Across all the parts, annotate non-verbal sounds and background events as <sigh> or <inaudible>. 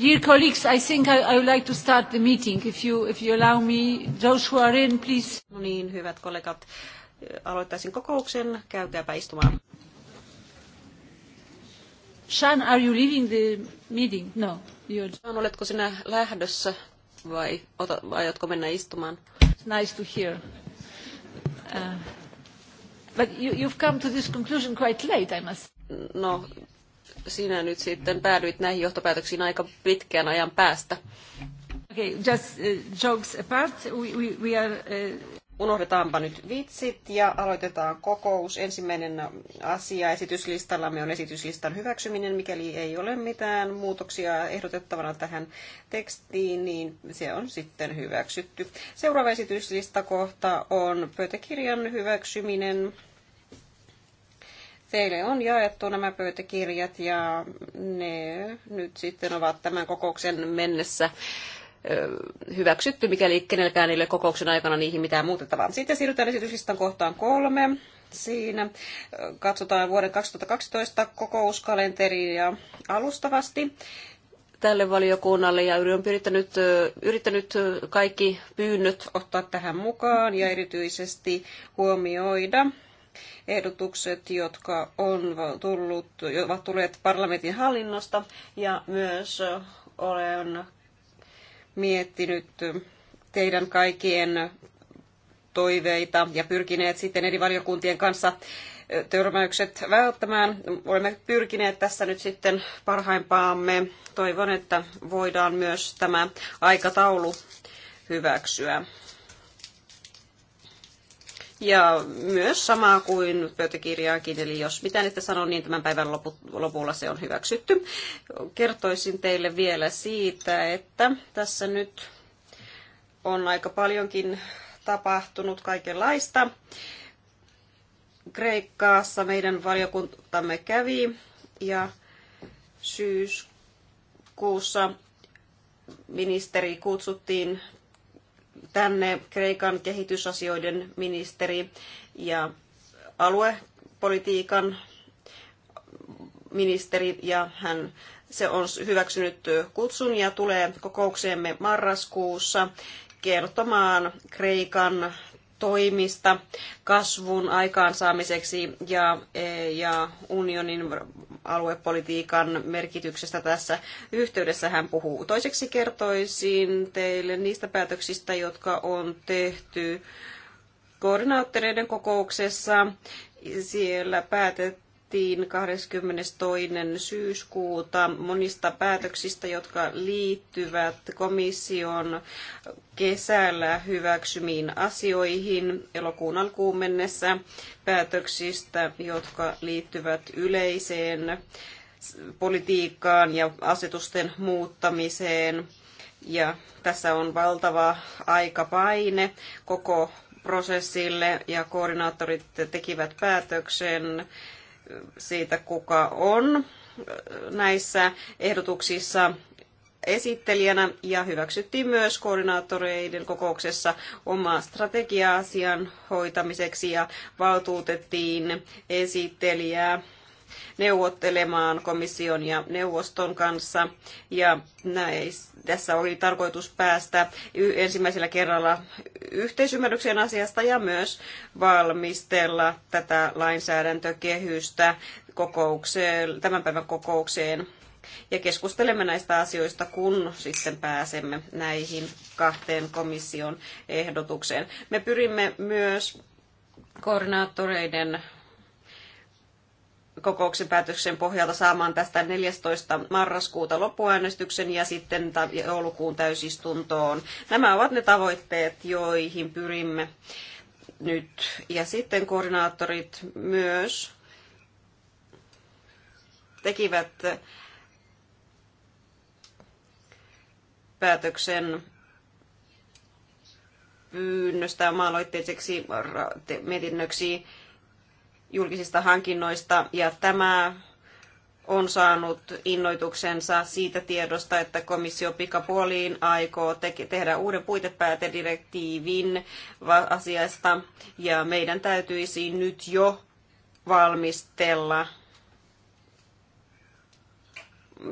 Dear colleagues, I think I, I would like to start the meeting, if you, if you allow me. Those who are in, please. No niin, hyvät kollegat, aloittaisin kokouksen. Käykääpä istumaan. Shan, are you leaving the meeting? No. You're... Shan, oletko sinä lähdössä vai ota, aiotko mennä istumaan? It's nice to hear. Uh, but you, you've come to this conclusion quite late, I must. No, sinä nyt sitten päädyit näihin johtopäätöksiin aika pitkän ajan päästä? Okay, just uh, jokes apart, we, we, we are... Uh... Unohdetaanpa nyt vitsit ja aloitetaan kokous. Ensimmäinen asia esityslistallamme on esityslistan hyväksyminen. Mikäli ei ole mitään muutoksia ehdotettavana tähän tekstiin, niin se on sitten hyväksytty. Seuraava esityslistakohta on pöytäkirjan hyväksyminen Teille on jaettu nämä pöytäkirjat ja ne nyt sitten ovat tämän kokouksen mennessä hyväksytty, mikäli kenelläkään niille kokouksen aikana niihin mitään muutettavaa. Sitten siirrytään esityslistan kohtaan kolme. Siinä katsotaan vuoden 2012 kokouskalenteria alustavasti tälle valiokunnalle ja on yrittänyt, yrittänyt kaikki pyynnöt ottaa tähän mukaan ja erityisesti huomioida ehdotukset, jotka on tullut, ovat tulleet parlamentin hallinnosta ja myös olen miettinyt teidän kaikkien toiveita ja pyrkineet sitten eri valiokuntien kanssa törmäykset välttämään. Olemme pyrkineet tässä nyt sitten parhaimpaamme. Toivon, että voidaan myös tämä aikataulu hyväksyä. Ja myös sama kuin pöytäkirjaakin, eli jos mitään ette sano, niin tämän päivän lopulla se on hyväksytty. Kertoisin teille vielä siitä, että tässä nyt on aika paljonkin tapahtunut kaikenlaista. Kreikkaassa meidän valiokuntamme kävi ja syyskuussa ministeri kutsuttiin tänne Kreikan kehitysasioiden ministeri ja aluepolitiikan ministeri ja hän se on hyväksynyt kutsun ja tulee kokoukseemme marraskuussa kertomaan Kreikan toimista kasvun aikaansaamiseksi ja, e, ja unionin aluepolitiikan merkityksestä tässä yhteydessä hän puhuu. Toiseksi kertoisin teille niistä päätöksistä, jotka on tehty koordinaattoreiden kokouksessa. Siellä päätettiin päätettiin 22. syyskuuta monista päätöksistä, jotka liittyvät komission kesällä hyväksymiin asioihin elokuun alkuun mennessä päätöksistä, jotka liittyvät yleiseen politiikkaan ja asetusten muuttamiseen. Ja tässä on valtava aikapaine koko prosessille ja koordinaattorit tekivät päätöksen siitä, kuka on näissä ehdotuksissa esittelijänä ja hyväksyttiin myös koordinaattoreiden kokouksessa oma strategia-asian hoitamiseksi ja valtuutettiin esittelijää neuvottelemaan komission ja neuvoston kanssa. Ja näis, tässä oli tarkoitus päästä ensimmäisellä kerralla yhteisymmärryksen asiasta ja myös valmistella tätä lainsäädäntökehystä kokoukseen, tämän päivän kokoukseen ja keskustelemme näistä asioista, kun sitten pääsemme näihin kahteen komission ehdotukseen. Me pyrimme myös koordinaattoreiden kokouksen päätöksen pohjalta saamaan tästä 14. marraskuuta loppuäänestyksen ja sitten joulukuun täysistuntoon. Nämä ovat ne tavoitteet, joihin pyrimme nyt. Ja sitten koordinaattorit myös tekivät päätöksen pyynnöstä maaloitteiseksi mietinnöksi julkisista hankinnoista ja tämä on saanut innoituksensa siitä tiedosta, että komissio pikapuoliin aikoo tehdä uuden puitepäätedirektiivin asiasta ja meidän täytyisi nyt jo valmistella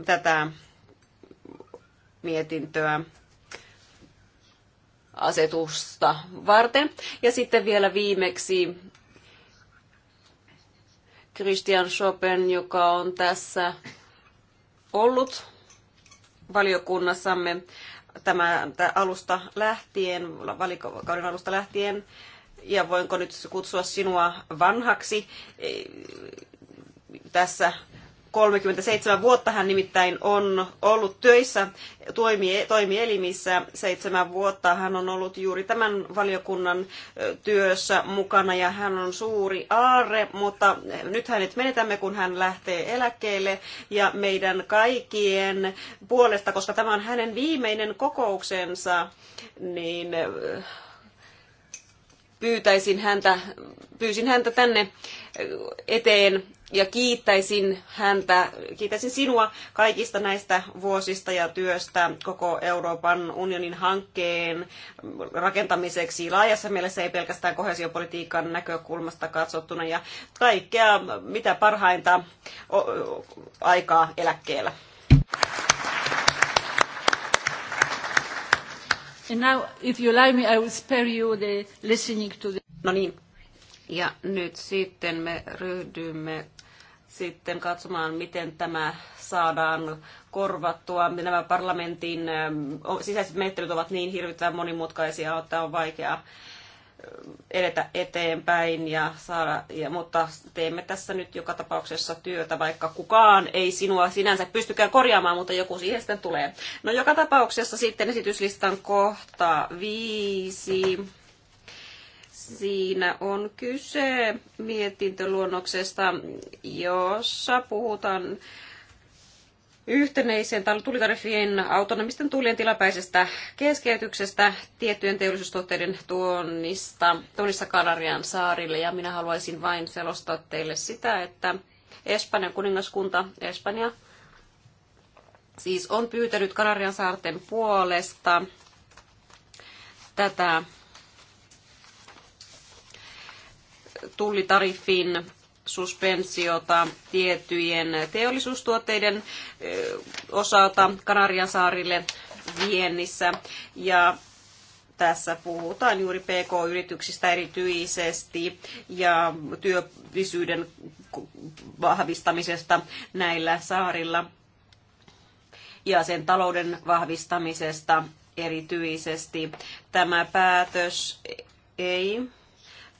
tätä mietintöä asetusta varten. Ja sitten vielä viimeksi Christian Schopen, joka on tässä ollut valiokunnassamme tämän alusta lähtien, valikauden alusta lähtien, ja voinko nyt kutsua sinua vanhaksi tässä 37 vuotta hän nimittäin on ollut töissä toimielimissä. Seitsemän vuotta hän on ollut juuri tämän valiokunnan työssä mukana ja hän on suuri aarre, mutta nyt hänet menetämme, kun hän lähtee eläkkeelle ja meidän kaikkien puolesta, koska tämä on hänen viimeinen kokouksensa, niin pyytäisin häntä, pyysin häntä tänne eteen ja kiittäisin häntä, kiittäisin sinua kaikista näistä vuosista ja työstä koko Euroopan unionin hankkeen rakentamiseksi laajassa mielessä, ei pelkästään kohesiopolitiikan näkökulmasta katsottuna ja kaikkea mitä parhainta aikaa eläkkeellä. And now, if you allow me, I will spare you the listening to the... No niin. Ja nyt sitten me ryhdymme sitten katsomaan, miten tämä saadaan korvattua. Nämä parlamentin ähm, sisäiset menettelyt ovat niin hirvittävän monimutkaisia, että on vaikea äh, edetä eteenpäin ja saada, ja, mutta teemme tässä nyt joka tapauksessa työtä, vaikka kukaan ei sinua sinänsä pystykään korjaamaan, mutta joku siihen sitten tulee. No joka tapauksessa sitten esityslistan kohta viisi Siinä on kyse mietintöluonnoksesta, jossa puhutaan yhteneisen tulitariffien autonomisten tullien tilapäisestä keskeytyksestä tiettyjen teollisuustuotteiden tuonnista, tuonnissa Kanarian saarille. Ja minä haluaisin vain selostaa teille sitä, että Espanjan kuningaskunta, Espanja, siis on pyytänyt Kanarian saarten puolesta tätä tullitariffin suspensiota tiettyjen teollisuustuotteiden osalta Kanarian saarille viennissä. Ja tässä puhutaan juuri PK-yrityksistä erityisesti ja työllisyyden vahvistamisesta näillä saarilla ja sen talouden vahvistamisesta erityisesti. Tämä päätös ei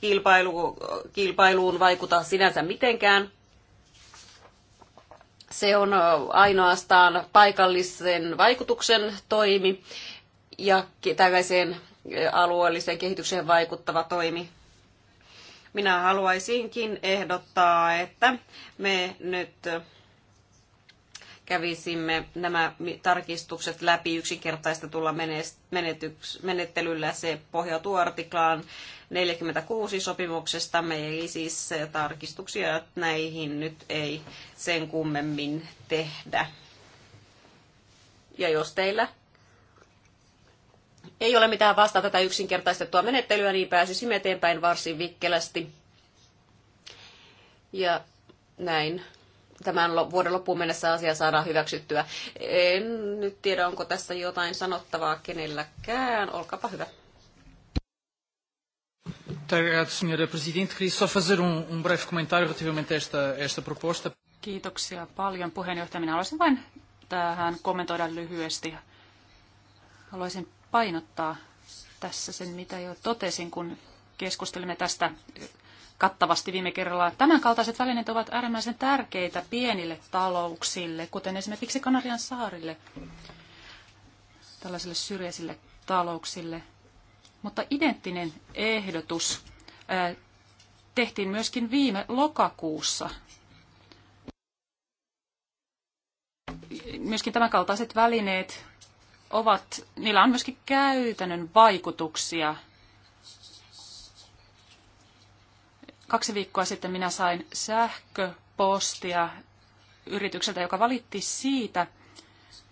kilpailu, kilpailuun vaikuta sinänsä mitenkään. Se on ainoastaan paikallisen vaikutuksen toimi ja tällaiseen alueelliseen kehitykseen vaikuttava toimi. Minä haluaisinkin ehdottaa, että me nyt kävisimme nämä tarkistukset läpi yksinkertaistetulla menettelyllä. Se pohjautuu artiklaan 46 me ei siis tarkistuksia näihin nyt ei sen kummemmin tehdä. Ja jos teillä ei ole mitään vastaa tätä yksinkertaistettua menettelyä, niin pääsisimme eteenpäin varsin vikkelästi. Ja näin tämän vuoden loppuun mennessä asia saadaan hyväksyttyä. En nyt tiedä, onko tässä jotain sanottavaa kenelläkään. Olkaapa hyvä. Um, um Kiitoksia paljon puheenjohtaja. Minä haluaisin vain tähän kommentoida lyhyesti. Haluaisin painottaa tässä sen, mitä jo totesin, kun keskustelimme tästä kattavasti viime kerralla. Tämänkaltaiset välineet ovat äärimmäisen tärkeitä pienille talouksille, kuten esimerkiksi Kanarian saarille, tällaisille syrjäisille talouksille. Mutta identtinen ehdotus tehtiin myöskin viime lokakuussa. Myöskin tämänkaltaiset välineet ovat, niillä on myöskin käytännön vaikutuksia Kaksi viikkoa sitten minä sain sähköpostia yritykseltä, joka valitti siitä,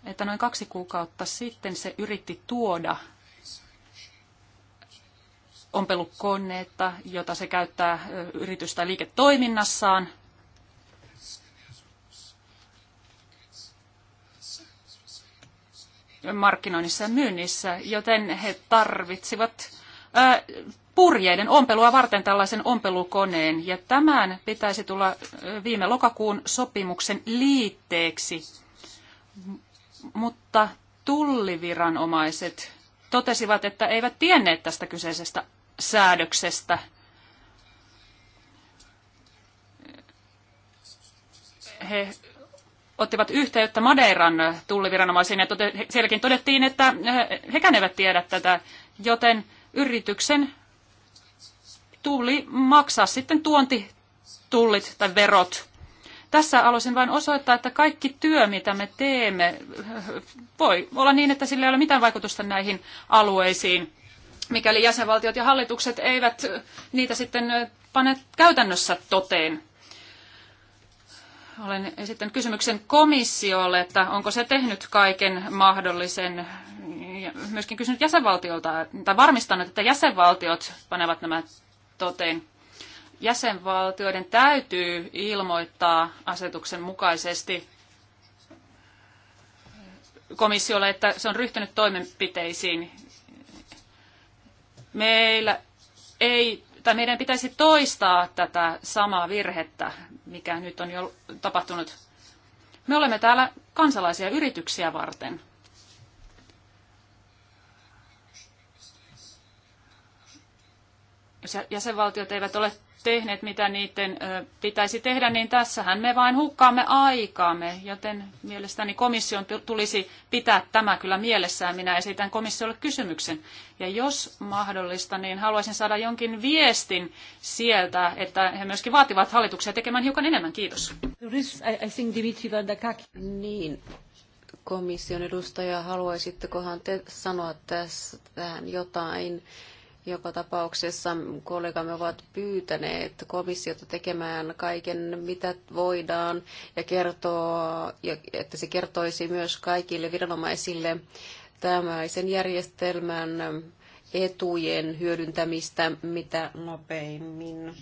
että noin kaksi kuukautta sitten se yritti tuoda ompelukoneetta, jota se käyttää yritystä liiketoiminnassaan. markkinoinnissa ja myynnissä, joten he tarvitsivat purjeiden ompelua varten tällaisen ompelukoneen. Ja tämän pitäisi tulla viime lokakuun sopimuksen liitteeksi. Mutta tulliviranomaiset totesivat, että eivät tienneet tästä kyseisestä säädöksestä. He ottivat yhteyttä Madeiran tulliviranomaisiin ja sielläkin todettiin, että hekään eivät tiedä tätä, joten yrityksen tuli maksaa sitten tuontitullit tai verot. Tässä haluaisin vain osoittaa, että kaikki työ, mitä me teemme, voi olla niin, että sillä ei ole mitään vaikutusta näihin alueisiin, mikäli jäsenvaltiot ja hallitukset eivät niitä sitten pane käytännössä toteen olen esittänyt kysymyksen komissiolle, että onko se tehnyt kaiken mahdollisen. Myöskin kysynyt jäsenvaltiolta, tai varmistanut, että jäsenvaltiot panevat nämä toteen jäsenvaltioiden täytyy ilmoittaa asetuksen mukaisesti komissiolle, että se on ryhtynyt toimenpiteisiin. Meillä ei, tai meidän pitäisi toistaa tätä samaa virhettä, mikä nyt on jo tapahtunut. Me olemme täällä kansalaisia yrityksiä varten. Jos jäsenvaltiot eivät ole tehneet, mitä niiden pitäisi tehdä, niin tässähän me vain hukkaamme aikaamme, joten mielestäni komission tulisi pitää tämä kyllä mielessään. Minä esitän komissiolle kysymyksen. Ja jos mahdollista, niin haluaisin saada jonkin viestin sieltä, että he myöskin vaativat hallituksia tekemään hiukan enemmän. Kiitos. Niin, komission edustaja, haluaisittekohan te sanoa tähän jotain? Joka tapauksessa kollegamme ovat pyytäneet komissiota tekemään kaiken, mitä voidaan, ja kertoo, että se kertoisi myös kaikille viranomaisille tämäisen järjestelmän etujen hyödyntämistä mitä nopeimmin.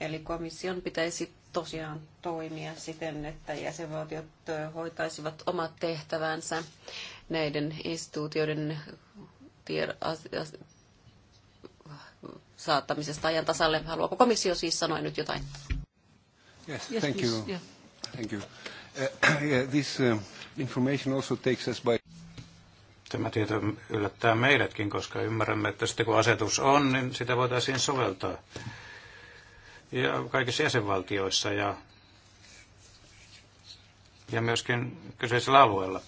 Eli komission pitäisi tosiaan toimia siten, että jäsenvaltiot hoitaisivat omat tehtävänsä näiden instituutioiden saattamisesta ajan tasalle. Haluaako komissio siis sanoa nyt jotain? Yes, yes thank you. Yeah. Thank you. Uh, <clears throat> yeah, this uh, information also takes us by... Tämä tieto yllättää meidätkin, koska ymmärrämme, että sitten kun asetus on, niin sitä voitaisiin soveltaa. Ja kaikissa jäsenvaltioissa ja, ja myöskin kyseisellä alueella.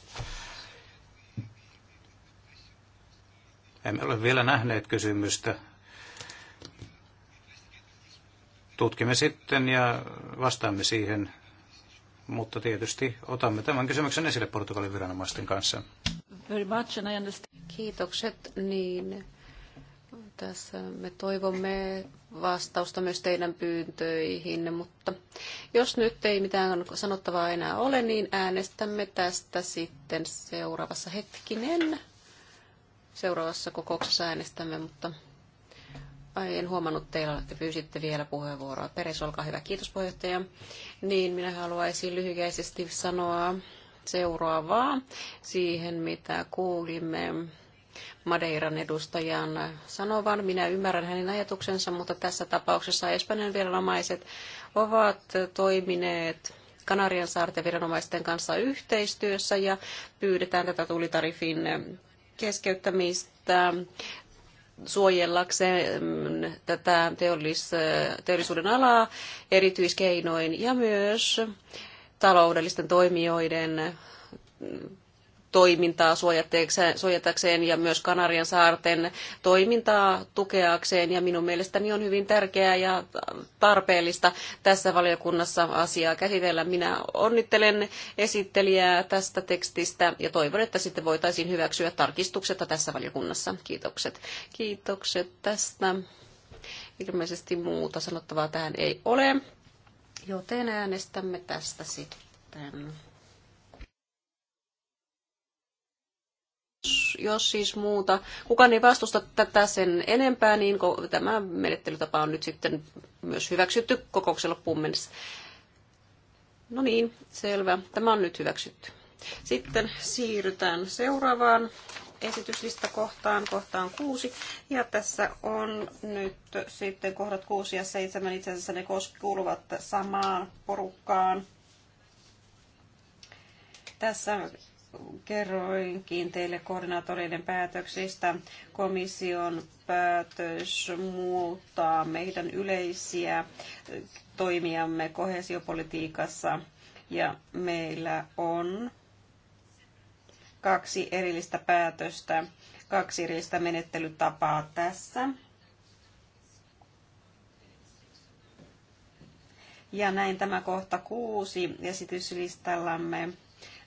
Emme ole vielä nähneet kysymystä, tutkimme sitten ja vastaamme siihen, mutta tietysti otamme tämän kysymyksen esille Portugalin viranomaisten kanssa. Kiitokset. Niin, tässä me toivomme vastausta myös teidän pyyntöihin, mutta jos nyt ei mitään sanottavaa enää ole, niin äänestämme tästä sitten seuraavassa hetkinen. Seuraavassa kokouksessa äänestämme, mutta Ai, en huomannut teillä, että pyysitte vielä puheenvuoroa. Peres, olkaa hyvä. Kiitos puheenjohtaja. Niin, minä haluaisin lyhykäisesti sanoa seuraavaa siihen, mitä kuulimme Madeiran edustajan sanovan. Minä ymmärrän hänen ajatuksensa, mutta tässä tapauksessa Espanjan viranomaiset ovat toimineet Kanarian saarten viranomaisten kanssa yhteistyössä ja pyydetään tätä tulitarifin keskeyttämistä suojellakseen tätä teollis, teollisuuden alaa erityiskeinoin ja myös taloudellisten toimijoiden toimintaa suojatakseen ja myös Kanarian saarten toimintaa tukeakseen. Ja minun mielestäni on hyvin tärkeää ja tarpeellista tässä valiokunnassa asiaa käsitellä. Minä onnittelen esittelijää tästä tekstistä ja toivon, että sitten voitaisiin hyväksyä tarkistuksetta tässä valiokunnassa. Kiitokset. Kiitokset tästä. Ilmeisesti muuta sanottavaa tähän ei ole, joten äänestämme tästä sitten. jos siis muuta, kukaan ei vastusta tätä sen enempää, niin tämä menettelytapa on nyt sitten myös hyväksytty kokouksen loppuun mennessä. No niin, selvä. Tämä on nyt hyväksytty. Sitten siirrytään seuraavaan esityslistakohtaan, kohtaan kuusi. Ja tässä on nyt sitten kohdat kuusi ja seitsemän. Itse asiassa ne kuuluvat samaan porukkaan. Tässä kerroinkin teille koordinaattoreiden päätöksistä. Komission päätös muuttaa meidän yleisiä toimiamme kohesiopolitiikassa ja meillä on kaksi erillistä päätöstä, kaksi erillistä menettelytapaa tässä. Ja näin tämä kohta kuusi esityslistallamme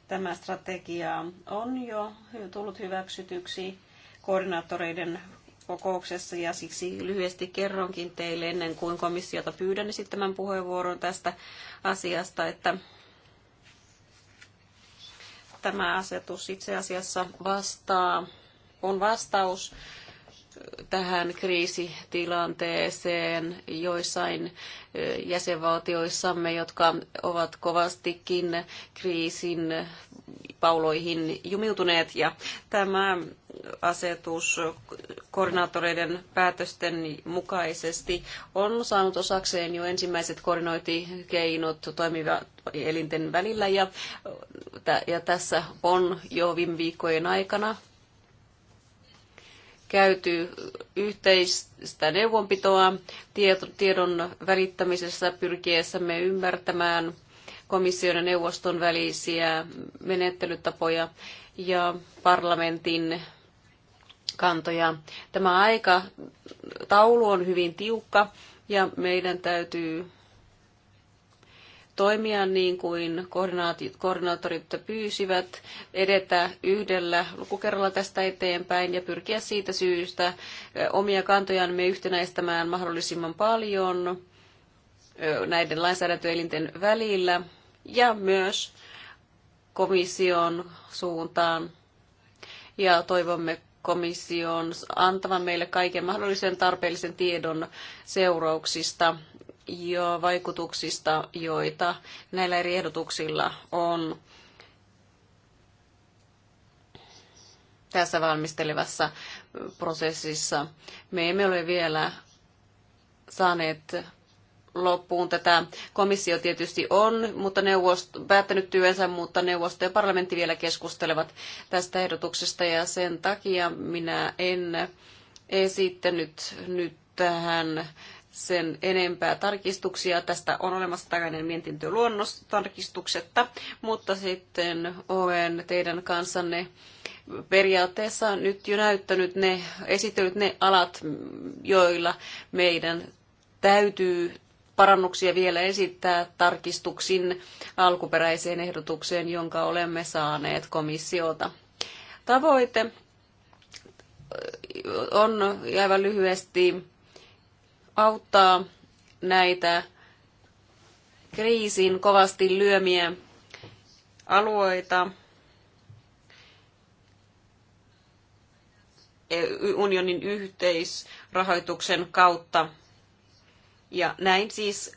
Tämä strategia on jo tullut hyväksytyksi koordinaattoreiden kokouksessa ja siksi lyhyesti kerronkin teille ennen kuin komissiota pyydän esittämään puheenvuoron tästä asiasta, että tämä asetus itse asiassa vastaa, on vastaus tähän kriisitilanteeseen joissain jäsenvaltioissamme, jotka ovat kovastikin kriisin pauloihin jumiutuneet. Ja tämä asetus koordinaattoreiden päätösten mukaisesti on saanut osakseen jo ensimmäiset koordinointikeinot toimivat elinten välillä ja, ja tässä on jo viime viikkojen aikana käyty yhteistä neuvonpitoa tiedon välittämisessä pyrkiessämme ymmärtämään komission ja neuvoston välisiä menettelytapoja ja parlamentin kantoja. Tämä aika taulu on hyvin tiukka ja meidän täytyy toimia niin kuin koordinaattorit pyysivät, edetä yhdellä lukukerralla tästä eteenpäin ja pyrkiä siitä syystä omia kantojamme yhtenäistämään mahdollisimman paljon näiden lainsäädäntöelinten välillä ja myös komission suuntaan. Ja toivomme komission antavan meille kaiken mahdollisen tarpeellisen tiedon seurauksista jo vaikutuksista, joita näillä eri ehdotuksilla on tässä valmistelevassa prosessissa. Me emme ole vielä saaneet loppuun tätä. Komissio tietysti on mutta neuvosto, päättänyt työnsä, mutta neuvosto ja parlamentti vielä keskustelevat tästä ehdotuksesta ja sen takia minä en esittänyt nyt tähän sen enempää tarkistuksia. Tästä on olemassa tällainen mietintöluonnos tarkistuksetta, mutta sitten olen teidän kanssanne periaatteessa nyt jo näyttänyt ne, esitellyt ne alat, joilla meidän täytyy parannuksia vielä esittää tarkistuksin alkuperäiseen ehdotukseen, jonka olemme saaneet komissiolta. Tavoite on aivan lyhyesti auttaa näitä kriisin kovasti lyömiä alueita e, unionin yhteisrahoituksen kautta. Ja näin siis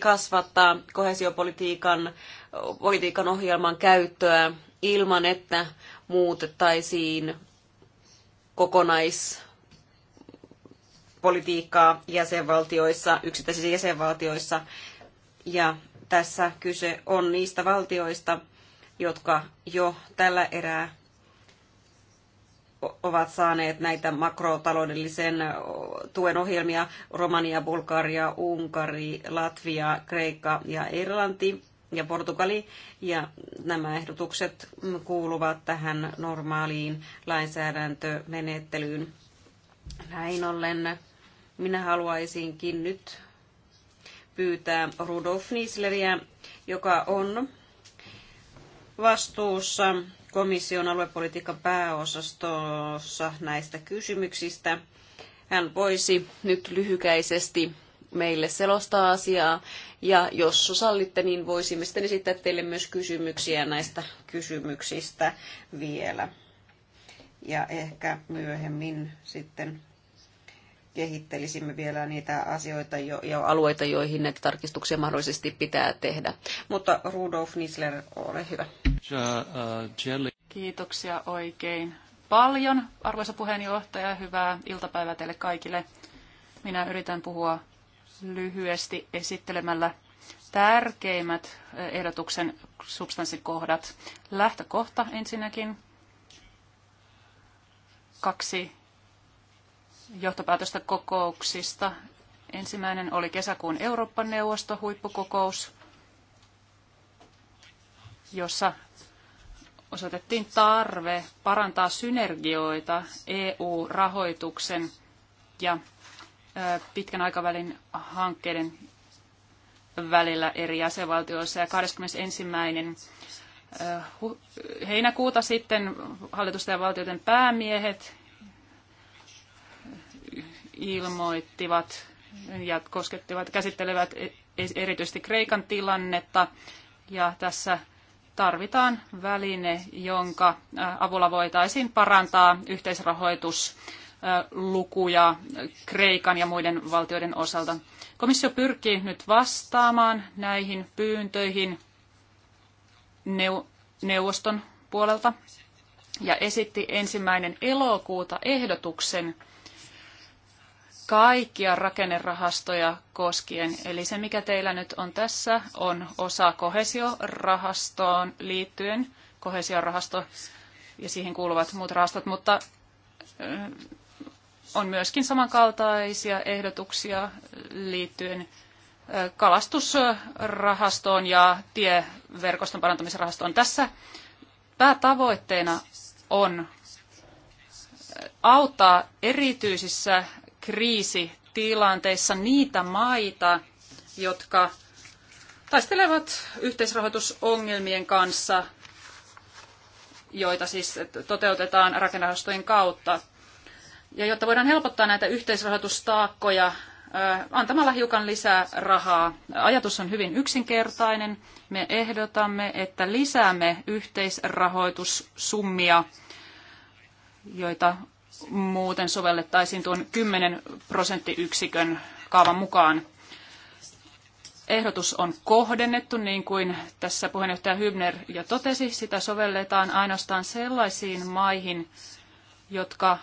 kasvattaa kohesiopolitiikan politiikan ohjelman käyttöä ilman, että muutettaisiin kokonais politiikkaa jäsenvaltioissa, yksittäisissä jäsenvaltioissa. Ja tässä kyse on niistä valtioista, jotka jo tällä erää ovat saaneet näitä makrotaloudellisen tuen ohjelmia Romania, Bulgaria, Unkari, Latvia, Kreikka ja Irlanti ja Portugali. Ja nämä ehdotukset kuuluvat tähän normaaliin lainsäädäntömenettelyyn. Näin ollen minä haluaisinkin nyt pyytää Rudolf Niesleriä, joka on vastuussa komission aluepolitiikan pääosastossa näistä kysymyksistä. Hän voisi nyt lyhykäisesti meille selostaa asiaa. Ja jos sallitte, niin voisimme sitten esittää teille myös kysymyksiä näistä kysymyksistä vielä. Ja ehkä myöhemmin sitten kehittelisimme vielä niitä asioita jo, ja alueita, joihin näitä tarkistuksia mahdollisesti pitää tehdä. Mutta Rudolf Nisler, ole hyvä. Äh, Kiitoksia oikein paljon, arvoisa puheenjohtaja. Hyvää iltapäivää teille kaikille. Minä yritän puhua lyhyesti esittelemällä tärkeimmät äh, ehdotuksen substanssikohdat. Lähtökohta ensinnäkin. Kaksi johtopäätöstä kokouksista. Ensimmäinen oli kesäkuun Euroopan neuvosto huippukokous, jossa osoitettiin tarve parantaa synergioita EU-rahoituksen ja pitkän aikavälin hankkeiden välillä eri jäsenvaltioissa. Ja 21. heinäkuuta sitten hallitusten ja valtioiden päämiehet ilmoittivat ja koskettivat, käsittelevät e- erityisesti Kreikan tilannetta. Ja tässä tarvitaan väline, jonka avulla voitaisiin parantaa yhteisrahoituslukuja Kreikan ja muiden valtioiden osalta. Komissio pyrkii nyt vastaamaan näihin pyyntöihin neuvoston puolelta ja esitti ensimmäinen elokuuta ehdotuksen – kaikkia rakennerahastoja koskien. Eli se, mikä teillä nyt on tässä, on osa kohesiorahastoon liittyen, kohesiorahasto ja siihen kuuluvat muut rahastot, mutta on myöskin samankaltaisia ehdotuksia liittyen kalastusrahastoon ja tieverkoston parantamisrahastoon. Tässä päätavoitteena on auttaa erityisissä kriisitilanteissa niitä maita, jotka taistelevat yhteisrahoitusongelmien kanssa, joita siis toteutetaan rakennerahastojen kautta. Ja jotta voidaan helpottaa näitä yhteisrahoitustaakkoja antamalla hiukan lisää rahaa. Ajatus on hyvin yksinkertainen. Me ehdotamme, että lisäämme yhteisrahoitussummia, joita muuten sovellettaisiin tuon 10 prosenttiyksikön kaavan mukaan. Ehdotus on kohdennettu, niin kuin tässä puheenjohtaja Hybner jo totesi, sitä sovelletaan ainoastaan sellaisiin maihin, jotka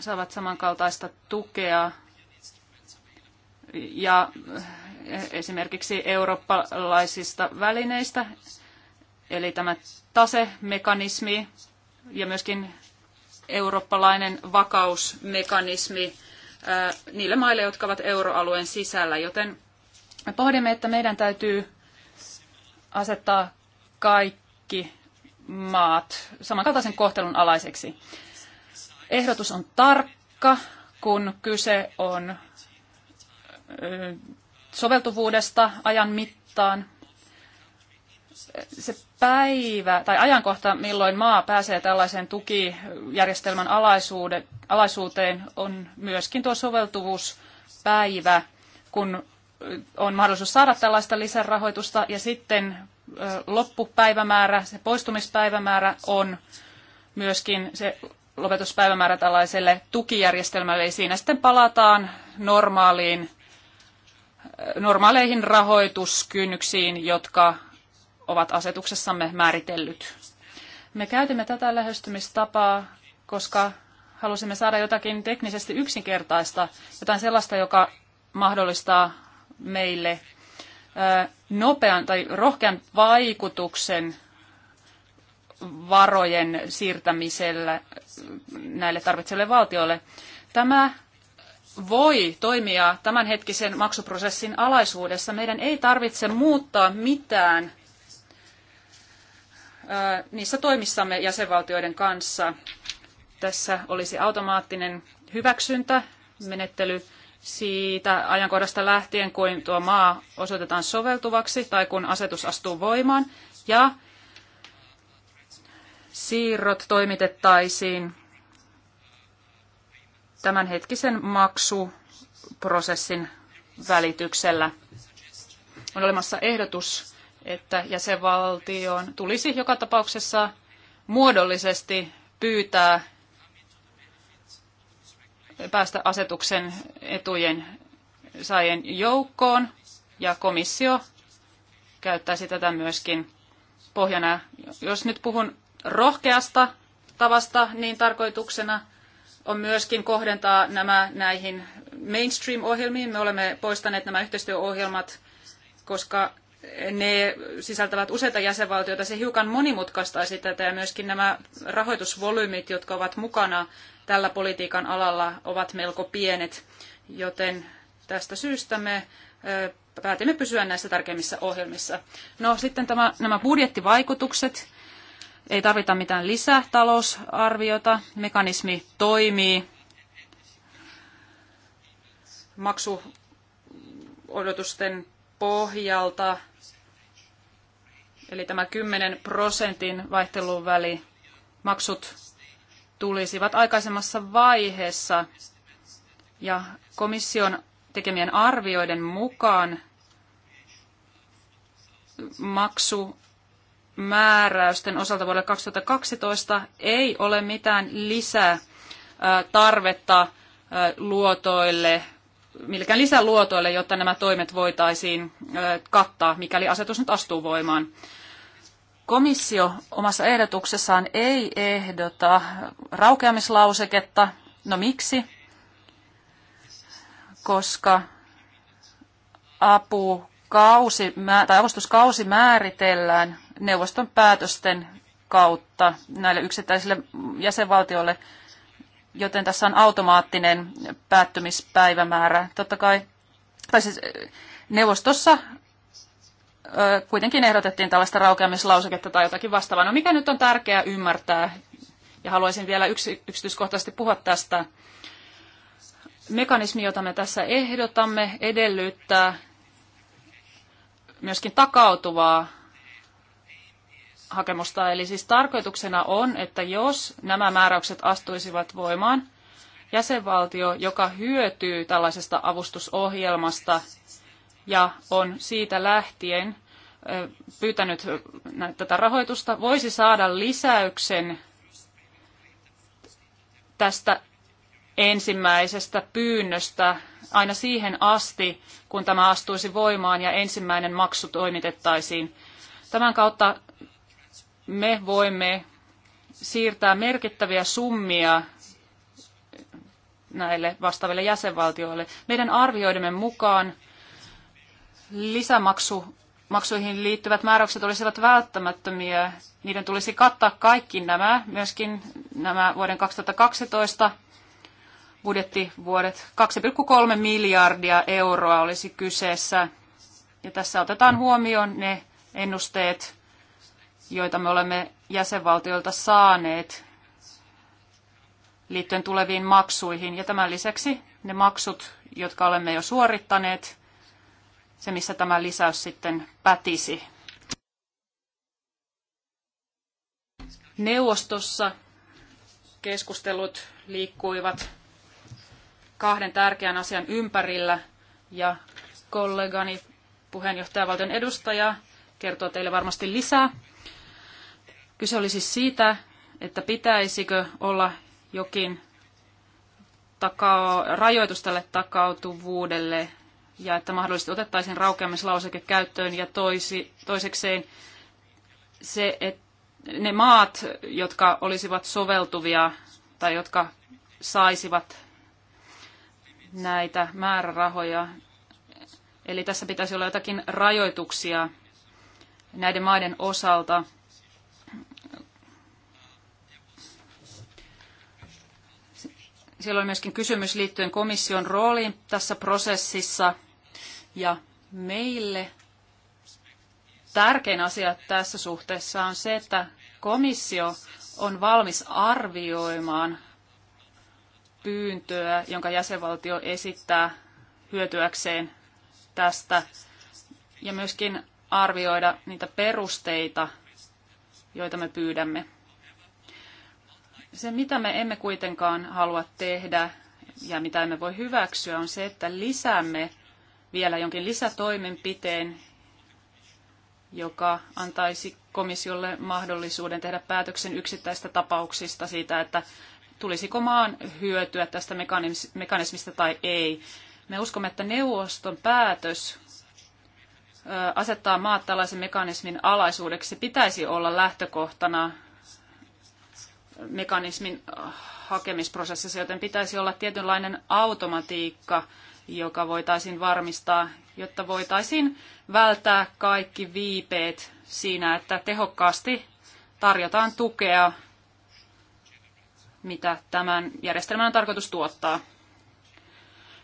saavat samankaltaista tukea ja eh, esimerkiksi eurooppalaisista välineistä, eli tämä tasemekanismi, ja myöskin eurooppalainen vakausmekanismi äh, niille maille, jotka ovat euroalueen sisällä. Joten me pohdimme, että meidän täytyy asettaa kaikki maat samankaltaisen kohtelun alaiseksi. Ehdotus on tarkka, kun kyse on soveltuvuudesta ajan mittaan se päivä tai ajankohta, milloin maa pääsee tällaisen tukijärjestelmän alaisuuteen, on myöskin tuo soveltuvuuspäivä, kun on mahdollisuus saada tällaista lisärahoitusta ja sitten loppupäivämäärä, se poistumispäivämäärä on myöskin se lopetuspäivämäärä tällaiselle tukijärjestelmälle. Eli siinä sitten palataan normaaliin, normaaleihin rahoituskynnyksiin, jotka ovat asetuksessamme määritellyt. Me käytimme tätä lähestymistapaa, koska halusimme saada jotakin teknisesti yksinkertaista, jotain sellaista, joka mahdollistaa meille nopean tai rohkean vaikutuksen varojen siirtämisellä näille tarvitseville valtioille. Tämä voi toimia tämänhetkisen maksuprosessin alaisuudessa. Meidän ei tarvitse muuttaa mitään niissä toimissamme jäsenvaltioiden kanssa. Tässä olisi automaattinen hyväksyntä, menettely siitä ajankohdasta lähtien, kun tuo maa osoitetaan soveltuvaksi tai kun asetus astuu voimaan, ja siirrot toimitettaisiin tämänhetkisen maksuprosessin välityksellä. On olemassa ehdotus että jäsenvaltioon tulisi joka tapauksessa muodollisesti pyytää päästä asetuksen etujen saajien joukkoon ja komissio käyttäisi tätä myöskin pohjana. Jos nyt puhun rohkeasta tavasta, niin tarkoituksena on myöskin kohdentaa nämä näihin mainstream-ohjelmiin. Me olemme poistaneet nämä yhteistyöohjelmat, koska ne sisältävät useita jäsenvaltioita. Se hiukan monimutkaistaisi tätä ja myöskin nämä rahoitusvolyymit, jotka ovat mukana tällä politiikan alalla, ovat melko pienet. Joten tästä syystä me päätimme pysyä näissä tärkeimmissä ohjelmissa. No sitten tämä, nämä budjettivaikutukset. Ei tarvita mitään lisätalousarviota. Mekanismi toimii. Maksuodotusten pohjalta, eli tämä 10 prosentin vaihtelun väli, maksut tulisivat aikaisemmassa vaiheessa ja komission tekemien arvioiden mukaan maksu määräysten osalta vuodelle 2012 ei ole mitään lisää tarvetta luotoille millekään lisäluotoille, jotta nämä toimet voitaisiin kattaa, mikäli asetus nyt astuu voimaan. Komissio omassa ehdotuksessaan ei ehdota raukeamislauseketta. No miksi? Koska apukausi tai avustuskausi määritellään neuvoston päätösten kautta näille yksittäisille jäsenvaltioille – joten tässä on automaattinen päättymispäivämäärä. Totta kai, tai siis neuvostossa kuitenkin ehdotettiin tällaista raukeamislauseketta tai jotakin vastaavaa. No mikä nyt on tärkeää ymmärtää, ja haluaisin vielä yksityiskohtaisesti puhua tästä. Mekanismi, jota me tässä ehdotamme, edellyttää myöskin takautuvaa hakemusta. Eli siis tarkoituksena on, että jos nämä määräykset astuisivat voimaan, jäsenvaltio, joka hyötyy tällaisesta avustusohjelmasta ja on siitä lähtien pyytänyt tätä rahoitusta, voisi saada lisäyksen tästä ensimmäisestä pyynnöstä aina siihen asti, kun tämä astuisi voimaan ja ensimmäinen maksu toimitettaisiin. Tämän kautta me voimme siirtää merkittäviä summia näille vastaaville jäsenvaltioille. Meidän arvioidemme mukaan lisämaksuihin liittyvät määräykset olisivat välttämättömiä. Niiden tulisi kattaa kaikki nämä, myöskin nämä vuoden 2012 budjettivuodet. 2,3 miljardia euroa olisi kyseessä. Ja tässä otetaan huomioon ne ennusteet, joita me olemme jäsenvaltioilta saaneet liittyen tuleviin maksuihin. Ja tämän lisäksi ne maksut, jotka olemme jo suorittaneet, se missä tämä lisäys sitten pätisi. Neuvostossa keskustelut liikkuivat kahden tärkeän asian ympärillä ja kollegani puheenjohtajavaltion edustaja kertoo teille varmasti lisää Kyse oli siis siitä, että pitäisikö olla jokin takao, rajoitus tälle takautuvuudelle ja että mahdollisesti otettaisiin raukeamislauseke käyttöön ja toisi, toisekseen se, että ne maat, jotka olisivat soveltuvia tai jotka saisivat näitä määrärahoja. Eli tässä pitäisi olla jotakin rajoituksia näiden maiden osalta – Siellä oli myöskin kysymys liittyen komission rooliin tässä prosessissa. Ja meille tärkein asia tässä suhteessa on se, että komissio on valmis arvioimaan pyyntöä, jonka jäsenvaltio esittää hyötyäkseen tästä, ja myöskin arvioida niitä perusteita, joita me pyydämme. Se, mitä me emme kuitenkaan halua tehdä ja mitä emme voi hyväksyä, on se, että lisäämme vielä jonkin lisätoimenpiteen, joka antaisi komissiolle mahdollisuuden tehdä päätöksen yksittäistä tapauksista siitä, että tulisiko maan hyötyä tästä mekanismista tai ei. Me uskomme, että neuvoston päätös asettaa maat tällaisen mekanismin alaisuudeksi pitäisi olla lähtökohtana mekanismin äh, hakemisprosessissa, joten pitäisi olla tietynlainen automatiikka, joka voitaisiin varmistaa, jotta voitaisiin välttää kaikki viipeet siinä, että tehokkaasti tarjotaan tukea, mitä tämän järjestelmän on tarkoitus tuottaa.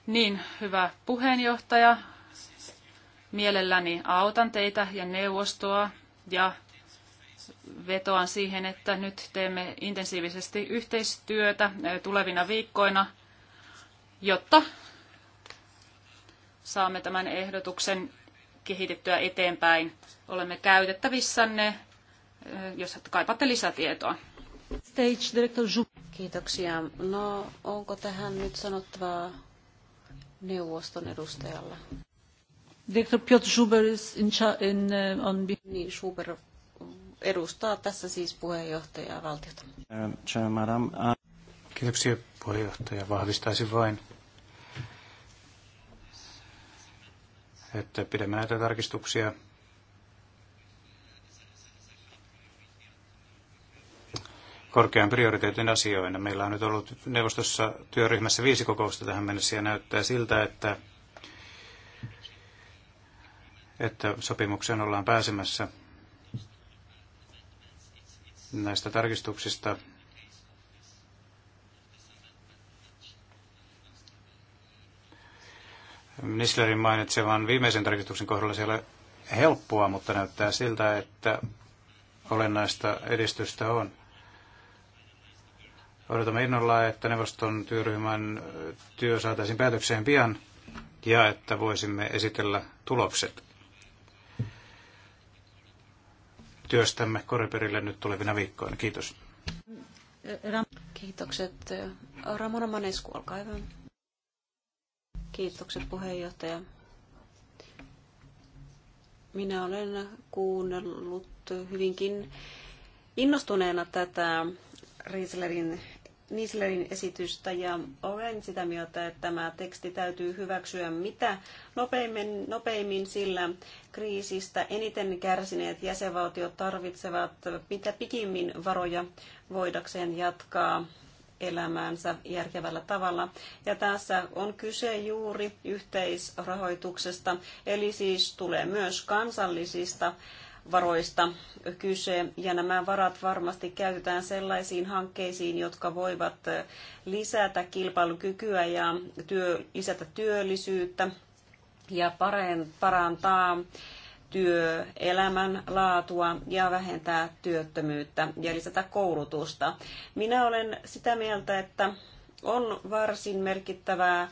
Niin, hyvä puheenjohtaja, mielelläni autan teitä ja neuvostoa ja vetoan siihen, että nyt teemme intensiivisesti yhteistyötä tulevina viikkoina, jotta saamme tämän ehdotuksen kehitettyä eteenpäin. Olemme käytettävissänne, jos kaipaatte lisätietoa. Stage Director Kiitoksia. No, onko tähän nyt sanottavaa neuvoston edustajalla? Director Piotr Schuber is in, in uh, on... Niin, Schuber edustaa tässä siis puheenjohtajaa valtiota. Uh, Kiitoksia puheenjohtaja. Vahvistaisin vain, että pidämme näitä tarkistuksia korkean prioriteetin asioina. Meillä on nyt ollut neuvostossa työryhmässä viisi kokousta tähän mennessä ja näyttää siltä, että, että sopimukseen ollaan pääsemässä näistä tarkistuksista. Nislerin mainitsevan viimeisen tarkistuksen kohdalla siellä ole helppoa, mutta näyttää siltä, että olennaista edistystä on. Odotamme innolla, että neuvoston työryhmän työ saataisiin päätökseen pian ja että voisimme esitellä tulokset. työstämme Koriperille nyt tulevina viikkoina. Kiitos. Kiitokset. Ramona Manesku, olkaa hyvä. Kiitokset puheenjohtaja. Minä olen kuunnellut hyvinkin innostuneena tätä Rieslerin Nislerin esitystä ja olen sitä mieltä, että tämä teksti täytyy hyväksyä mitä nopeimmin, nopeimmin sillä kriisistä eniten kärsineet jäsenvaltiot tarvitsevat mitä pikimmin varoja voidakseen jatkaa elämäänsä järkevällä tavalla. Ja tässä on kyse juuri yhteisrahoituksesta, eli siis tulee myös kansallisista varoista kyse, ja nämä varat varmasti käytetään sellaisiin hankkeisiin, jotka voivat lisätä kilpailukykyä ja työ, lisätä työllisyyttä ja parantaa työelämän laatua ja vähentää työttömyyttä ja lisätä koulutusta. Minä olen sitä mieltä, että on varsin merkittävää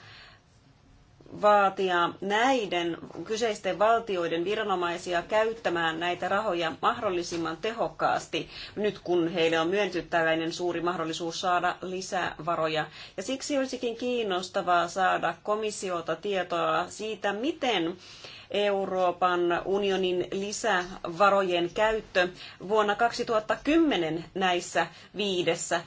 vaatia näiden kyseisten valtioiden viranomaisia käyttämään näitä rahoja mahdollisimman tehokkaasti, nyt kun heille on myönty tällainen suuri mahdollisuus saada lisää varoja. Ja siksi olisikin kiinnostavaa saada komissiota tietoa siitä, miten Euroopan unionin lisävarojen käyttö vuonna 2010 näissä viidessä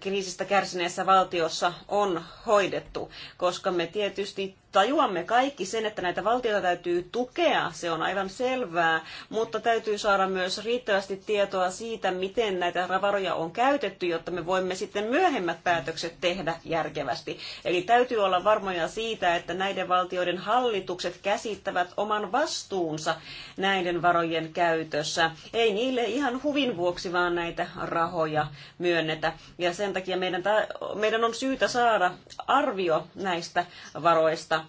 kriisistä kärsineessä valtiossa on hoidettu, koska me tietysti tajuamme kaikki sen, että näitä valtioita täytyy tukea, se on aivan selvää, mutta täytyy saada myös riittävästi tietoa siitä, miten näitä varoja on käytetty, jotta me voimme sitten myöhemmät päätökset tehdä järkevästi. Eli täytyy olla varmoja siitä, että näiden valtioiden hallitukset käsittävät oman vastuunsa näiden varojen käytössä. Ei niille ihan huvin vuoksi vaan näitä rahoja myönnetä. Ja sen takia meidän, meidän on syytä saada arvio näistä varoista,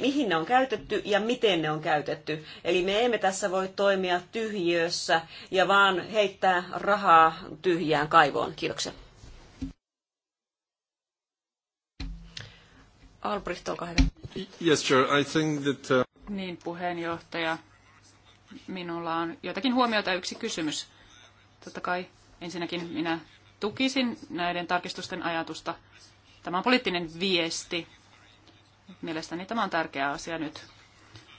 mihin ne on käytetty ja miten ne on käytetty. Eli me emme tässä voi toimia tyhjiössä ja vaan heittää rahaa tyhjään kaivoon. Kiitoksia. Albrecht, olkaa hyvä. Yes, sure. I think that, uh... Niin, puheenjohtaja. Minulla on jotakin huomiota yksi kysymys. Totta kai ensinnäkin minä tukisin näiden tarkistusten ajatusta. Tämä on poliittinen viesti. Mielestäni tämä on tärkeä asia nyt.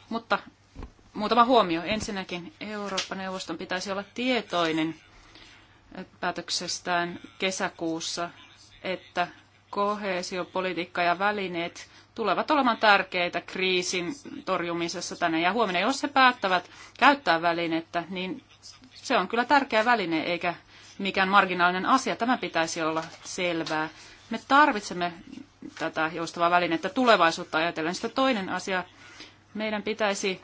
Mutta muutama huomio. Ensinnäkin Eurooppa-neuvoston pitäisi olla tietoinen päätöksestään kesäkuussa, että koheesiopolitiikka ja välineet tulevat olemaan tärkeitä kriisin torjumisessa tänne. Ja huomenna, jos he päättävät käyttää välinettä, niin se on kyllä tärkeä väline eikä mikään marginaalinen asia. Tämä pitäisi olla selvää. Me tarvitsemme tätä joustavaa välinettä tulevaisuutta ajatellen. Sitten toinen asia, meidän pitäisi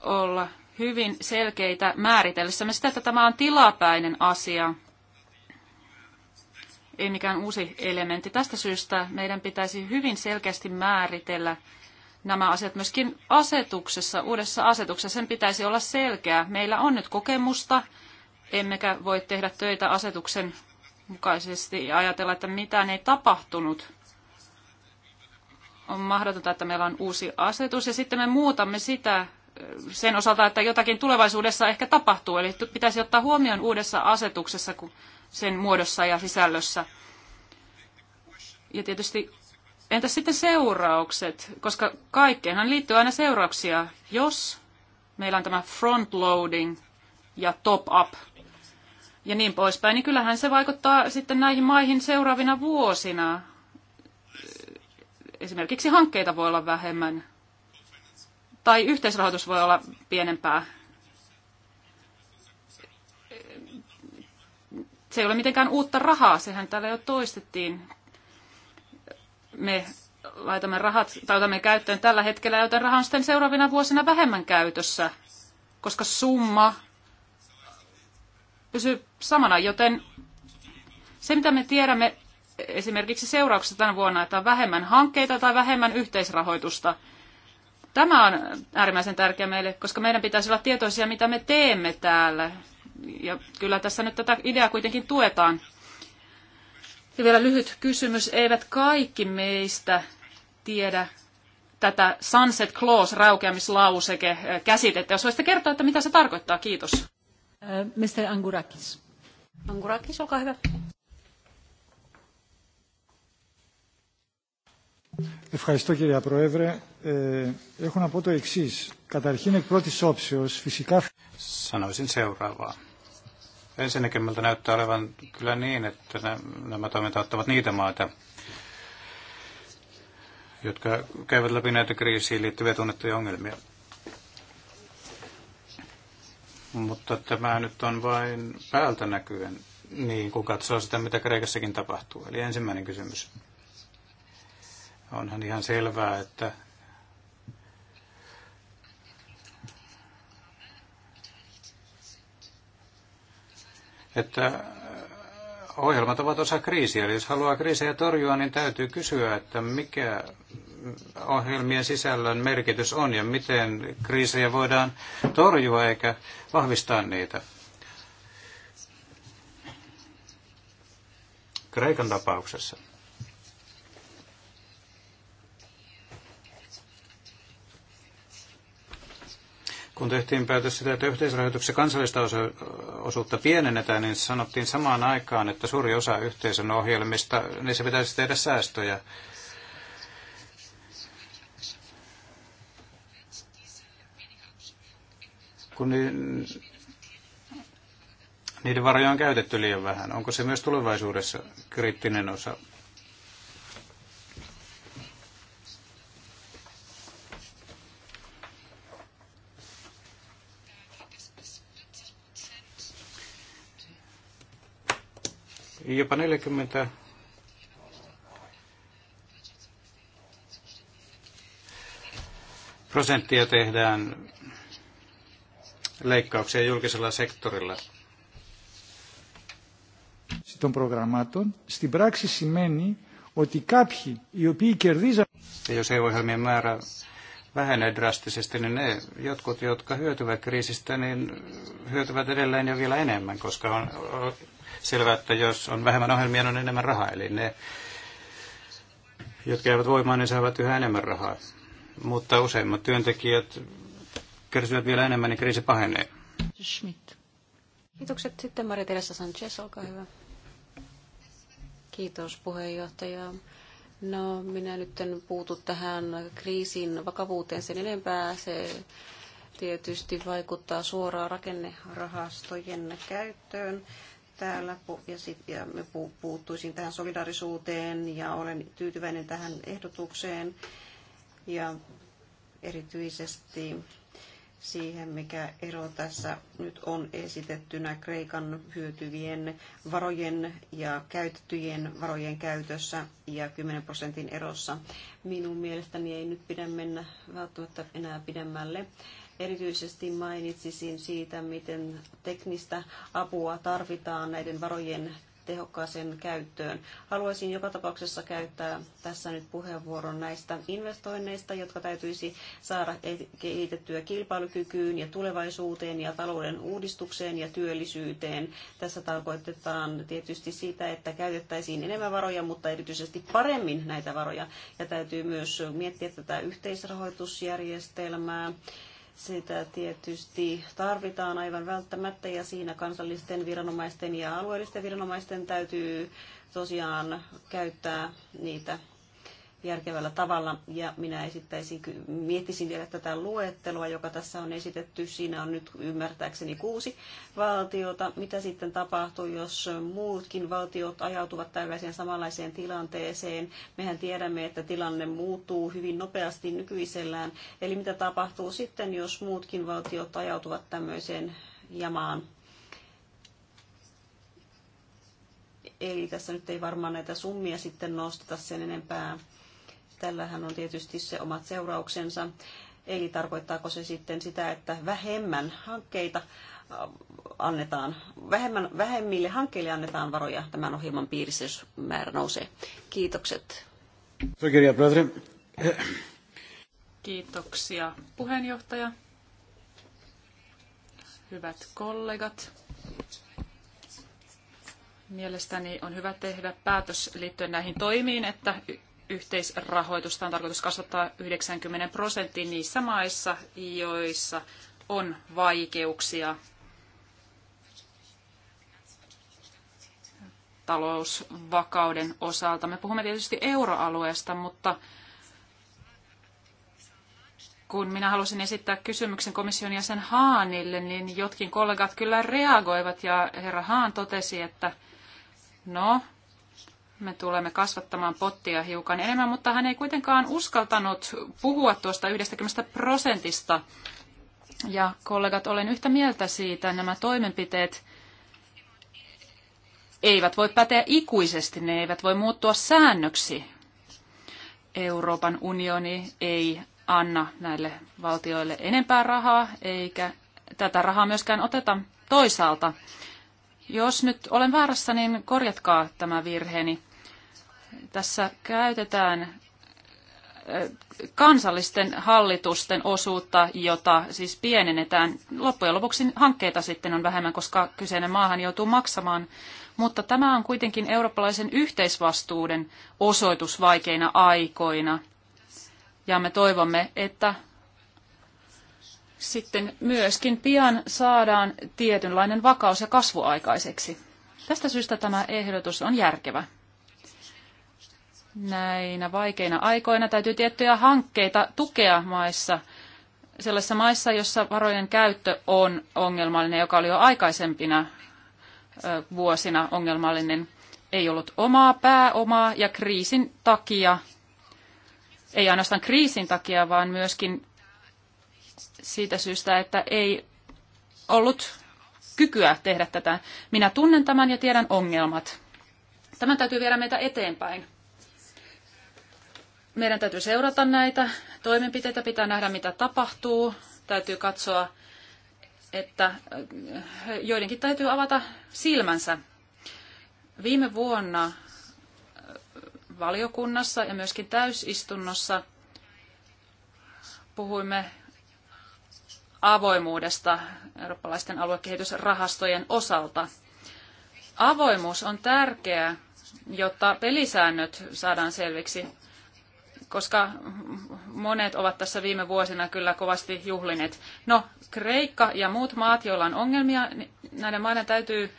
olla hyvin selkeitä määritellessämme, sitä, että tämä on tilapäinen asia ei mikään uusi elementti. Tästä syystä meidän pitäisi hyvin selkeästi määritellä nämä asiat myöskin asetuksessa, uudessa asetuksessa. Sen pitäisi olla selkeä. Meillä on nyt kokemusta, emmekä voi tehdä töitä asetuksen mukaisesti ja ajatella, että mitään ei tapahtunut. On mahdotonta, että meillä on uusi asetus ja sitten me muutamme sitä sen osalta, että jotakin tulevaisuudessa ehkä tapahtuu. Eli pitäisi ottaa huomioon uudessa asetuksessa, kun sen muodossa ja sisällössä. Ja tietysti entä sitten seuraukset, koska kaikkeenhan liittyy aina seurauksia, jos meillä on tämä frontloading ja top up ja niin poispäin, niin kyllähän se vaikuttaa sitten näihin maihin seuraavina vuosina. Esimerkiksi hankkeita voi olla vähemmän tai yhteisrahoitus voi olla pienempää Se ei ole mitenkään uutta rahaa, sehän täällä jo toistettiin. Me laitamme rahat, tai otamme käyttöön tällä hetkellä, joten raha on sitten seuraavina vuosina vähemmän käytössä, koska summa pysyy samana, joten se, mitä me tiedämme esimerkiksi seurauksessa tänä vuonna, että on vähemmän hankkeita tai vähemmän yhteisrahoitusta. Tämä on äärimmäisen tärkeä meille, koska meidän pitäisi olla tietoisia, mitä me teemme täällä ja kyllä tässä nyt tätä ideaa kuitenkin tuetaan. Ja vielä lyhyt kysymys. Eivät kaikki meistä tiedä tätä sunset clause, raukeamislauseke, käsitettä. Jos voisitte kertoa, että mitä se tarkoittaa. Kiitos. Mr. Angurakis. Angurakis, olkaa hyvä. Ευχαριστώ κύριε Πρόεδρε. Ε, έχω να πω το εξής. Καταρχήν εκ πρώτης όψεως φυσικά... Sanoisin seuraavaa. Ensinnäkemmältä näyttää olevan kyllä niin, että nämä toiminta ottavat niitä maita, jotka käyvät läpi näitä kriisiin liittyviä tunnettuja ongelmia. Mutta tämä nyt on vain päältä näkyen, niin kun katsoo sitä, mitä Kreikassakin tapahtuu. Eli ensimmäinen kysymys. Onhan ihan selvää, että että äh, ohjelmat ovat osa kriisiä. Eli jos haluaa kriisejä torjua, niin täytyy kysyä, että mikä ohjelmien sisällön merkitys on ja miten kriisejä voidaan torjua eikä vahvistaa niitä. Kreikan tapauksessa kun tehtiin päätös sitä, että yhteisrahoituksen kansallista osuutta pienennetään, niin sanottiin samaan aikaan, että suuri osa yhteisön ohjelmista, niin se pitäisi tehdä säästöjä. Kun niiden varoja on käytetty liian vähän. Onko se myös tulevaisuudessa kriittinen osa? Jopa 40 prosenttia tehdään leikkauksia julkisella sektorilla. Sitten programmaton. στην πράξη σημαίνει ότι κάποιοι οι οποίοι κερδίζαν. Jos EU-ohjelmien määrä vähenee drastisesti, niin ne jotkut, jotka hyötyvät kriisistä, niin hyötyvät edelleen ja vielä enemmän, koska on selvää, että jos on vähemmän ohjelmia, niin on enemmän rahaa. Eli ne, jotka eivät voimaan, niin saavat yhä enemmän rahaa. Mutta useimmat työntekijät kärsivät vielä enemmän, niin kriisi pahenee. Schmidt. Kiitokset sitten Maria Teresa Sanchez, olkaa hyvä. Kiitos puheenjohtaja. No, minä nyt en puutu tähän kriisin vakavuuteen sen enempää. Se tietysti vaikuttaa suoraan rakennerahastojen käyttöön täällä ja, sit, ja me pu, puuttuisin tähän solidarisuuteen ja olen tyytyväinen tähän ehdotukseen ja erityisesti siihen, mikä ero tässä nyt on esitettynä Kreikan hyötyvien varojen ja käytettyjen varojen käytössä ja 10 prosentin erossa. Minun mielestäni ei nyt pidä mennä välttämättä enää pidemmälle Erityisesti mainitsisin siitä, miten teknistä apua tarvitaan näiden varojen tehokkaaseen käyttöön. Haluaisin joka tapauksessa käyttää tässä nyt puheenvuoron näistä investoinneista, jotka täytyisi saada kehitettyä kilpailukykyyn ja tulevaisuuteen ja talouden uudistukseen ja työllisyyteen. Tässä tarkoitetaan tietysti sitä, että käytettäisiin enemmän varoja, mutta erityisesti paremmin näitä varoja. Ja täytyy myös miettiä tätä yhteisrahoitusjärjestelmää sitä tietysti tarvitaan aivan välttämättä ja siinä kansallisten viranomaisten ja alueellisten viranomaisten täytyy tosiaan käyttää niitä järkevällä tavalla. Ja minä esittäisin, miettisin vielä tätä luettelua, joka tässä on esitetty. Siinä on nyt ymmärtääkseni kuusi valtiota. Mitä sitten tapahtuu, jos muutkin valtiot ajautuvat tällaiseen samanlaiseen tilanteeseen? Mehän tiedämme, että tilanne muuttuu hyvin nopeasti nykyisellään. Eli mitä tapahtuu sitten, jos muutkin valtiot ajautuvat tämmöiseen jamaan? Eli tässä nyt ei varmaan näitä summia sitten nosteta sen enempää Tällähän on tietysti se omat seurauksensa. Eli tarkoittaako se sitten sitä, että vähemmän hankkeita äh, annetaan, vähemmän, vähemmille hankkeille annetaan varoja tämän ohjelman piirissä, jos määrä nousee. Kiitokset. Kiitoksia puheenjohtaja. Hyvät kollegat. Mielestäni on hyvä tehdä päätös liittyen näihin toimiin, että yhteisrahoitusta on tarkoitus kasvattaa 90 prosenttiin niissä maissa, joissa on vaikeuksia talousvakauden osalta. Me puhumme tietysti euroalueesta, mutta kun minä halusin esittää kysymyksen komission jäsen Haanille, niin jotkin kollegat kyllä reagoivat ja herra Haan totesi, että no, me tulemme kasvattamaan pottia hiukan enemmän, mutta hän ei kuitenkaan uskaltanut puhua tuosta 90 prosentista. Ja kollegat, olen yhtä mieltä siitä, nämä toimenpiteet eivät voi päteä ikuisesti, ne eivät voi muuttua säännöksi. Euroopan unioni ei anna näille valtioille enempää rahaa, eikä tätä rahaa myöskään oteta toisaalta. Jos nyt olen väärässä, niin korjatkaa tämä virheeni. Tässä käytetään kansallisten hallitusten osuutta, jota siis pienennetään. Loppujen lopuksi hankkeita sitten on vähemmän, koska kyseinen maahan joutuu maksamaan. Mutta tämä on kuitenkin eurooppalaisen yhteisvastuuden osoitus vaikeina aikoina. Ja me toivomme, että sitten myöskin pian saadaan tietynlainen vakaus ja kasvu aikaiseksi. Tästä syystä tämä ehdotus on järkevä. Näinä vaikeina aikoina täytyy tiettyjä hankkeita tukea maissa, sellaisissa maissa, jossa varojen käyttö on ongelmallinen, joka oli jo aikaisempina vuosina ongelmallinen. Ei ollut omaa pääomaa ja kriisin takia, ei ainoastaan kriisin takia, vaan myöskin siitä syystä, että ei ollut kykyä tehdä tätä. Minä tunnen tämän ja tiedän ongelmat. Tämän täytyy viedä meitä eteenpäin. Meidän täytyy seurata näitä toimenpiteitä, pitää nähdä mitä tapahtuu, täytyy katsoa, että äh, joidenkin täytyy avata silmänsä. Viime vuonna äh, valiokunnassa ja myöskin täysistunnossa puhuimme avoimuudesta eurooppalaisten aluekehitysrahastojen osalta. Avoimuus on tärkeää, jotta pelisäännöt saadaan selviksi, koska monet ovat tässä viime vuosina kyllä kovasti juhlineet. No, Kreikka ja muut maat, joilla on ongelmia, niin näiden maiden täytyy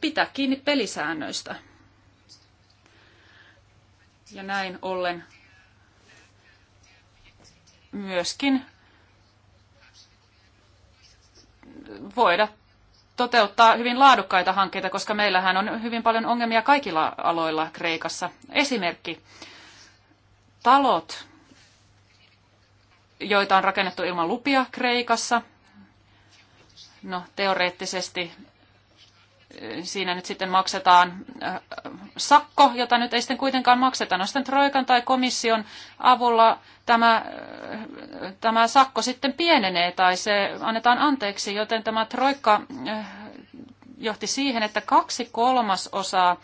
pitää kiinni pelisäännöistä. Ja näin ollen myöskin voida toteuttaa hyvin laadukkaita hankkeita, koska meillähän on hyvin paljon ongelmia kaikilla aloilla Kreikassa. Esimerkki. Talot, joita on rakennettu ilman lupia Kreikassa. No, teoreettisesti siinä nyt sitten maksetaan sakko, jota nyt ei sitten kuitenkaan makseta. No sitten Troikan tai komission avulla tämä, tämä sakko sitten pienenee tai se annetaan anteeksi, joten tämä Troikka johti siihen, että kaksi kolmasosaa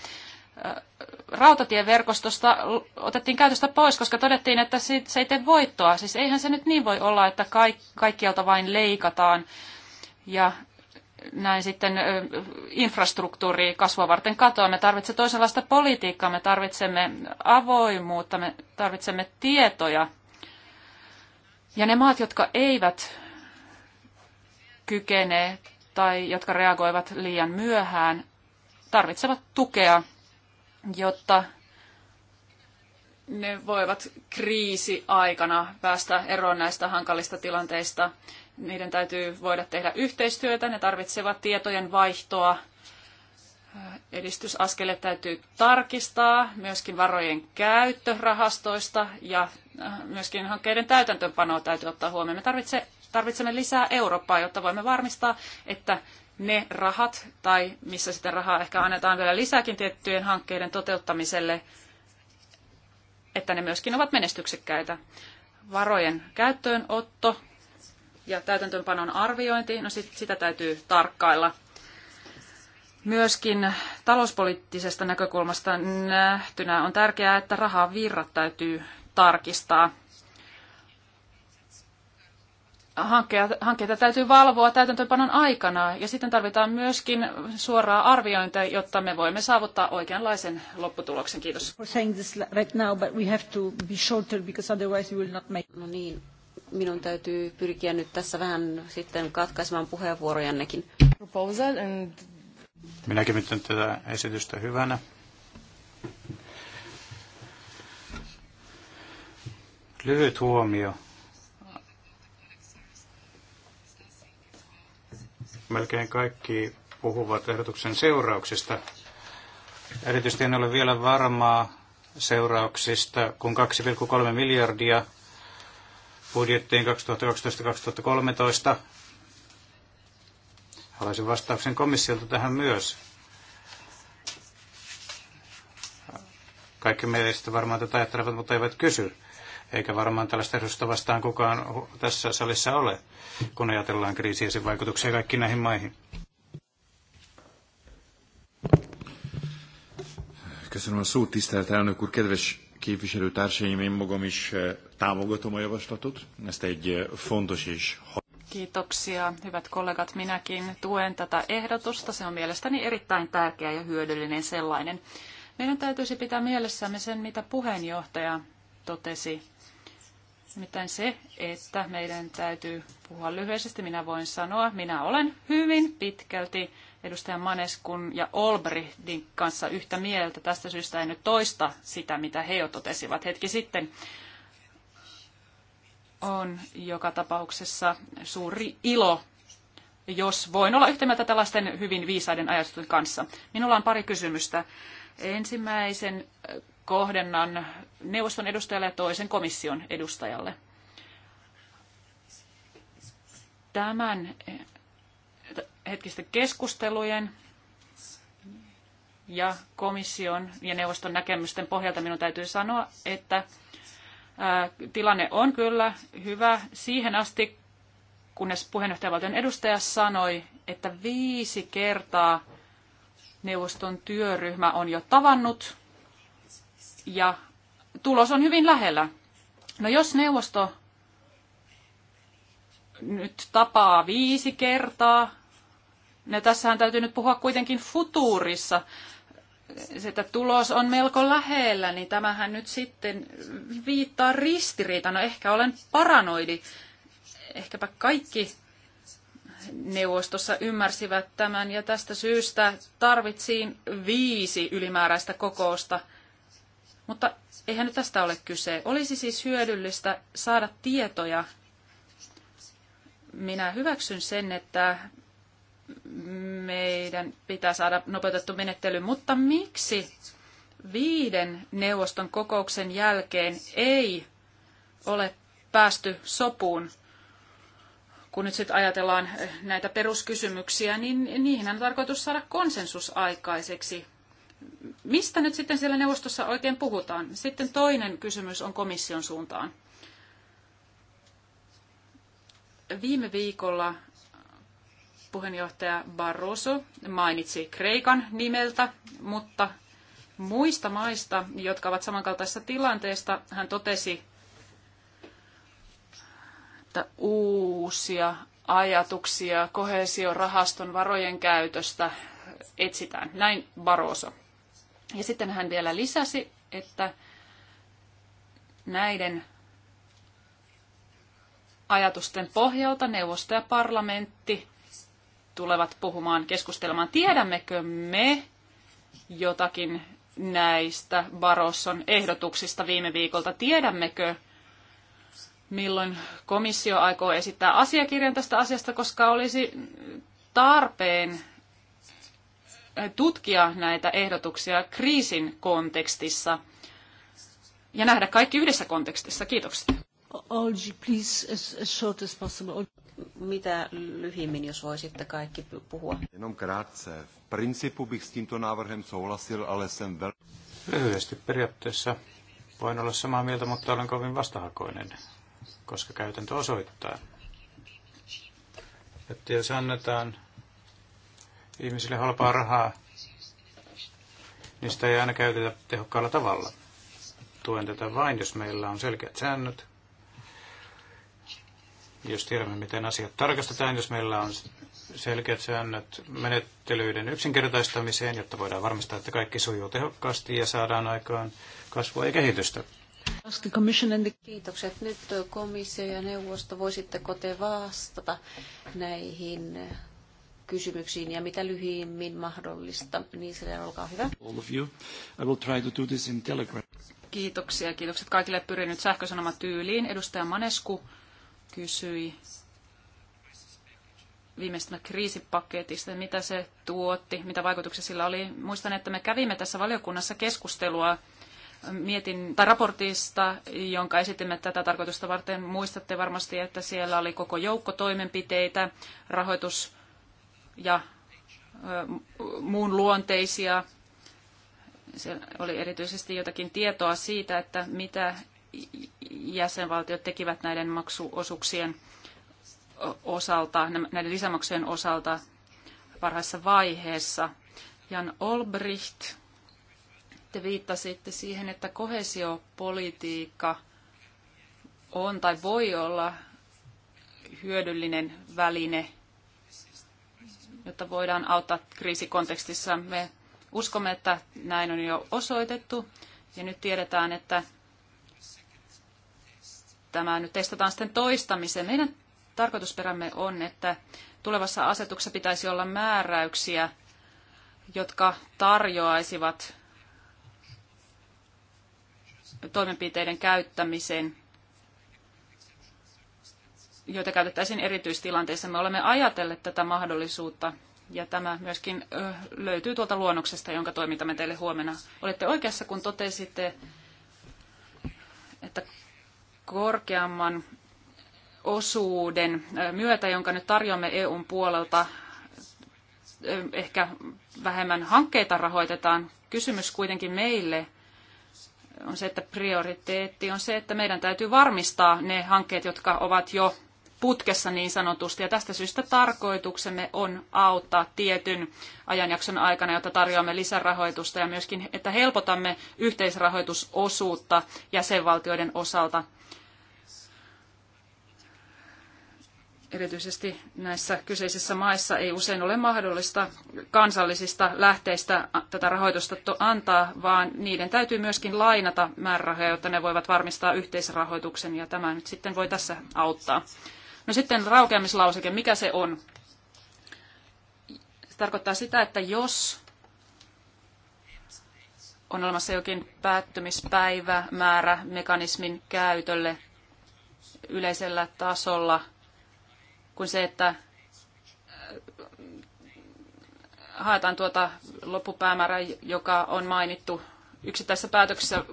rautatieverkostosta otettiin käytöstä pois, koska todettiin, että se ei tee voittoa. Siis eihän se nyt niin voi olla, että kaikkialta vain leikataan. Ja näin sitten infrastruktuuri kasvua varten katoa. Me tarvitsemme toisenlaista politiikkaa, me tarvitsemme avoimuutta, me tarvitsemme tietoja. Ja ne maat, jotka eivät kykene tai jotka reagoivat liian myöhään, tarvitsevat tukea, jotta ne voivat kriisi aikana päästä eroon näistä hankalista tilanteista. Niiden täytyy voida tehdä yhteistyötä, ne tarvitsevat tietojen vaihtoa. Edistysaskele täytyy tarkistaa, myöskin varojen käyttö rahastoista ja äh, myöskin hankkeiden täytäntöönpanoa täytyy ottaa huomioon. Me tarvitse, tarvitsemme lisää Eurooppaa, jotta voimme varmistaa, että ne rahat, tai missä sitä rahaa ehkä annetaan vielä lisääkin tiettyjen hankkeiden toteuttamiselle, että ne myöskin ovat menestyksekkäitä. Varojen käyttöönotto ja täytäntöönpanon arviointi, no sit, sitä täytyy tarkkailla. Myöskin talouspoliittisesta näkökulmasta nähtynä on tärkeää, että rahan virrat täytyy tarkistaa. Hankkeita, hankkeita täytyy valvoa täytäntöönpanon aikana ja sitten tarvitaan myöskin suoraa arviointia, jotta me voimme saavuttaa oikeanlaisen lopputuloksen. Kiitos. No niin, minun täytyy pyrkiä nyt tässä vähän sitten katkaisemaan puheenvuorojannekin. Minäkin pidän tätä esitystä hyvänä. Lyhyt huomio. Melkein kaikki puhuvat ehdotuksen seurauksista. Erityisesti en ole vielä varmaa seurauksista, kun 2,3 miljardia budjettiin 2012-2013. Haluaisin vastauksen komissiolta tähän myös. Kaikki meistä varmaan tätä ajattelevat, mutta eivät kysy. Eikä varmaan tällaista ehdotusta vastaan kukaan tässä salissa ole, kun ajatellaan kriisiä ja sen vaikutuksia kaikkiin näihin maihin. Köszönöm a szót, tisztelt elnök úr, kedves képviselőtársaim, én magam is eh, támogatom a javaslatot. Ezt egy eh, fontos és Kiitoksia, hyvät kollegat. Minäkin tuen tätä ehdotusta. Se on mielestäni erittäin tärkeä ja hyödyllinen sellainen. Meidän täytyisi pitää mielessämme sen, mitä puheenjohtaja totesi. Nimittäin se, että meidän täytyy puhua lyhyesti. Minä voin sanoa, minä olen hyvin pitkälti edustaja Maneskun ja Olbrichtin kanssa yhtä mieltä. Tästä syystä en nyt toista sitä, mitä he jo totesivat hetki sitten. On joka tapauksessa suuri ilo, jos voin olla yhtä mieltä tällaisten hyvin viisaiden ajatusten kanssa. Minulla on pari kysymystä. Ensimmäisen kohdennan neuvoston edustajalle ja toisen komission edustajalle. Tämän hetkistä keskustelujen ja komission ja neuvoston näkemysten pohjalta minun täytyy sanoa, että tilanne on kyllä hyvä siihen asti, kunnes puheenjohtajavaltion edustaja sanoi, että viisi kertaa neuvoston työryhmä on jo tavannut ja tulos on hyvin lähellä. No jos neuvosto nyt tapaa viisi kertaa No, tässähän täytyy nyt puhua kuitenkin futuurissa, että tulos on melko lähellä, niin tämähän nyt sitten viittaa ristiriitaan. No ehkä olen paranoidi. Ehkäpä kaikki neuvostossa ymmärsivät tämän ja tästä syystä tarvitsiin viisi ylimääräistä kokousta. Mutta eihän nyt tästä ole kyse. Olisi siis hyödyllistä saada tietoja. Minä hyväksyn sen, että meidän pitää saada nopeutettu menettely, mutta miksi viiden neuvoston kokouksen jälkeen ei ole päästy sopuun? Kun nyt sitten ajatellaan näitä peruskysymyksiä, niin niihin on tarkoitus saada konsensus aikaiseksi. Mistä nyt sitten siellä neuvostossa oikein puhutaan? Sitten toinen kysymys on komission suuntaan. Viime viikolla puheenjohtaja Barroso mainitsi Kreikan nimeltä, mutta muista maista, jotka ovat samankaltaisessa tilanteesta, hän totesi, että uusia ajatuksia kohesiorahaston varojen käytöstä etsitään. Näin Barroso. Ja sitten hän vielä lisäsi, että näiden ajatusten pohjalta neuvosto ja parlamentti tulevat puhumaan, keskustelemaan. Tiedämmekö me jotakin näistä Barosson ehdotuksista viime viikolta? Tiedämmekö, milloin komissio aikoo esittää asiakirjan tästä asiasta, koska olisi tarpeen tutkia näitä ehdotuksia kriisin kontekstissa ja nähdä kaikki yhdessä kontekstissa. Kiitoksia mitä lyhimmin, jos voisitte kaikki puhua. Jenom krátce. V principu bych s tímto návrhem souhlasil, ale jsem vel... Lyhyesti periaatteessa voin olla samaa mieltä, mutta olen kovin vastahakoinen, koska käytäntö osoittaa, että jos annetaan ihmisille halpaa rahaa, niin sitä ei aina käytetä tehokkaalla tavalla. Tuen tätä vain, jos meillä on selkeät säännöt, jos tiedämme, miten asiat tarkastetaan, jos meillä on selkeät säännöt menettelyiden yksinkertaistamiseen, jotta voidaan varmistaa, että kaikki sujuu tehokkaasti ja saadaan aikaan kasvua ja kehitystä. Kiitokset. Nyt komissio ja neuvosto, voisitteko te vastata näihin kysymyksiin ja mitä lyhyimmin mahdollista. Niin se olkaa hyvä. All of you. I will try to do this in Kiitoksia. Kiitokset kaikille. Pyrin nyt sähkösanomatyyliin. Edustaja Manesku kysyi viimeistä kriisipaketista, mitä se tuotti, mitä vaikutuksia sillä oli. Muistan, että me kävimme tässä valiokunnassa keskustelua ähm, mietin, tai raportista, jonka esitimme tätä tarkoitusta varten. Muistatte varmasti, että siellä oli koko joukko toimenpiteitä, rahoitus ja äh, muun luonteisia. Siellä oli erityisesti jotakin tietoa siitä, että mitä jäsenvaltiot tekivät näiden maksuosuuksien osalta, näiden lisämaksujen osalta parhaassa vaiheessa. Jan Olbricht, te viittasitte siihen, että kohesiopolitiikka on tai voi olla hyödyllinen väline, jotta voidaan auttaa kriisikontekstissa. Me uskomme, että näin on jo osoitettu ja nyt tiedetään, että tämä nyt testataan sitten toistamiseen. Meidän tarkoitusperämme on, että tulevassa asetuksessa pitäisi olla määräyksiä, jotka tarjoaisivat toimenpiteiden käyttämisen, joita käytettäisiin erityistilanteissa. Me olemme ajatelleet tätä mahdollisuutta ja tämä myöskin löytyy tuolta luonnoksesta, jonka toimintamme teille huomenna. Olette oikeassa, kun totesitte, että korkeamman osuuden myötä, jonka nyt tarjoamme EUn puolelta, ehkä vähemmän hankkeita rahoitetaan. Kysymys kuitenkin meille on se, että prioriteetti on se, että meidän täytyy varmistaa ne hankkeet, jotka ovat jo putkessa niin sanotusti. Ja tästä syystä tarkoituksemme on auttaa tietyn ajanjakson aikana, jotta tarjoamme lisärahoitusta ja myöskin, että helpotamme yhteisrahoitusosuutta jäsenvaltioiden osalta – erityisesti näissä kyseisissä maissa ei usein ole mahdollista kansallisista lähteistä tätä rahoitusta antaa, vaan niiden täytyy myöskin lainata määrärahoja, jotta ne voivat varmistaa yhteisrahoituksen, ja tämä nyt sitten voi tässä auttaa. No sitten raukeamislauseke, mikä se on? Se tarkoittaa sitä, että jos on olemassa jokin päättymispäivämäärä mekanismin käytölle yleisellä tasolla – kuin se, että äh, haetaan tuota loppupäämäärää, joka on mainittu yksittäisessä päätöksessä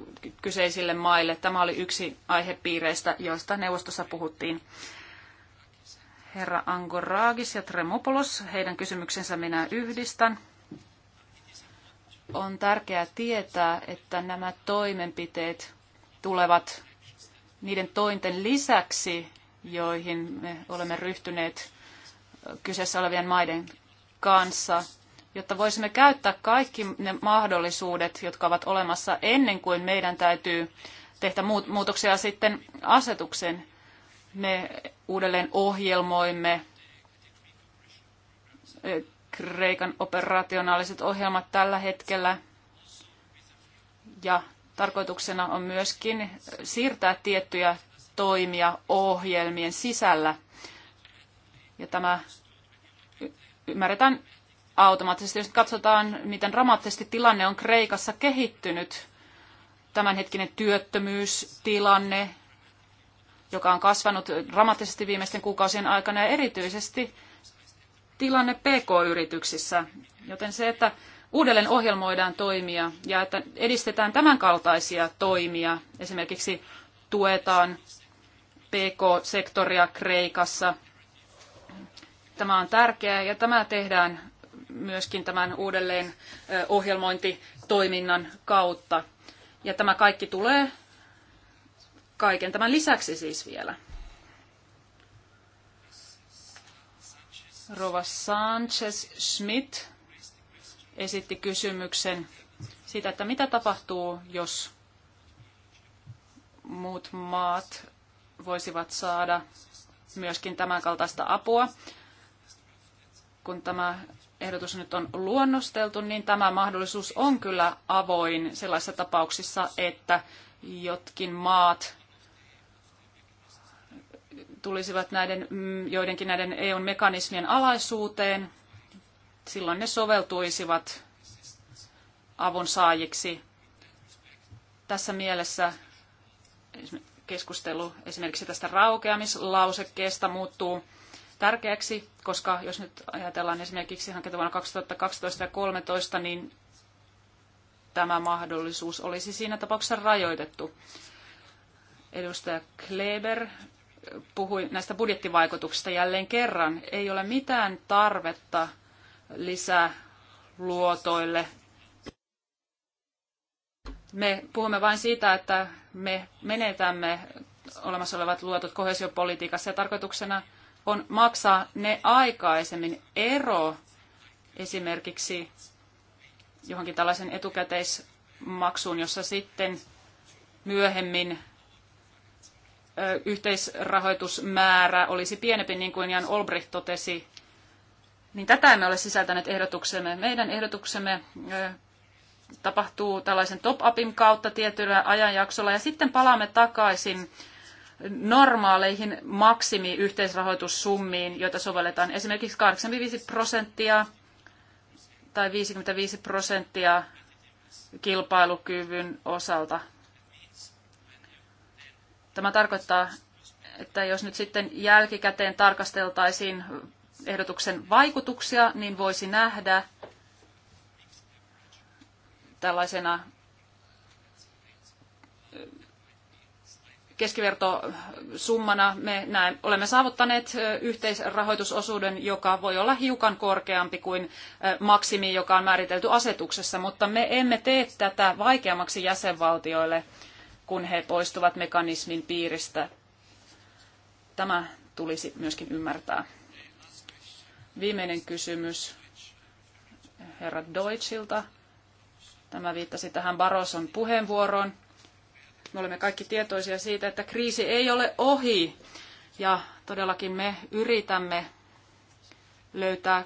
kyseisille maille. Tämä oli yksi aihepiireistä, joista neuvostossa puhuttiin. Herra Angoragis ja Tremopolos, heidän kysymyksensä minä yhdistän. On tärkeää tietää, että nämä toimenpiteet tulevat niiden tointen lisäksi, joihin me olemme ryhtyneet kyseessä olevien maiden kanssa, jotta voisimme käyttää kaikki ne mahdollisuudet, jotka ovat olemassa ennen kuin meidän täytyy tehdä muutoksia sitten asetuksen. Me uudelleen ohjelmoimme Kreikan operationaaliset ohjelmat tällä hetkellä. Ja tarkoituksena on myöskin siirtää tiettyjä toimia ohjelmien sisällä. Ja tämä ymmärretään automaattisesti, jos katsotaan, miten dramaattisesti tilanne on Kreikassa kehittynyt, tämänhetkinen työttömyystilanne, joka on kasvanut dramaattisesti viimeisten kuukausien aikana ja erityisesti tilanne PK-yrityksissä. Joten se, että uudelleen ohjelmoidaan toimia ja että edistetään tämän kaltaisia toimia, esimerkiksi tuetaan PK-sektoria Kreikassa. Tämä on tärkeää ja tämä tehdään myöskin tämän uudelleen ohjelmointitoiminnan kautta. Ja tämä kaikki tulee kaiken tämän lisäksi siis vielä. Rova Sanchez Schmidt esitti kysymyksen siitä, että mitä tapahtuu, jos muut maat voisivat saada myöskin tämän kaltaista apua. Kun tämä ehdotus nyt on luonnosteltu, niin tämä mahdollisuus on kyllä avoin sellaisissa tapauksissa, että jotkin maat tulisivat näiden, joidenkin näiden eu mekanismien alaisuuteen, silloin ne soveltuisivat avun saajiksi. Tässä mielessä keskustelu esimerkiksi tästä raukeamislausekkeesta muuttuu tärkeäksi, koska jos nyt ajatellaan esimerkiksi hanketta vuonna 2012 ja 2013, niin tämä mahdollisuus olisi siinä tapauksessa rajoitettu. Edustaja Kleber puhui näistä budjettivaikutuksista jälleen kerran. Ei ole mitään tarvetta lisäluotoille. Me puhumme vain siitä, että me menetämme olemassa olevat luotot kohesiopolitiikassa ja tarkoituksena on maksaa ne aikaisemmin. Ero esimerkiksi johonkin tällaisen etukäteismaksuun, jossa sitten myöhemmin yhteisrahoitusmäärä olisi pienempi, niin kuin Jan Olbricht totesi, niin tätä emme ole sisältäneet ehdotuksemme. Meidän ehdotuksemme tapahtuu tällaisen top-upin kautta tietyllä ajanjaksolla ja sitten palaamme takaisin normaaleihin maksimiyhteisrahoitussummiin, joita sovelletaan esimerkiksi 85 prosenttia tai 55 prosenttia kilpailukyvyn osalta. Tämä tarkoittaa, että jos nyt sitten jälkikäteen tarkasteltaisiin ehdotuksen vaikutuksia, niin voisi nähdä, tällaisena keskivertosummana me näin, olemme saavuttaneet yhteisrahoitusosuuden, joka voi olla hiukan korkeampi kuin maksimi, joka on määritelty asetuksessa, mutta me emme tee tätä vaikeammaksi jäsenvaltioille, kun he poistuvat mekanismin piiristä. Tämä tulisi myöskin ymmärtää. Viimeinen kysymys herra Deutschilta Tämä viittasi tähän Baroson puheenvuoroon. Me olemme kaikki tietoisia siitä, että kriisi ei ole ohi. Ja todellakin me yritämme löytää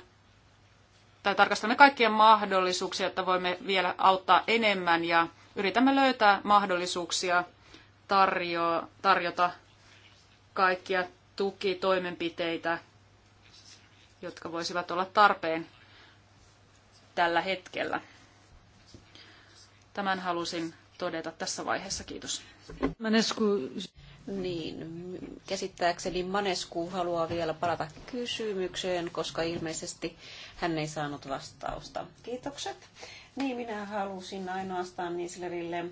tai tarkastamme kaikkia mahdollisuuksia, että voimme vielä auttaa enemmän ja yritämme löytää mahdollisuuksia tarjo- tarjota kaikkia tukitoimenpiteitä, jotka voisivat olla tarpeen tällä hetkellä. Tämän halusin todeta tässä vaiheessa. Kiitos. Manesku. Niin, käsittääkseni Manesku haluaa vielä palata kysymykseen, koska ilmeisesti hän ei saanut vastausta. Kiitokset. Niin, minä halusin ainoastaan Nislerille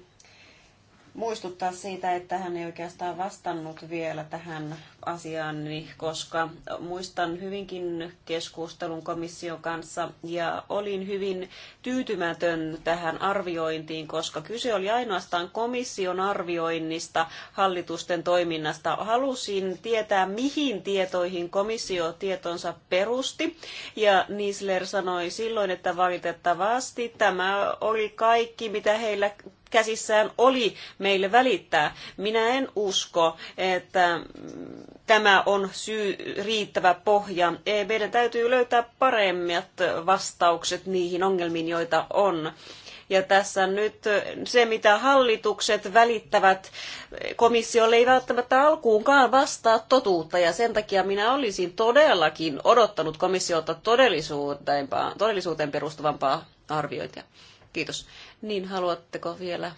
muistuttaa siitä, että hän ei oikeastaan vastannut vielä tähän asiaan, niin koska muistan hyvinkin keskustelun komission kanssa ja olin hyvin tyytymätön tähän arviointiin, koska kyse oli ainoastaan komission arvioinnista hallitusten toiminnasta. Halusin tietää, mihin tietoihin komissio tietonsa perusti ja Nisler sanoi silloin, että valitettavasti tämä oli kaikki, mitä heillä käsissään oli meille välittää. Minä en usko, että tämä on syy, riittävä pohja. E, meidän täytyy löytää paremmat vastaukset niihin ongelmiin, joita on. Ja tässä nyt se, mitä hallitukset välittävät komissiolle, ei välttämättä alkuunkaan vastaa totuutta. Ja sen takia minä olisin todellakin odottanut komissiolta todellisuuteen, todellisuuteen perustuvampaa arviointia. Kiitos. Niin haluatteko vielä,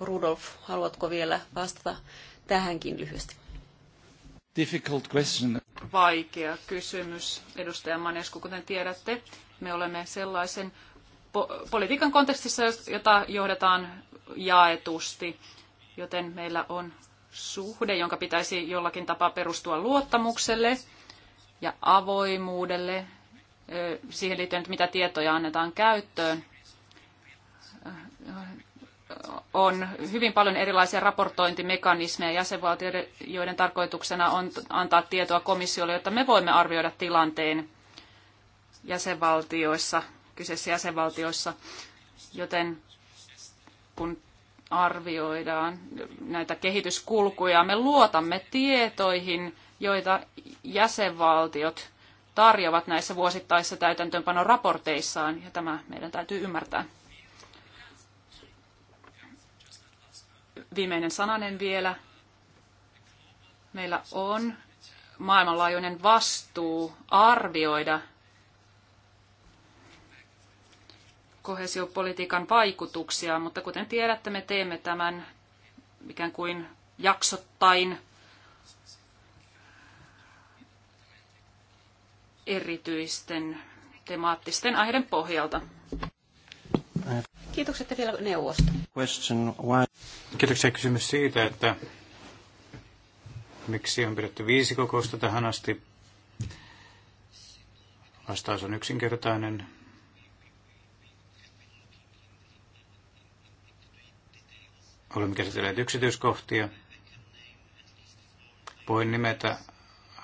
Rudolf, haluatko vielä vastata tähänkin lyhyesti? Difficult question. Vaikea kysymys, edustaja Manesku, kuten tiedätte. Me olemme sellaisen po- politiikan kontekstissa, jota johdetaan jaetusti, joten meillä on suhde, jonka pitäisi jollakin tapaa perustua luottamukselle ja avoimuudelle, siihen liittyen, että mitä tietoja annetaan käyttöön on hyvin paljon erilaisia raportointimekanismeja jäsenvaltioiden, joiden tarkoituksena on antaa tietoa komissiolle, jotta me voimme arvioida tilanteen jäsenvaltioissa, kyseisissä jäsenvaltioissa. Joten kun arvioidaan näitä kehityskulkuja, me luotamme tietoihin, joita jäsenvaltiot tarjoavat näissä vuosittaisissa täytäntöönpanoraporteissaan, raporteissaan, ja tämä meidän täytyy ymmärtää. viimeinen sananen vielä. Meillä on maailmanlaajuinen vastuu arvioida kohesiopolitiikan vaikutuksia, mutta kuten tiedätte, me teemme tämän ikään kuin jaksottain erityisten temaattisten aiheiden pohjalta. Kiitokset vielä neuvosta. Kiitoksia kysymys siitä, että miksi on pidetty viisi kokousta tähän asti. Vastaus on yksinkertainen. Olemme käsitelleet yksityiskohtia. Voin nimetä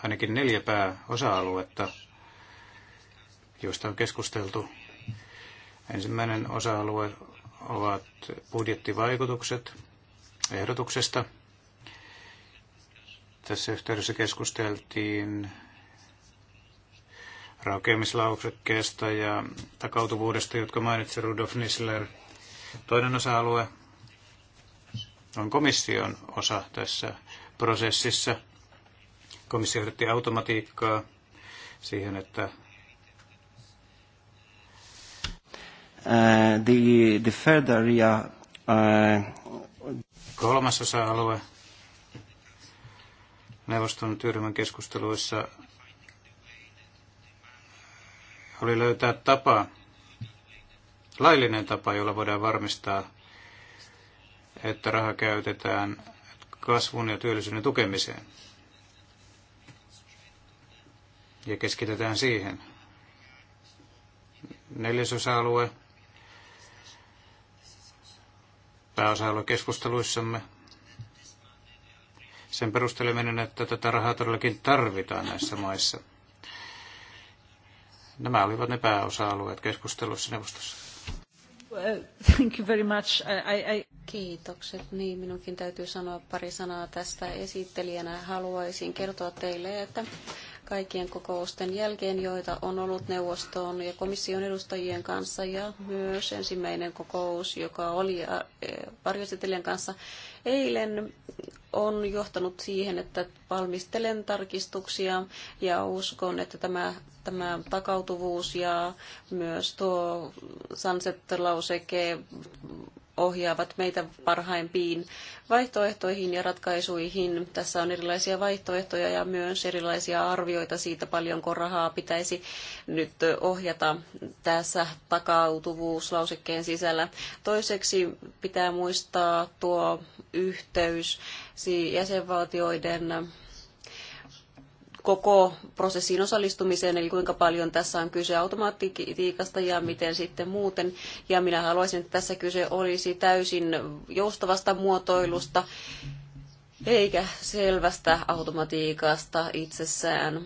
ainakin neljä pääosa-aluetta, joista on keskusteltu Ensimmäinen osa-alue ovat budjettivaikutukset ehdotuksesta. Tässä yhteydessä keskusteltiin raukeamislauksekkeesta ja takautuvuudesta, jotka mainitsi Rudolf Nisler. Toinen osa-alue on komission osa tässä prosessissa. Komissio ehdotti automatiikkaa siihen, että Kolmasosa uh, the, the third area, uh, Kolmas osa-alue neuvoston työryhmän keskusteluissa oli löytää tapa, laillinen tapa, jolla voidaan varmistaa, että raha käytetään kasvun ja työllisyyden tukemiseen. Ja keskitetään siihen. Neljäsosa-alue pääosailla keskusteluissamme. Sen perusteleminen, että tätä rahaa todellakin tarvitaan näissä maissa. Nämä olivat ne pääosa-alueet keskustelussa neuvostossa. <laughs> Thank you very much. I, I... Kiitokset. Niin, minunkin täytyy sanoa pari sanaa tästä esittelijänä. Haluaisin kertoa teille, että kaikkien kokousten jälkeen, joita on ollut neuvostoon ja komission edustajien kanssa ja myös ensimmäinen kokous, joka oli äh, varjoesittelijän kanssa eilen, on johtanut siihen, että valmistelen tarkistuksia ja uskon, että tämä, tämä takautuvuus ja myös tuo sunset-lauseke ohjaavat meitä parhaimpiin vaihtoehtoihin ja ratkaisuihin. Tässä on erilaisia vaihtoehtoja ja myös erilaisia arvioita siitä, paljonko rahaa pitäisi nyt ohjata tässä takautuvuuslausekkeen sisällä. Toiseksi pitää muistaa tuo yhteys jäsenvaltioiden koko prosessiin osallistumiseen, eli kuinka paljon tässä on kyse automaattiikasta ja miten sitten muuten. Ja minä haluaisin, että tässä kyse olisi täysin joustavasta muotoilusta, eikä selvästä automatiikasta itsessään.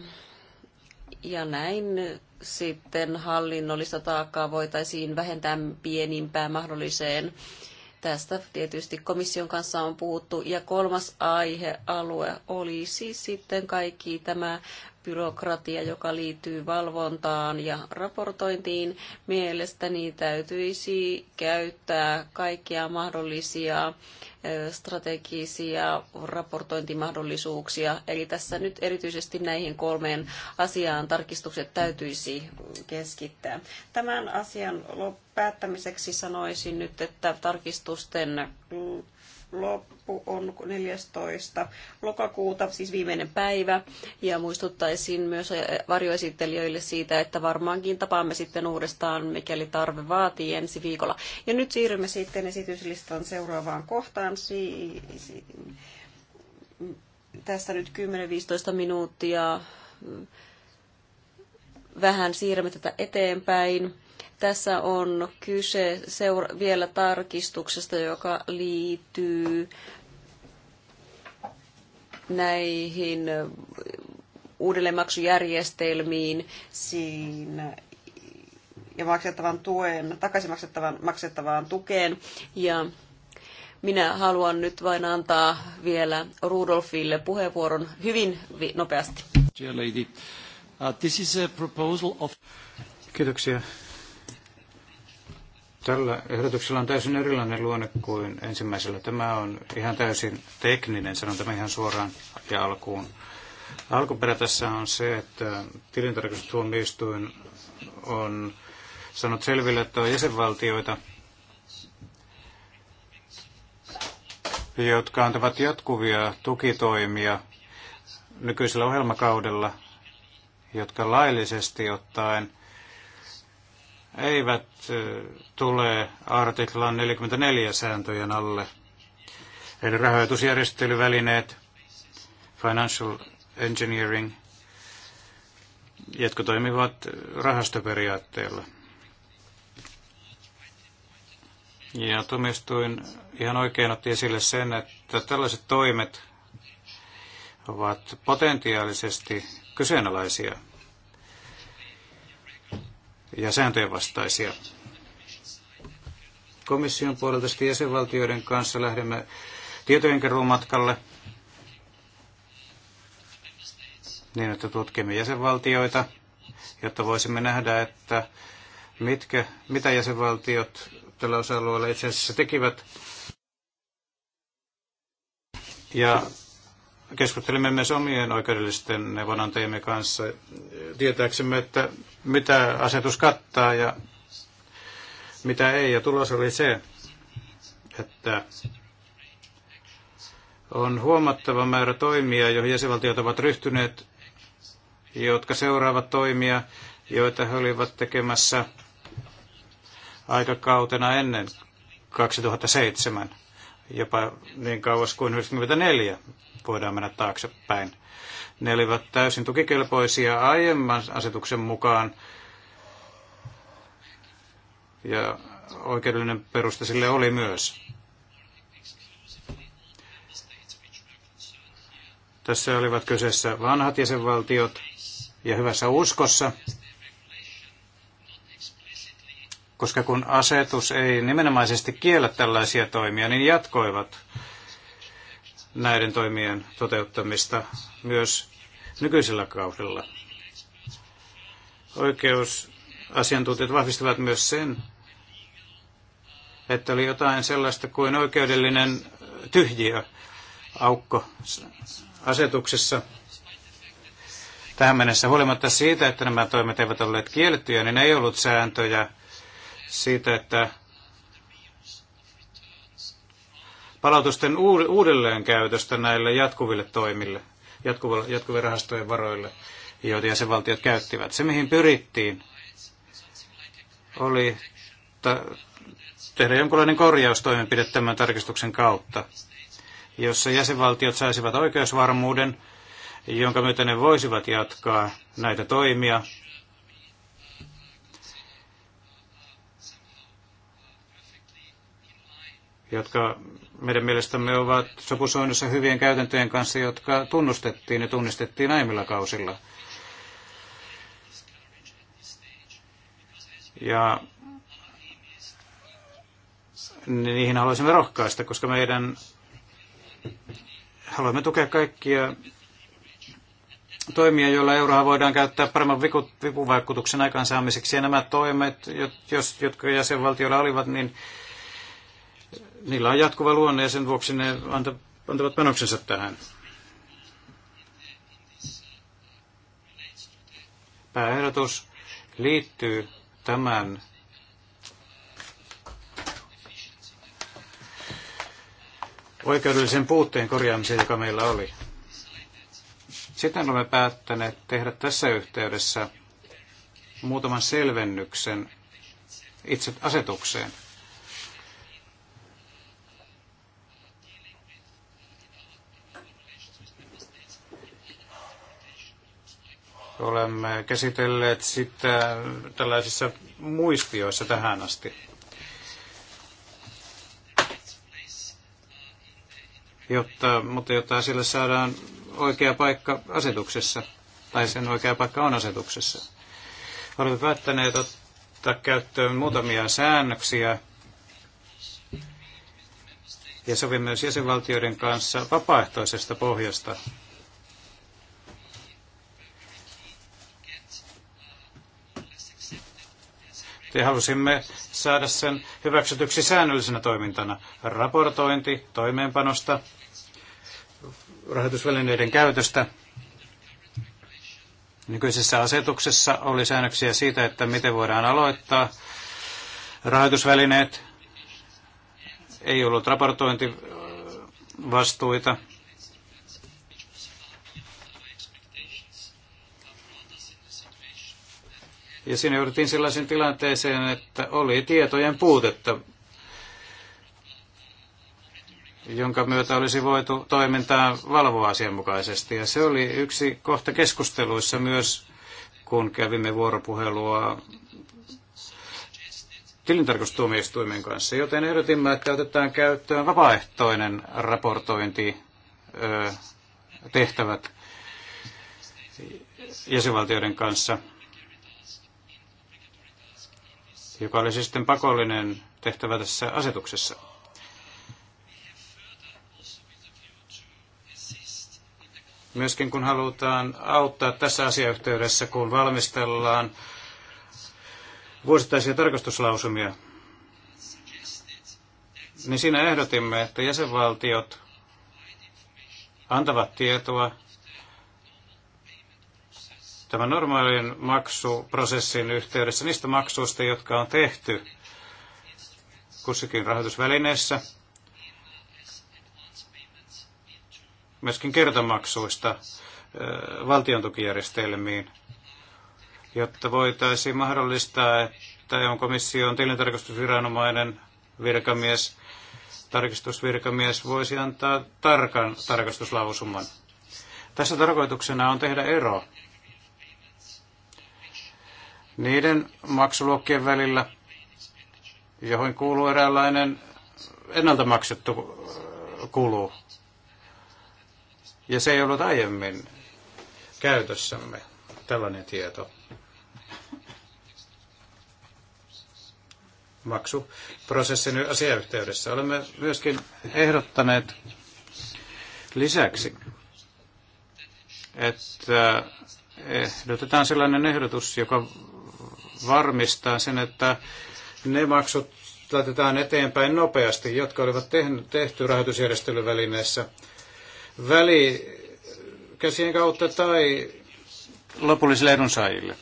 Ja näin sitten hallinnollista taakkaa voitaisiin vähentää pienimpään mahdolliseen Tästä tietysti komission kanssa on puhuttu. Ja kolmas aihealue oli siis sitten kaikki tämä byrokratia, joka liittyy valvontaan ja raportointiin. Mielestäni täytyisi käyttää kaikkia mahdollisia strategisia raportointimahdollisuuksia. Eli tässä nyt erityisesti näihin kolmeen asiaan tarkistukset täytyisi keskittää. Tämän asian päättämiseksi sanoisin nyt, että tarkistusten loppu on 14. lokakuuta, siis viimeinen päivä. Ja muistuttaisin myös varjoesittelijöille siitä, että varmaankin tapaamme sitten uudestaan, mikäli tarve vaatii ensi viikolla. Ja nyt siirrymme sitten esityslistan seuraavaan kohtaan. Si- si- tässä nyt 10-15 minuuttia vähän siirrämme tätä eteenpäin tässä on kyse seura- vielä tarkistuksesta, joka liittyy näihin uudelleenmaksujärjestelmiin siinä ja maksettavan tuen, takaisin maksettavan, maksettavaan tukeen. Ja minä haluan nyt vain antaa vielä Rudolfille puheenvuoron hyvin nopeasti. Dear lady, uh, this is a proposal of... Kiitoksia. Tällä ehdotuksella on täysin erilainen luonne kuin ensimmäisellä. Tämä on ihan täysin tekninen, sanon tämä ihan suoraan ja alkuun. Alkuperä tässä on se, että tilintarkastustuomioistuin on sanonut selville, että on jäsenvaltioita, jotka antavat jatkuvia tukitoimia nykyisellä ohjelmakaudella, jotka laillisesti ottaen – eivät tule artiklan 44 sääntöjen alle. Eli rahoitusjärjestelyvälineet, financial engineering, jotka toimivat rahastoperiaatteella. Ja tuomioistuin ihan oikein otti esille sen, että tällaiset toimet ovat potentiaalisesti kyseenalaisia ja sääntöjen vastaisia. Komission puolelta sitten jäsenvaltioiden kanssa lähdemme tietojenkeruun matkalle niin, että tutkimme jäsenvaltioita, jotta voisimme nähdä, että mitkä, mitä jäsenvaltiot tällä osa-alueella itse asiassa tekivät. Ja keskustelimme myös omien oikeudellisten neuvonantajiemme kanssa tietääksemme, että mitä asetus kattaa ja mitä ei. Ja tulos oli se, että on huomattava määrä toimia, joihin jäsenvaltiot ovat ryhtyneet, jotka seuraavat toimia, joita he olivat tekemässä aikakautena ennen 2007 jopa niin kauas kuin 94 voidaan mennä taaksepäin. Ne olivat täysin tukikelpoisia aiemman asetuksen mukaan ja oikeudellinen peruste sille oli myös. Tässä olivat kyseessä vanhat jäsenvaltiot ja hyvässä uskossa koska kun asetus ei nimenomaisesti kiellä tällaisia toimia, niin jatkoivat näiden toimien toteuttamista myös nykyisellä kaudella. Oikeusasiantuntijat vahvistavat myös sen, että oli jotain sellaista kuin oikeudellinen tyhjiö, aukko asetuksessa tähän mennessä. Huolimatta siitä, että nämä toimet eivät olleet kiellettyjä, niin ei ollut sääntöjä siitä, että palautusten uudelleenkäytöstä näille jatkuville toimille, jatkuville rahastojen varoille, joita jäsenvaltiot käyttivät. Se, mihin pyrittiin, oli ta- tehdä jonkinlainen korjaustoimenpide tämän tarkistuksen kautta, jossa jäsenvaltiot saisivat oikeusvarmuuden, jonka myötä ne voisivat jatkaa näitä toimia jotka meidän mielestämme ovat sopusoinnissa hyvien käytäntöjen kanssa, jotka tunnustettiin ja tunnistettiin aiemmilla kausilla. Ja niihin haluaisimme rohkaista, koska meidän haluamme tukea kaikkia toimia, joilla euroa voidaan käyttää paremman vipuvaikutuksen aikaansaamiseksi. Ja nämä toimet, jotka jäsenvaltioilla olivat, niin niillä on jatkuva luonne ja sen vuoksi ne antavat panoksensa tähän. Pääehdotus liittyy tämän oikeudellisen puutteen korjaamiseen, joka meillä oli. Sitten olemme päättäneet tehdä tässä yhteydessä muutaman selvennyksen itse asetukseen – Olemme käsitelleet sitä tällaisissa muistioissa tähän asti. Jotta, mutta jotta sille saadaan oikea paikka asetuksessa, tai sen oikea paikka on asetuksessa. Olemme päättäneet ottaa käyttöön muutamia säännöksiä, ja sovimme myös jäsenvaltioiden kanssa vapaaehtoisesta pohjasta ja halusimme saada sen hyväksytyksi säännöllisenä toimintana. Raportointi toimeenpanosta, rahoitusvälineiden käytöstä. Nykyisessä asetuksessa oli säännöksiä siitä, että miten voidaan aloittaa rahoitusvälineet. Ei ollut raportointivastuita Ja siinä jouduttiin sellaisen tilanteeseen, että oli tietojen puutetta, jonka myötä olisi voitu toimintaa valvoa asianmukaisesti. Ja se oli yksi kohta keskusteluissa myös, kun kävimme vuoropuhelua tilintarkastustuomioistuimen kanssa, joten ehdotimme, että otetaan käyttöön vapaaehtoinen raportointi tehtävät jäsenvaltioiden kanssa joka olisi siis sitten pakollinen tehtävä tässä asetuksessa. Myöskin kun halutaan auttaa tässä asiayhteydessä, kun valmistellaan vuosittaisia tarkastuslausumia, niin siinä ehdotimme, että jäsenvaltiot antavat tietoa tämän normaalin maksuprosessin yhteydessä niistä maksuista, jotka on tehty kussakin rahoitusvälineessä, myöskin kertamaksuista valtiontukijärjestelmiin, jotta voitaisiin mahdollistaa, että EU-komission tilintarkastusviranomainen virkamies, tarkistusvirkamies voisi antaa tarkan tarkastuslausuman. Tässä tarkoituksena on tehdä ero niiden maksuluokkien välillä, johon kuuluu eräänlainen ennalta maksettu äh, kulu. Ja se ei ollut aiemmin käytössämme, tällainen tieto. maksuprosessin asiayhteydessä. Olemme myöskin ehdottaneet lisäksi, että ehdotetaan sellainen ehdotus, joka varmistaa sen, että ne maksut laitetaan eteenpäin nopeasti, jotka olivat tehty rahoitusjärjestelyvälineissä välikäsien kautta tai lopullisille edunsaajille.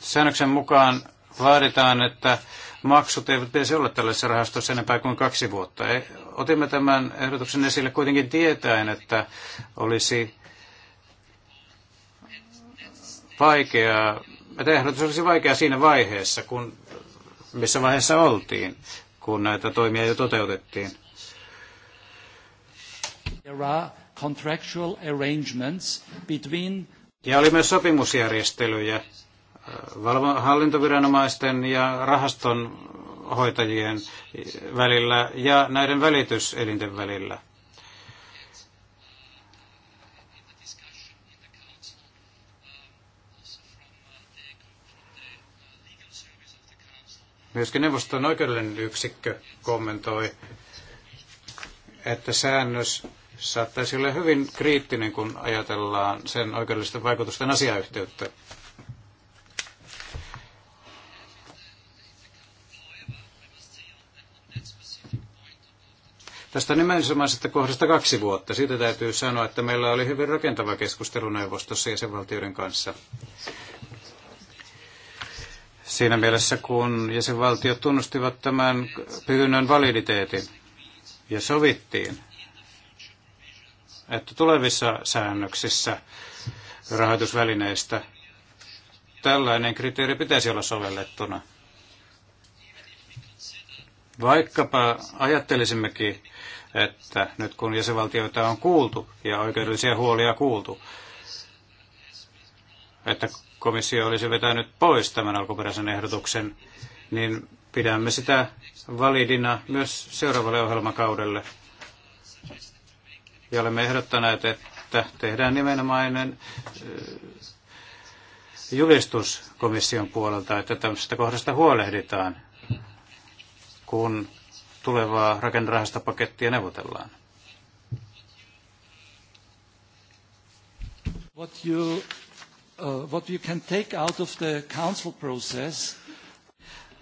Säännöksen mukaan vaaditaan, että maksut eivät pitäisi olla tällaisessa rahastossa enempää kuin kaksi vuotta. E, otimme tämän ehdotuksen esille kuitenkin tietäen, että olisi vaikeaa, että se olisi vaikea siinä vaiheessa, kun, missä vaiheessa oltiin, kun näitä toimia jo toteutettiin. Ja oli myös sopimusjärjestelyjä äh, hallintoviranomaisten ja rahaston hoitajien välillä ja näiden välityselinten välillä. Myöskin neuvoston oikeudellinen yksikkö kommentoi, että säännös saattaisi olla hyvin kriittinen, kun ajatellaan sen oikeudellisten vaikutusten asiayhteyttä. Tästä nimenomaisesta kohdasta kaksi vuotta. Siitä täytyy sanoa, että meillä oli hyvin rakentava keskustelu neuvostossa ja valtioiden kanssa siinä mielessä, kun jäsenvaltiot tunnustivat tämän pyynnön validiteetin ja sovittiin, että tulevissa säännöksissä rahoitusvälineistä tällainen kriteeri pitäisi olla sovellettuna. Vaikkapa ajattelisimmekin, että nyt kun jäsenvaltioita on kuultu ja oikeudellisia huolia kuultu, että komissio olisi vetänyt pois tämän alkuperäisen ehdotuksen, niin pidämme sitä validina myös seuraavalle ohjelmakaudelle. Ja olemme ehdottaneet, että tehdään nimenomainen julistus komission puolelta, että tämmöisestä kohdasta huolehditaan, kun tulevaa rakennerahastopakettia neuvotellaan. What you Uh, what you can take out of the council process.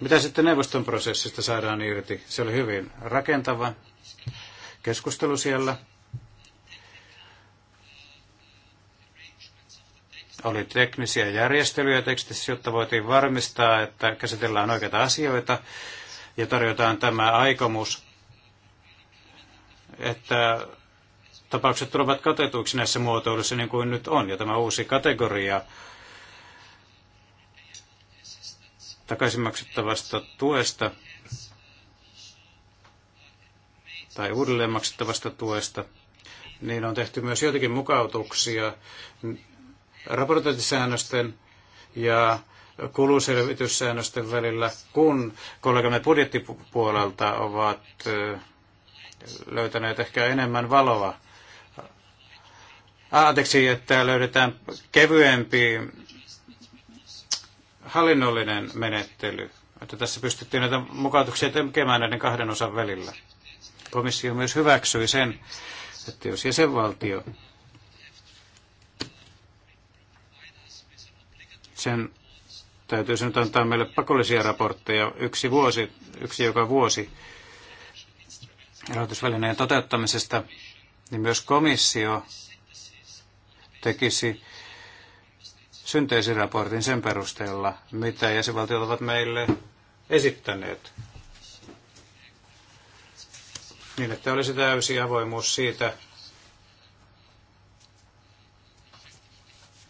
Mitä sitten neuvoston prosessista saadaan irti? Se oli hyvin rakentava keskustelu siellä. Oli teknisiä järjestelyjä tekstissä, jotta voitiin varmistaa, että käsitellään oikeita asioita ja tarjotaan tämä aikomus, että tapaukset tulevat katetuiksi näissä muotoiluissa niin kuin nyt on. Ja tämä uusi kategoria takaisin maksettavasta tuesta tai uudelleen maksettavasta tuesta, niin on tehty myös joitakin mukautuksia raportointisäännösten ja kuluselvityssäännösten välillä, kun kollegamme budjettipuolelta ovat löytäneet ehkä enemmän valoa Ah, anteeksi, että löydetään kevyempi hallinnollinen menettely. Että tässä pystyttiin näitä mukautuksia tekemään näiden kahden osan välillä. Komissio myös hyväksyi sen, että jos jäsenvaltio sen täytyy nyt antaa meille pakollisia raportteja yksi, vuosi, yksi joka vuosi rahoitusvälineen toteuttamisesta, niin myös komissio tekisi synteesiraportin sen perusteella, mitä jäsenvaltiot ovat meille esittäneet. Niin, että olisi täysi avoimuus siitä,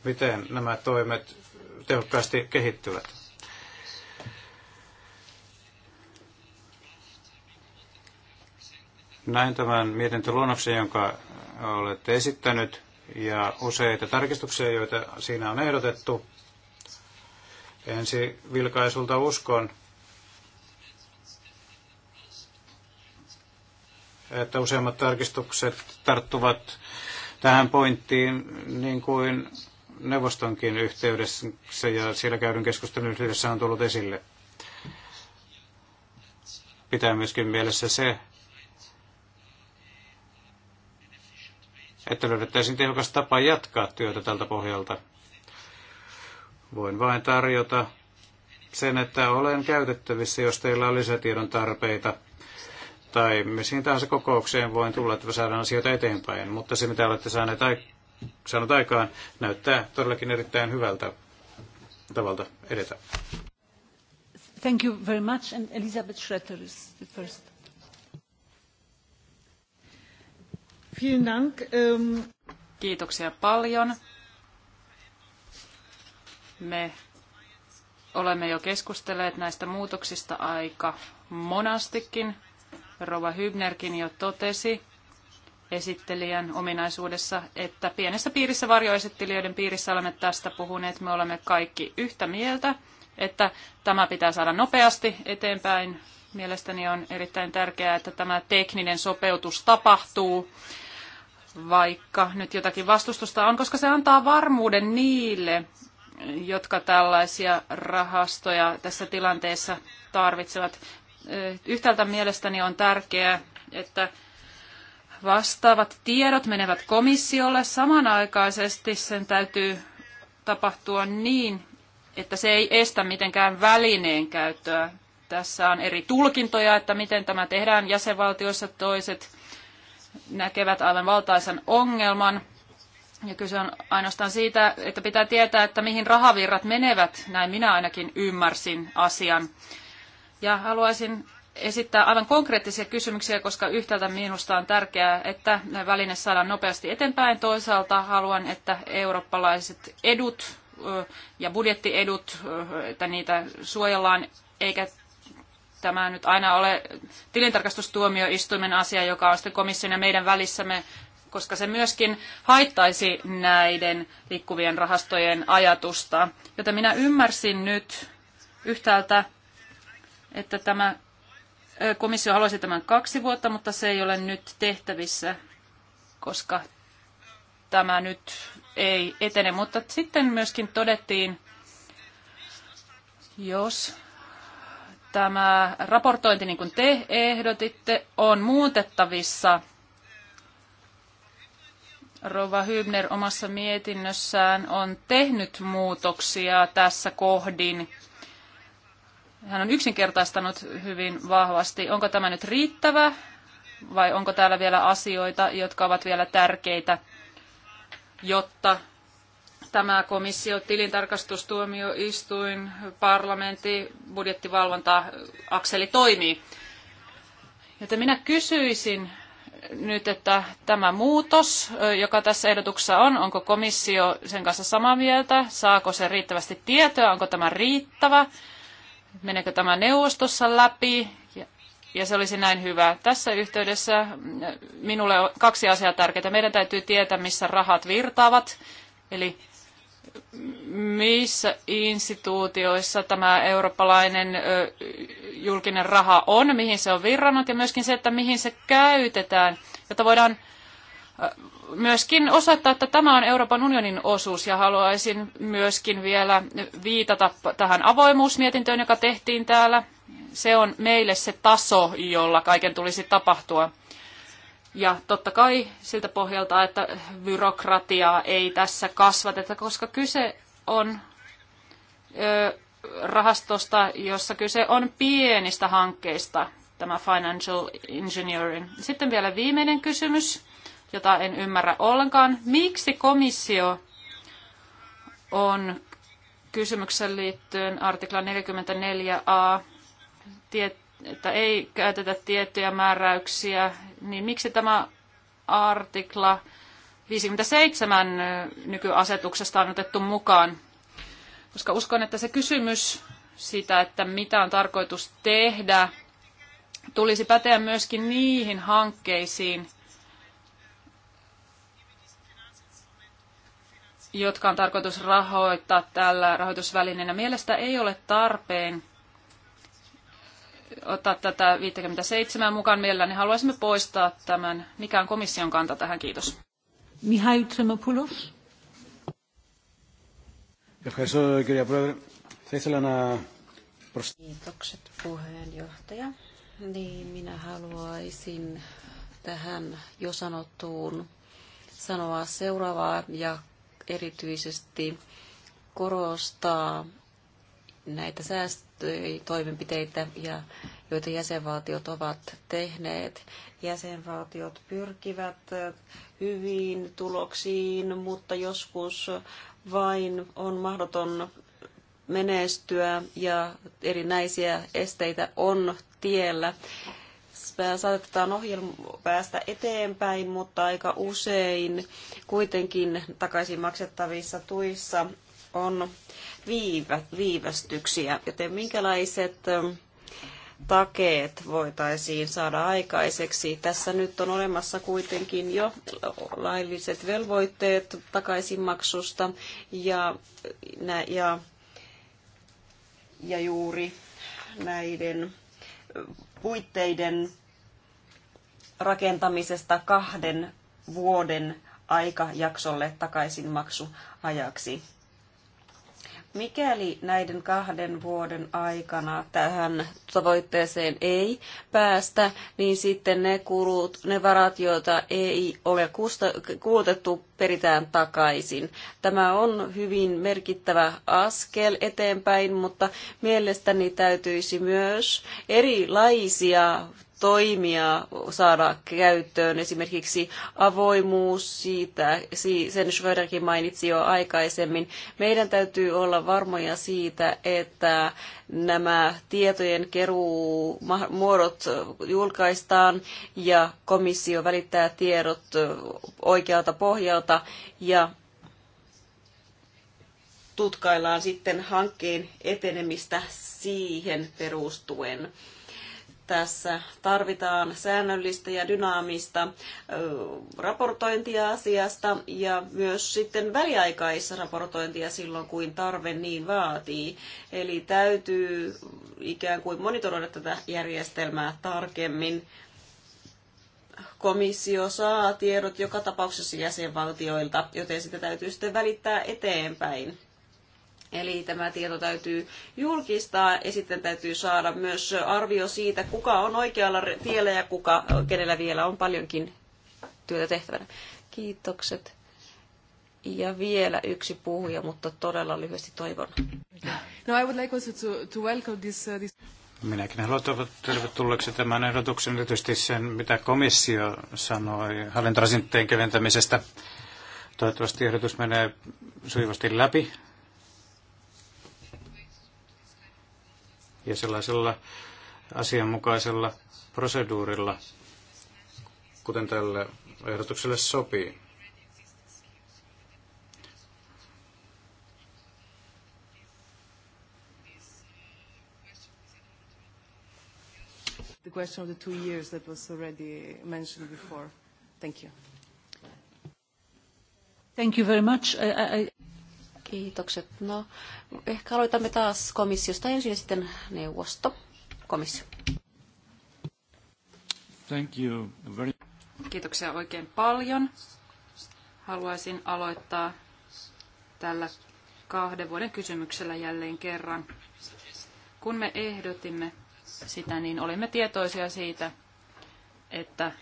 miten nämä toimet tehokkaasti kehittyvät. Näin tämän mietintöluonnoksen, jonka olette esittänyt ja useita tarkistuksia, joita siinä on ehdotettu. Ensi vilkaisulta uskon, että useimmat tarkistukset tarttuvat tähän pointtiin niin kuin neuvostonkin yhteydessä ja siellä käydyn keskustelun yhteydessä on tullut esille. Pitää myöskin mielessä se, että löydettäisiin tehokas tapa jatkaa työtä tältä pohjalta. Voin vain tarjota sen, että olen käytettävissä, jos teillä on lisätiedon tarpeita tai missä tahansa kokoukseen voin tulla, että saadaan asioita eteenpäin. Mutta se, mitä olette saaneet ai- saanut aikaan, näyttää todellakin erittäin hyvältä tavalta edetä. Thank you very much. And Elizabeth Schroeter is the first. Vielen Dank. Ähm, Kiitoksia paljon. Me olemme jo keskustelleet näistä muutoksista aika monastikin. Rova Hybnerkin jo totesi esittelijän ominaisuudessa, että pienessä piirissä varjoesittelijöiden piirissä olemme tästä puhuneet. Me olemme kaikki yhtä mieltä, että tämä pitää saada nopeasti eteenpäin. Mielestäni on erittäin tärkeää, että tämä tekninen sopeutus tapahtuu vaikka nyt jotakin vastustusta on, koska se antaa varmuuden niille, jotka tällaisia rahastoja tässä tilanteessa tarvitsevat. Eh, yhtäältä mielestäni on tärkeää, että vastaavat tiedot menevät komissiolle. Samanaikaisesti sen täytyy tapahtua niin, että se ei estä mitenkään välineen käyttöä. Tässä on eri tulkintoja, että miten tämä tehdään jäsenvaltioissa toiset näkevät aivan valtaisan ongelman. Ja kyse on ainoastaan siitä, että pitää tietää, että mihin rahavirrat menevät. Näin minä ainakin ymmärsin asian. Ja haluaisin esittää aivan konkreettisia kysymyksiä, koska yhtäältä minusta on tärkeää, että väline saadaan nopeasti eteenpäin. Toisaalta haluan, että eurooppalaiset edut ja budjettiedut, että niitä suojellaan, eikä tämä nyt aina ole tilintarkastustuomioistuimen asia, joka on sitten komission ja meidän välissämme, koska se myöskin haittaisi näiden liikkuvien rahastojen ajatusta. Joten minä ymmärsin nyt yhtäältä, että tämä komissio haluaisi tämän kaksi vuotta, mutta se ei ole nyt tehtävissä, koska tämä nyt ei etene. Mutta sitten myöskin todettiin, jos tämä raportointi, niin kuin te ehdotitte, on muutettavissa. Rova Hybner omassa mietinnössään on tehnyt muutoksia tässä kohdin. Hän on yksinkertaistanut hyvin vahvasti. Onko tämä nyt riittävä vai onko täällä vielä asioita, jotka ovat vielä tärkeitä, jotta tämä komissio, tilintarkastustuomioistuin, parlamentti, budjettivalvonta, akseli toimii. Joten minä kysyisin nyt, että tämä muutos, joka tässä ehdotuksessa on, onko komissio sen kanssa samaa mieltä, saako se riittävästi tietoa, onko tämä riittävä, meneekö tämä neuvostossa läpi, ja se olisi näin hyvä. Tässä yhteydessä minulle on kaksi asiaa tärkeää. Meidän täytyy tietää, missä rahat virtaavat, eli missä instituutioissa tämä eurooppalainen julkinen raha on, mihin se on virrannut ja myöskin se, että mihin se käytetään, jotta voidaan myöskin osoittaa, että tämä on Euroopan unionin osuus ja haluaisin myöskin vielä viitata tähän avoimuusmietintöön, joka tehtiin täällä. Se on meille se taso, jolla kaiken tulisi tapahtua. Ja totta kai siltä pohjalta, että byrokratiaa ei tässä kasvateta, koska kyse on ö, rahastosta, jossa kyse on pienistä hankkeista, tämä financial engineering. Sitten vielä viimeinen kysymys, jota en ymmärrä ollenkaan. Miksi komissio on kysymyksen liittyen artikla 44a tiet, että ei käytetä tiettyjä määräyksiä, niin miksi tämä artikla 57 nykyasetuksesta on otettu mukaan? Koska uskon, että se kysymys sitä, että mitä on tarkoitus tehdä, tulisi päteä myöskin niihin hankkeisiin, jotka on tarkoitus rahoittaa tällä rahoitusvälineenä. Mielestä ei ole tarpeen Ottaa tätä 57 mukaan mielelläni. Niin haluaisimme poistaa tämän. Mikä on komission kanta tähän? Kiitos. Mihail Tremopoulos. Kiitokset puheenjohtaja. Niin, minä haluaisin tähän jo sanottuun sanoa seuraavaa ja erityisesti korostaa näitä säästötoimenpiteitä ja joita jäsenvaltiot ovat tehneet. Jäsenvaltiot pyrkivät hyviin tuloksiin, mutta joskus vain on mahdoton menestyä ja erinäisiä esteitä on tiellä. Saatetaan ohjelma päästä eteenpäin, mutta aika usein kuitenkin takaisin maksettavissa tuissa on viivä, viivästyksiä, joten minkälaiset takeet voitaisiin saada aikaiseksi. Tässä nyt on olemassa kuitenkin jo lailliset velvoitteet takaisinmaksusta ja, ja, ja juuri näiden puitteiden rakentamisesta kahden vuoden aikajaksolle takaisinmaksuajaksi. Mikäli näiden kahden vuoden aikana tähän tavoitteeseen ei päästä, niin sitten ne, kulut, ne varat, joita ei ole kulutettu, peritään takaisin. Tämä on hyvin merkittävä askel eteenpäin, mutta mielestäni täytyisi myös erilaisia toimia saada käyttöön. Esimerkiksi avoimuus, siitä, sen Schröderkin mainitsi jo aikaisemmin. Meidän täytyy olla varmoja siitä, että nämä tietojen keruumuodot julkaistaan ja komissio välittää tiedot oikealta pohjalta ja tutkaillaan sitten hankkeen etenemistä siihen perustuen tässä tarvitaan säännöllistä ja dynaamista raportointia asiasta ja myös sitten väliaikaisraportointia silloin, kuin tarve niin vaatii. Eli täytyy ikään kuin monitoroida tätä järjestelmää tarkemmin. Komissio saa tiedot joka tapauksessa jäsenvaltioilta, joten sitä täytyy sitten välittää eteenpäin Eli tämä tieto täytyy julkistaa ja sitten täytyy saada myös arvio siitä, kuka on oikealla tiellä ja kuka, kenellä vielä on paljonkin työtä tehtävänä. Kiitokset. Ja vielä yksi puhuja, mutta todella lyhyesti toivon. No, I would like also to, to welcome this, uh, this... Minäkin haluan toivottaa tervetulleeksi tämän ehdotuksen, erityisesti sen, mitä komissio sanoi hallintorasinteen keventämisestä. Toivottavasti ehdotus menee sujuvasti läpi ja sellaisella asianmukaisella proseduurilla, kuten tälle ehdotukselle sopii. The question of the two years that was already mentioned before. Thank you. Thank you very much. I, I... Kiitokset. No, ehkä aloitamme taas komissiosta ensin ja sitten neuvosto. Komissio. Thank you very... Kiitoksia oikein paljon. Haluaisin aloittaa tällä kahden vuoden kysymyksellä jälleen kerran. Kun me ehdotimme sitä, niin olimme tietoisia siitä, että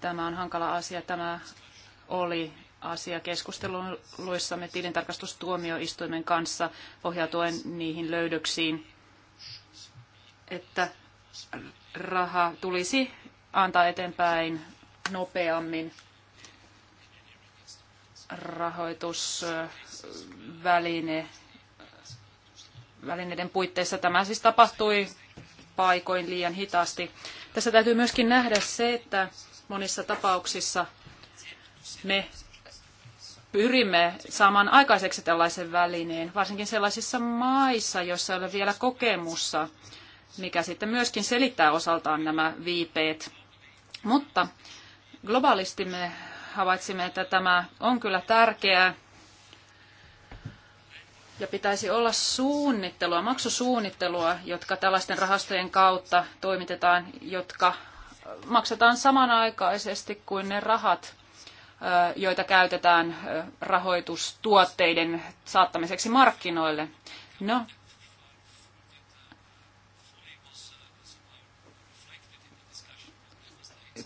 tämä on hankala asia. Tämä oli asia keskusteluissamme tilintarkastustuomioistuimen kanssa pohjautuen niihin löydöksiin, että raha tulisi antaa eteenpäin nopeammin rahoitusväline välineiden puitteissa. Tämä siis tapahtui paikoin liian hitaasti. Tässä täytyy myöskin nähdä se, että monissa tapauksissa me pyrimme saamaan aikaiseksi tällaisen välineen, varsinkin sellaisissa maissa, joissa ei ole vielä kokemusta, mikä sitten myöskin selittää osaltaan nämä viipeet. Mutta globaalisti me havaitsimme, että tämä on kyllä tärkeää ja pitäisi olla suunnittelua, maksusuunnittelua, jotka tällaisten rahastojen kautta toimitetaan, jotka maksetaan samanaikaisesti kuin ne rahat, joita käytetään rahoitustuotteiden saattamiseksi markkinoille. No,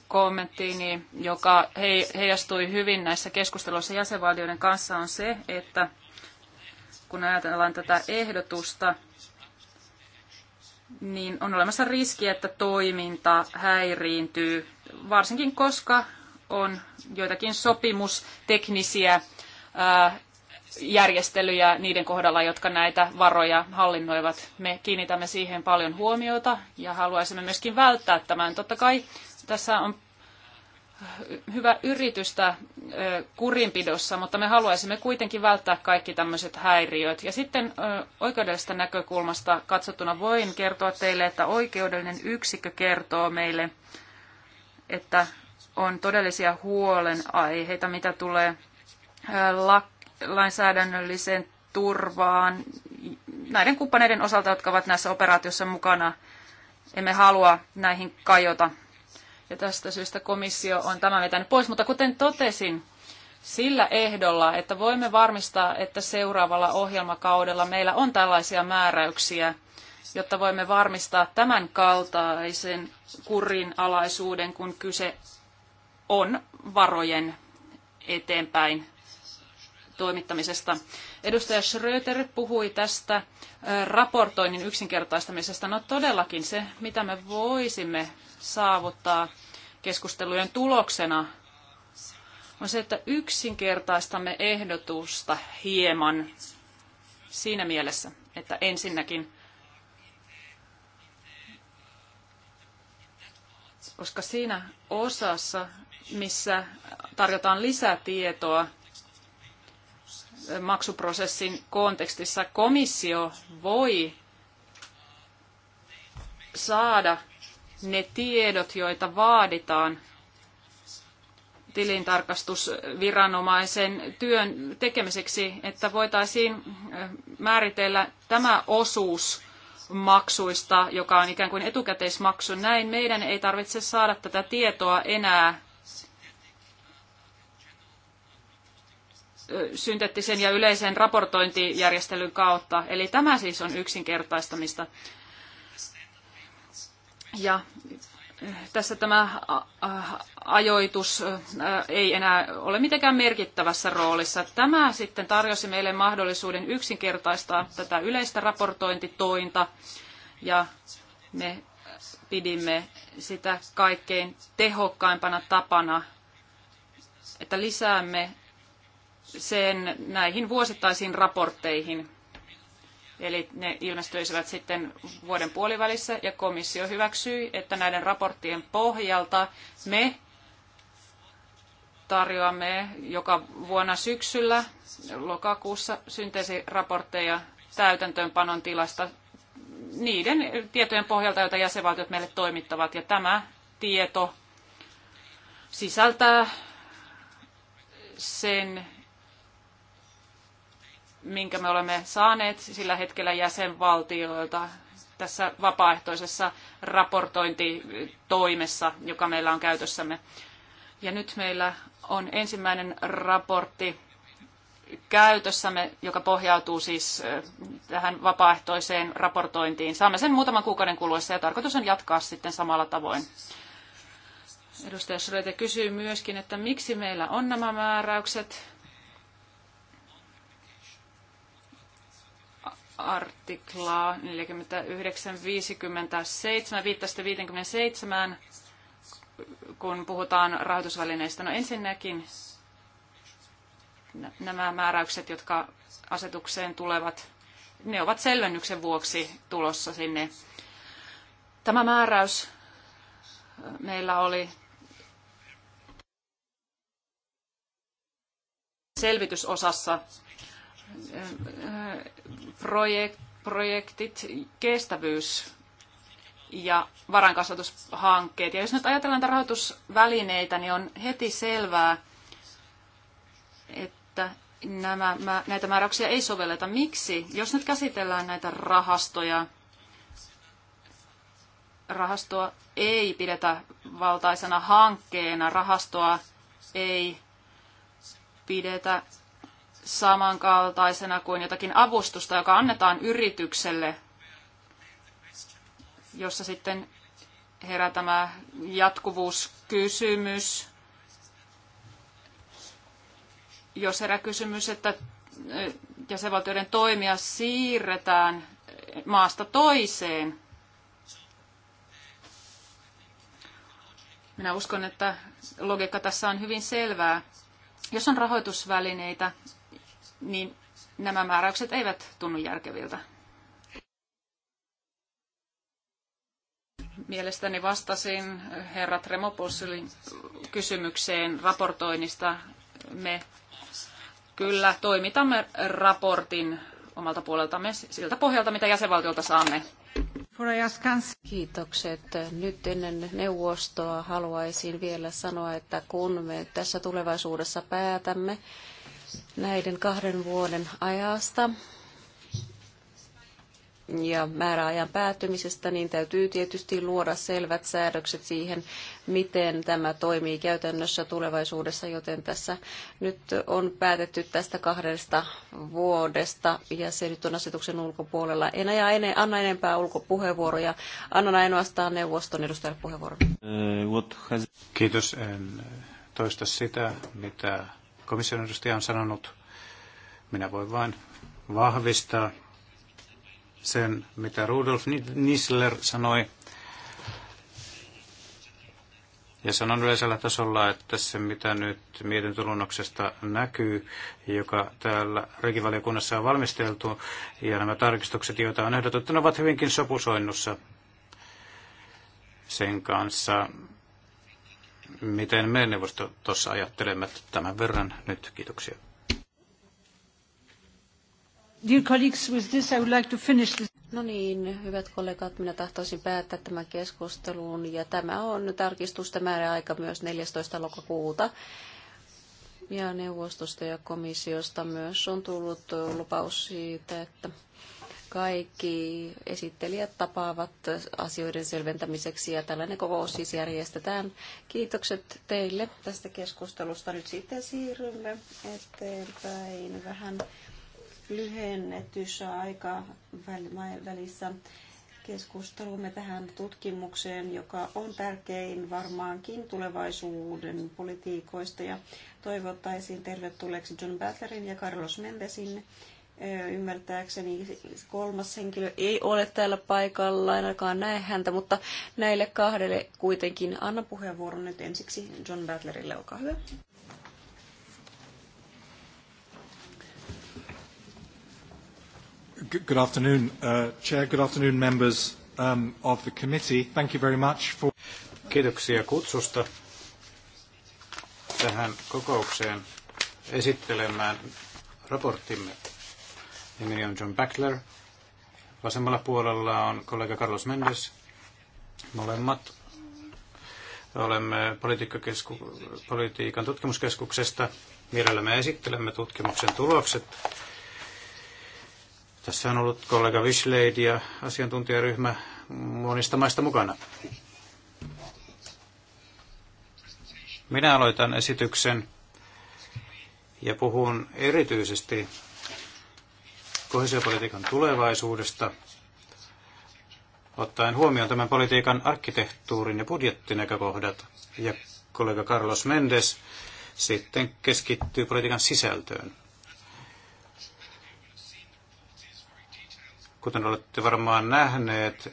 kommenttiini, joka heijastui hyvin näissä keskusteluissa jäsenvaltioiden kanssa, on se, että kun ajatellaan tätä ehdotusta, niin on olemassa riski, että toiminta häiriintyy, varsinkin koska on joitakin sopimusteknisiä äh, järjestelyjä niiden kohdalla, jotka näitä varoja hallinnoivat. Me kiinnitämme siihen paljon huomiota ja haluaisimme myöskin välttää tämän. Totta kai tässä on hyvä yritystä äh, kurinpidossa, mutta me haluaisimme kuitenkin välttää kaikki tämmöiset häiriöt. Ja sitten äh, oikeudellisesta näkökulmasta katsottuna voin kertoa teille, että oikeudellinen yksikkö kertoo meille, että on todellisia huolenaiheita, mitä tulee lainsäädännölliseen turvaan näiden kumppaneiden osalta, jotka ovat näissä operaatioissa mukana. Emme halua näihin kajota. Ja tästä syystä komissio on tämä vetänyt pois. Mutta kuten totesin, sillä ehdolla, että voimme varmistaa, että seuraavalla ohjelmakaudella meillä on tällaisia määräyksiä, jotta voimme varmistaa tämän kaltaisen kurinalaisuuden, kun kyse on varojen eteenpäin toimittamisesta. Edustaja Schröter puhui tästä raportoinnin yksinkertaistamisesta. No todellakin se, mitä me voisimme saavuttaa keskustelujen tuloksena, on se, että yksinkertaistamme ehdotusta hieman siinä mielessä, että ensinnäkin, koska siinä osassa missä tarjotaan lisätietoa maksuprosessin kontekstissa. Komissio voi saada ne tiedot, joita vaaditaan tilintarkastusviranomaisen työn tekemiseksi, että voitaisiin määritellä tämä osuus maksuista, joka on ikään kuin etukäteismaksu. Näin meidän ei tarvitse saada tätä tietoa enää synteettisen ja yleisen raportointijärjestelyn kautta. Eli tämä siis on yksinkertaistamista. Ja tässä tämä ajoitus ei enää ole mitenkään merkittävässä roolissa. Tämä sitten tarjosi meille mahdollisuuden yksinkertaistaa tätä yleistä raportointitointa ja me pidimme sitä kaikkein tehokkaimpana tapana, että lisäämme sen näihin vuosittaisiin raportteihin. Eli ne ilmestyisivät sitten vuoden puolivälissä ja komissio hyväksyi, että näiden raporttien pohjalta me tarjoamme joka vuonna syksyllä lokakuussa synteesiraportteja täytäntöönpanon tilasta niiden tietojen pohjalta, joita jäsenvaltiot meille toimittavat. Ja tämä tieto sisältää sen, minkä me olemme saaneet sillä hetkellä jäsenvaltioilta tässä vapaaehtoisessa raportointitoimessa, joka meillä on käytössämme. Ja nyt meillä on ensimmäinen raportti käytössämme, joka pohjautuu siis tähän vapaaehtoiseen raportointiin. Saamme sen muutaman kuukauden kuluessa ja tarkoitus on jatkaa sitten samalla tavoin. Edustaja Schröte kysyy myöskin, että miksi meillä on nämä määräykset. artiklaa 49.57, viittasitte 57, kun puhutaan rahoitusvälineistä. No ensinnäkin nämä määräykset, jotka asetukseen tulevat, ne ovat selvennyksen vuoksi tulossa sinne. Tämä määräys meillä oli selvitysosassa projekt, projektit, kestävyys ja varankasvatushankkeet. Ja jos nyt ajatellaan näitä rahoitusvälineitä, niin on heti selvää, että nämä, näitä määräyksiä ei sovelleta. Miksi? Jos nyt käsitellään näitä rahastoja, rahastoa ei pidetä valtaisena hankkeena, rahastoa ei pidetä samankaltaisena kuin jotakin avustusta, joka annetaan yritykselle, jossa sitten herää tämä jatkuvuuskysymys. Jos herää kysymys, että jäsenvaltioiden toimia siirretään maasta toiseen, minä uskon, että logiikka tässä on hyvin selvää. Jos on rahoitusvälineitä, niin nämä määräykset eivät tunnu järkeviltä. Mielestäni vastasin herra Tremopussilin kysymykseen raportoinnista. Me kyllä toimitamme raportin omalta puoleltamme siltä pohjalta, mitä jäsenvaltiolta saamme. Kiitokset. Nyt ennen neuvostoa haluaisin vielä sanoa, että kun me tässä tulevaisuudessa päätämme, näiden kahden vuoden ajasta ja määräajan päättymisestä, niin täytyy tietysti luoda selvät säädökset siihen, miten tämä toimii käytännössä tulevaisuudessa, joten tässä nyt on päätetty tästä kahdesta vuodesta ja se nyt on asetuksen ulkopuolella. En aja ene, anna enempää ulkopuheenvuoroja, annan ainoastaan neuvoston edustajalle puheenvuoron. Äh, Kiitos, en toista sitä, mitä komission edustaja on sanonut. Minä voin vain vahvistaa sen, mitä Rudolf Nisler sanoi. Ja sanon yleisellä tasolla, että se mitä nyt mietintöluonnoksesta näkyy, joka täällä regivaliokunnassa on valmisteltu, ja nämä tarkistukset, joita on ehdotettu, ovat hyvinkin sopusoinnussa sen kanssa, miten me neuvosto tuossa ajattelemme tämän verran nyt. Kiitoksia. Dear colleagues, with this I would like to finish this. No niin, hyvät kollegat, minä tahtoisin päättää tämän keskustelun ja tämä on tarkistusta määräaika myös 14. lokakuuta. Ja neuvostosta ja komissiosta myös on tullut lupaus siitä, että kaikki esittelijät tapaavat asioiden selventämiseksi ja tällainen kokous siis järjestetään. Kiitokset teille tästä keskustelusta. Nyt sitten siirrymme eteenpäin vähän lyhennetyssä aika välissä keskustelumme tähän tutkimukseen, joka on tärkein varmaankin tulevaisuuden politiikoista. Ja toivottaisin tervetulleeksi John Butlerin ja Carlos Mendesin Ymmärtääkseni kolmas henkilö ei ole täällä paikalla, ainakaan näe häntä, mutta näille kahdelle kuitenkin anna puheenvuoron nyt ensiksi John Butlerille, olkaa hyvä. Good afternoon, uh, Chair. Good afternoon, members um, of the committee. Thank you very much for... Kiitoksia kutsusta tähän kokoukseen esittelemään raporttimme Nimeni on John Backler. Vasemmalla puolella on kollega Carlos Mendes. Molemmat olemme politiikan tutkimuskeskuksesta. Mielellämme esittelemme tutkimuksen tulokset. Tässä on ollut kollega Wishlade ja asiantuntijaryhmä monista maista mukana. Minä aloitan esityksen ja puhun erityisesti kohesiopolitiikan tulevaisuudesta, ottaen huomioon tämän politiikan arkkitehtuurin ja budjettinäkökohdat. Ja kollega Carlos Mendes sitten keskittyy politiikan sisältöön. Kuten olette varmaan nähneet,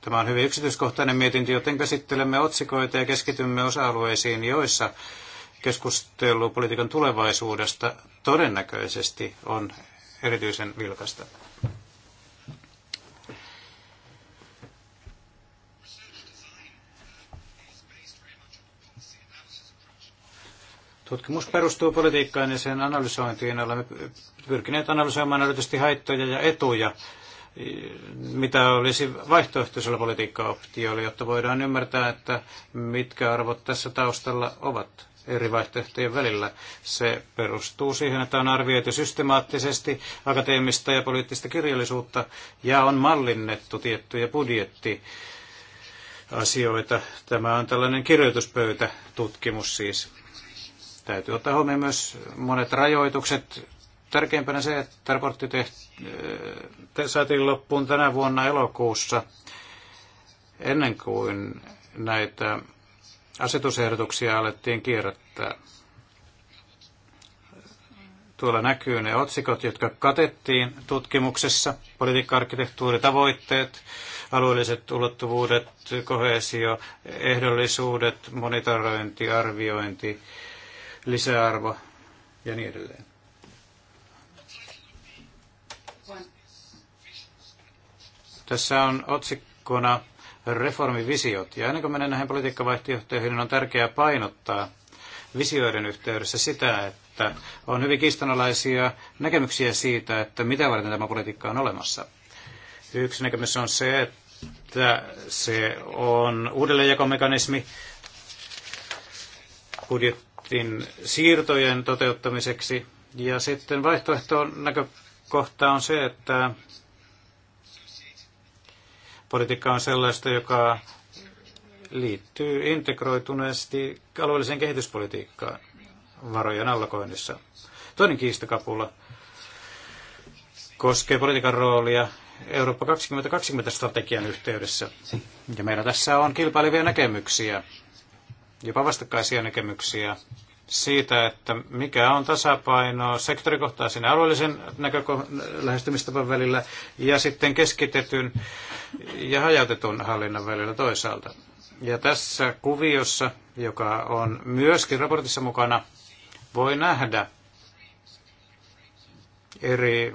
tämä on hyvin yksityiskohtainen mietintö, joten käsittelemme otsikoita ja keskitymme osa-alueisiin, joissa keskustelu politiikan tulevaisuudesta todennäköisesti on erityisen vilkasta. Tutkimus perustuu politiikkaan ja sen analysointiin. Olemme pyrkineet analysoimaan erityisesti haittoja ja etuja, mitä olisi vaihtoehtoisella politiikkaoptioilla, jotta voidaan ymmärtää, että mitkä arvot tässä taustalla ovat eri vaihtoehtojen välillä. Se perustuu siihen, että on arvioitu systemaattisesti akateemista ja poliittista kirjallisuutta ja on mallinnettu tiettyjä budjetti asioita. Tämä on tällainen kirjoituspöytätutkimus siis. Täytyy ottaa huomioon myös monet rajoitukset. Tärkeimpänä se, että raportti tehti, saatiin loppuun tänä vuonna elokuussa ennen kuin näitä asetusehdotuksia alettiin kierrättää. Tuolla näkyy ne otsikot, jotka katettiin tutkimuksessa, politiikka tavoitteet, alueelliset ulottuvuudet, kohesio, ehdollisuudet, monitorointi, arviointi, lisäarvo ja niin edelleen. Tässä on otsikkona reformivisiot. Ja ennen kuin menen näihin politiikkavaihtoehtoihin, niin on tärkeää painottaa visioiden yhteydessä sitä, että on hyvin kiistanalaisia näkemyksiä siitä, että mitä varten tämä politiikka on olemassa. Yksi näkemys on se, että se on uudelleenjakomekanismi budjetin siirtojen toteuttamiseksi. Ja sitten vaihtoehto näkökohta on se, että Politiikka on sellaista, joka liittyy integroituneesti alueelliseen kehityspolitiikkaan varojen allokoinnissa. Toinen kiistakapula koskee politiikan roolia Eurooppa 2020-strategian yhteydessä. Ja meillä tässä on kilpailevia näkemyksiä, jopa vastakkaisia näkemyksiä siitä, että mikä on tasapaino sektorikohtaisen alueellisen näköko- lähestymistavan välillä ja sitten keskitetyn ja hajautetun hallinnan välillä toisaalta. Ja tässä kuviossa, joka on myöskin raportissa mukana, voi nähdä eri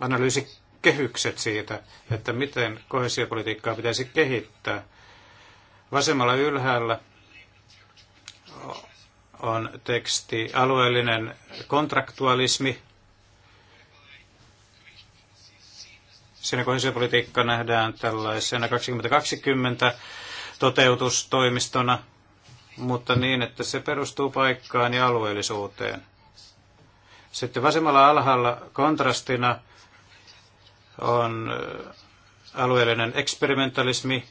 analyysikehykset siitä, että miten kohesiopolitiikkaa pitäisi kehittää. Vasemmalla ylhäällä on teksti alueellinen kontraktualismi, Siinä kohesiopolitiikka nähdään tällaisena 2020 toteutustoimistona, mutta niin, että se perustuu paikkaan ja alueellisuuteen. Sitten vasemmalla alhaalla kontrastina on äh, alueellinen eksperimentalismi.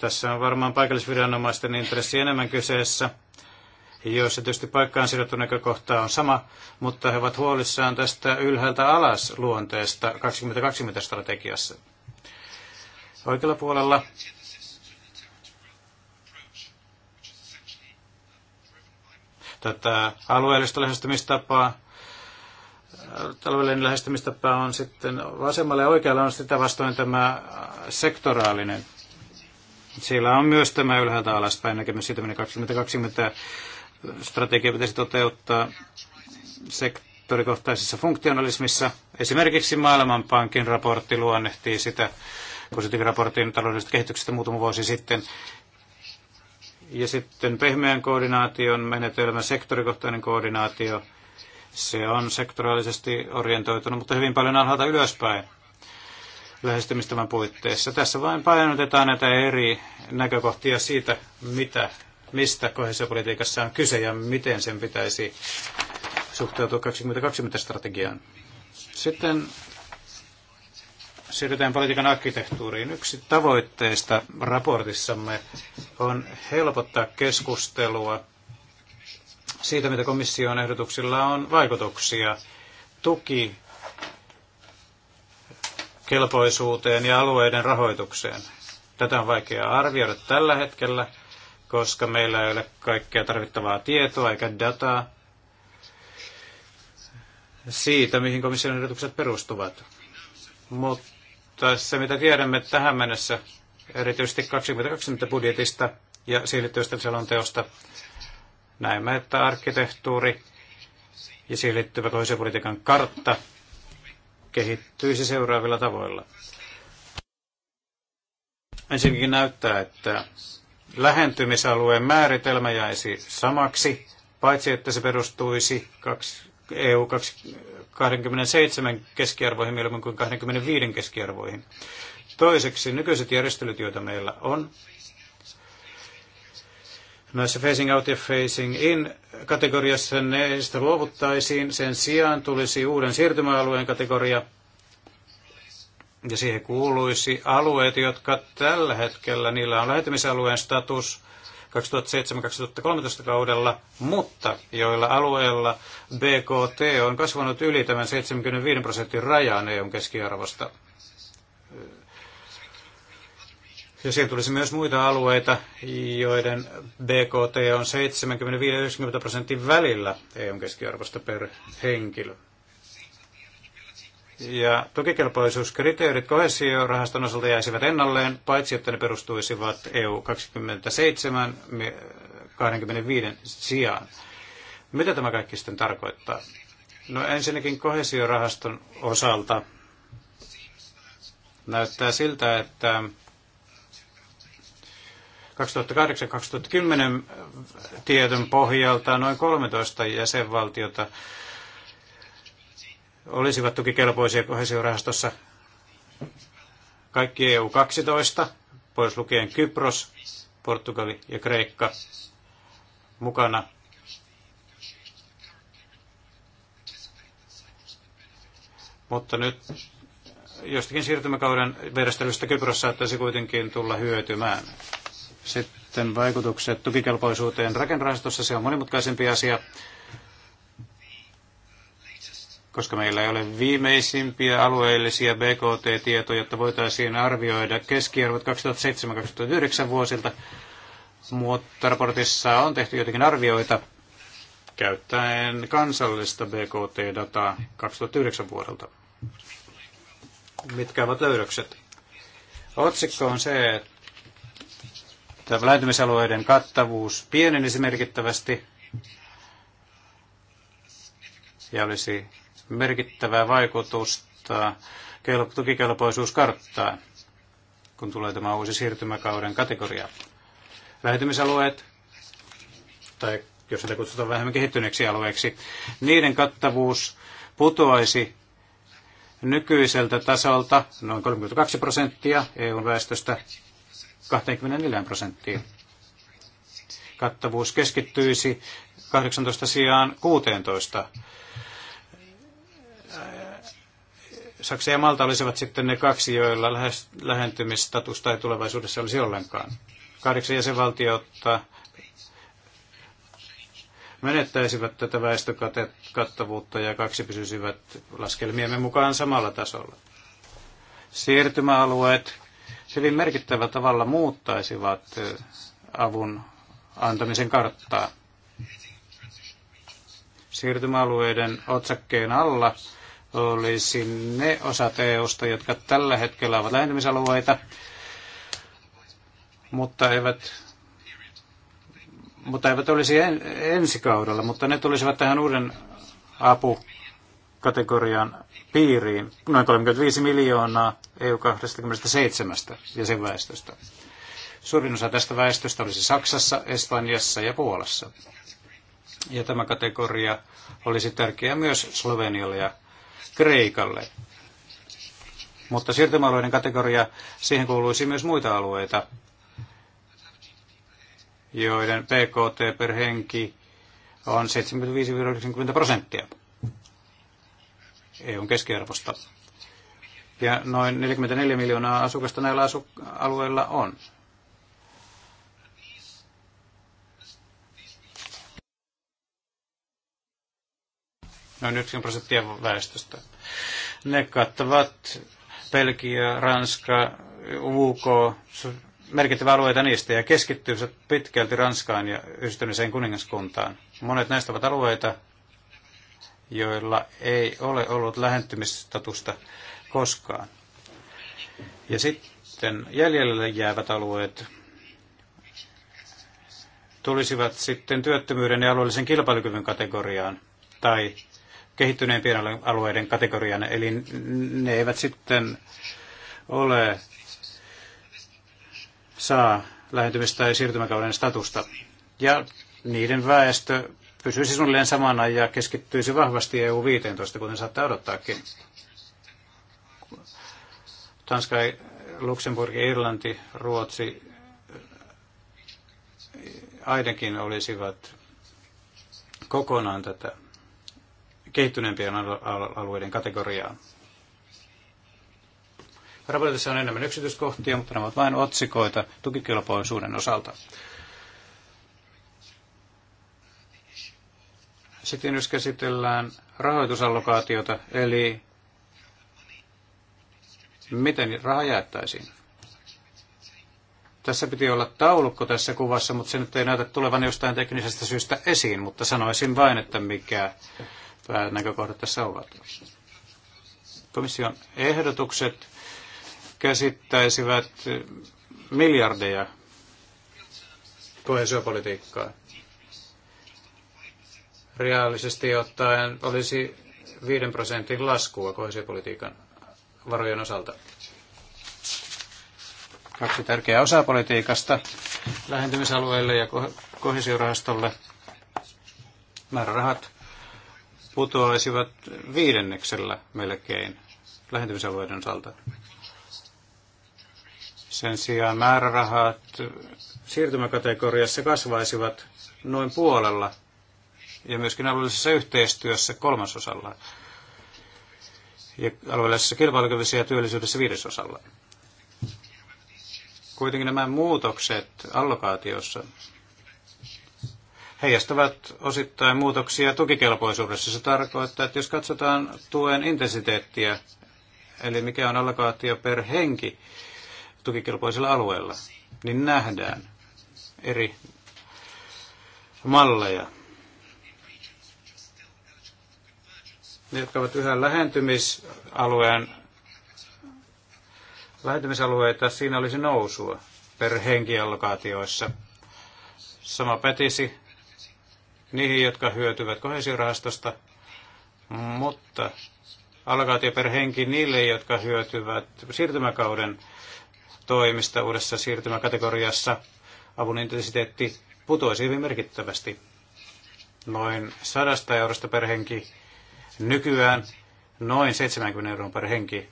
Tässä on varmaan paikallisviranomaisten intressi enemmän kyseessä se tietysti paikkaan sidottu näkökohta on sama, mutta he ovat huolissaan tästä ylhäältä alas luonteesta 2020-strategiassa. Oikealla puolella tätä alueellista lähestymistapaa. Taloudellinen lähestymistapa on sitten vasemmalle ja oikealla on sitä vastoin tämä sektoraalinen. Siellä on myös tämä ylhäältä alaspäin näkemys siitä, 2020 strategia pitäisi toteuttaa sektorikohtaisessa funktionalismissa. Esimerkiksi Maailmanpankin raportti luonnehtii sitä raportin taloudellisesta kehityksestä muutama vuosi sitten. Ja sitten pehmeän koordinaation menetelmä, sektorikohtainen koordinaatio, se on sektoraalisesti orientoitunut, mutta hyvin paljon alhaalta ylöspäin lähestymistävän puitteissa. Tässä vain painotetaan näitä eri näkökohtia siitä, mitä mistä kohesiopolitiikassa on kyse ja miten sen pitäisi suhtautua 2020-strategiaan. Sitten siirrytään politiikan arkkitehtuuriin. Yksi tavoitteista raportissamme on helpottaa keskustelua siitä, mitä komission ehdotuksilla on vaikutuksia tuki kelpoisuuteen ja alueiden rahoitukseen. Tätä on vaikea arvioida tällä hetkellä, koska meillä ei ole kaikkea tarvittavaa tietoa eikä dataa siitä, mihin komission ehdotukset perustuvat. Mutta se, mitä tiedämme tähän mennessä, erityisesti 2020 budjetista ja siirrytysten selonteosta, näemme, että arkkitehtuuri ja siihen liittyvä politiikan kartta kehittyisi seuraavilla tavoilla. Ensinnäkin näyttää, että lähentymisalueen määritelmä jäisi samaksi, paitsi että se perustuisi EU 27 keskiarvoihin mieluummin kuin 25 keskiarvoihin. Toiseksi nykyiset järjestelyt, joita meillä on, näissä facing out ja facing in kategoriassa neistä luovuttaisiin. Sen sijaan tulisi uuden siirtymäalueen kategoria – ja siihen kuuluisi alueet, jotka tällä hetkellä, niillä on lähetymisalueen status 2007-2013 kaudella, mutta joilla alueella BKT on kasvanut yli tämän 75 prosentin rajan EUn keskiarvosta. Ja siihen tulisi myös muita alueita, joiden BKT on 75-90 prosentin välillä EUn keskiarvosta per henkilö. Ja tukikelpoisuuskriteerit kohesiorahaston osalta jäisivät ennalleen, paitsi että ne perustuisivat EU 27 25 sijaan. Mitä tämä kaikki sitten tarkoittaa? No ensinnäkin kohesiorahaston osalta näyttää siltä, että 2008-2010 tieton pohjalta noin 13 jäsenvaltiota olisivat tukikelpoisia kohesiorahastossa kaikki EU-12, pois lukien Kypros, Portugali ja Kreikka mukana. Mutta nyt jostakin siirtymäkauden verestelystä Kypros saattaisi kuitenkin tulla hyötymään. Sitten vaikutukset tukikelpoisuuteen rakennerahastossa, se on monimutkaisempi asia koska meillä ei ole viimeisimpiä alueellisia BKT-tietoja, jotta voitaisiin arvioida keskiarvot 2007-2009 vuosilta, mutta raportissa on tehty jotenkin arvioita käyttäen kansallista BKT-dataa 2009 vuodelta. Mitkä ovat löydökset? Otsikko on se, että lähentymisalueiden kattavuus pienenisi merkittävästi ja olisi merkittävää vaikutusta tukikelpoisuuskarttaan, kun tulee tämä uusi siirtymäkauden kategoria. Lähetymisalueet, tai jos sitä kutsutaan vähemmän kehittyneeksi alueeksi, niiden kattavuus putoaisi nykyiseltä tasolta noin 32 prosenttia EUn väestöstä 24 prosenttiin. Kattavuus keskittyisi 18 sijaan 16 Saksa ja Malta olisivat sitten ne kaksi, joilla lähes, lähentymistatus ei tulevaisuudessa olisi ollenkaan. Kahdeksan jäsenvaltiota menettäisivät tätä väestökattavuutta ja kaksi pysyisivät laskelmiemme mukaan samalla tasolla. Siirtymäalueet hyvin merkittävällä tavalla muuttaisivat avun antamisen karttaa. Siirtymäalueiden otsakkeen alla olisi ne osat EUsta, jotka tällä hetkellä ovat lähentymisalueita, mutta eivät, mutta eivät olisi en, ensi kaudella, mutta ne tulisivat tähän uuden apukategorian piiriin, noin 35 miljoonaa EU-27 ja sen väestöstä. Suurin osa tästä väestöstä olisi Saksassa, Espanjassa ja Puolassa. Ja tämä kategoria olisi tärkeä myös Slovenialle ja Kreikalle. Mutta siirtymäalueiden kategoria, siihen kuuluisi myös muita alueita, joiden PKT per henki on 75-90 prosenttia EUn keskiarvosta. Ja noin 44 miljoonaa asukasta näillä asu- alueilla on. noin 90 prosenttia väestöstä. Ne kattavat Belgia, Ranska, UK, merkittäviä alueita niistä ja keskittyy pitkälti Ranskaan ja yhdistyneeseen kuningaskuntaan. Monet näistä ovat alueita, joilla ei ole ollut lähentymistatusta koskaan. Ja sitten jäljelle jäävät alueet tulisivat sitten työttömyyden ja alueellisen kilpailukyvyn kategoriaan tai kehittyneempien alueiden kategorian, eli ne eivät sitten ole saa lähentymistä tai siirtymäkauden statusta. Ja niiden väestö pysyisi suunnilleen samana ja keskittyisi vahvasti EU-15, kuten saattaa odottaakin. Tanska, Luxemburg, Irlanti, Ruotsi ainakin olisivat kokonaan tätä kehittyneempien alueiden kategoriaan. Raportissa on enemmän yksityiskohtia, mutta nämä ovat vain otsikoita tukikelpoisuuden osalta. Sitten jos käsitellään rahoitusallokaatiota, eli miten raha jaettaisiin. Tässä piti olla taulukko tässä kuvassa, mutta se nyt ei näytä tulevan jostain teknisestä syystä esiin, mutta sanoisin vain, että mikä päänäkökohdat tässä ovat. Komission ehdotukset käsittäisivät miljardeja kohesiopolitiikkaa. Reaalisesti ottaen olisi 5 prosentin laskua kohesiopolitiikan varojen osalta. Kaksi tärkeää osaa politiikasta lähentymisalueille ja kohesiorahastolle. Määrärahat putoaisivat viidenneksellä melkein lähentymisalueiden osalta. Sen sijaan määrärahat siirtymäkategoriassa kasvaisivat noin puolella ja myöskin alueellisessa yhteistyössä kolmasosalla ja alueellisessa kilpailukyvyssä ja työllisyydessä viidesosalla. Kuitenkin nämä muutokset allokaatiossa heijastavat osittain muutoksia tukikelpoisuudessa. Se tarkoittaa, että jos katsotaan tuen intensiteettiä, eli mikä on allokaatio per henki tukikelpoisilla alueilla, niin nähdään eri malleja. Ne, jotka ovat yhä lähentymisalueen lähentymisalueita, siinä olisi nousua per henkiallokaatioissa. Sama pätisi niihin, jotka hyötyvät kohesiorahastosta, mutta alkaatio per henki niille, jotka hyötyvät siirtymäkauden toimista uudessa siirtymäkategoriassa. Avun intensiteetti putoisi hyvin merkittävästi noin 100 eurosta per henki nykyään noin 70 euroa per henki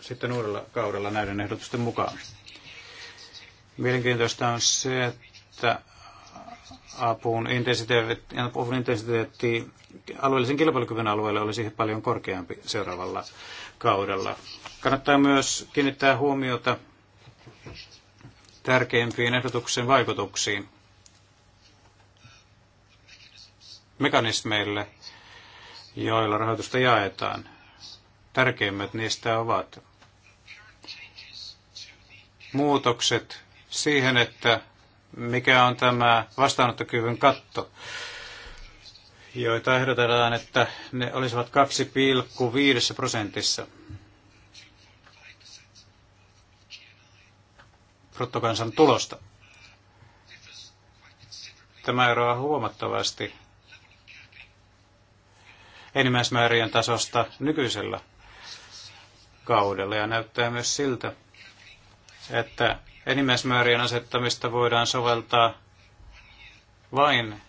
sitten uudella kaudella näiden ehdotusten mukaan. Mielenkiintoista on se, että apuun intensiteetti, intensiteetti alueellisen kilpailukyvyn alueelle olisi paljon korkeampi seuraavalla kaudella. Kannattaa myös kiinnittää huomiota tärkeimpiin ehdotuksen vaikutuksiin mekanismeille, joilla rahoitusta jaetaan. Tärkeimmät niistä ovat muutokset siihen, että mikä on tämä vastaanottokyvyn katto, joita ehdotetaan, että ne olisivat 2,5 prosentissa bruttokansan tulosta. Tämä eroaa huomattavasti enimmäismäärien tasosta nykyisellä kaudella ja näyttää myös siltä, että enimmäismäärien asettamista voidaan soveltaa vain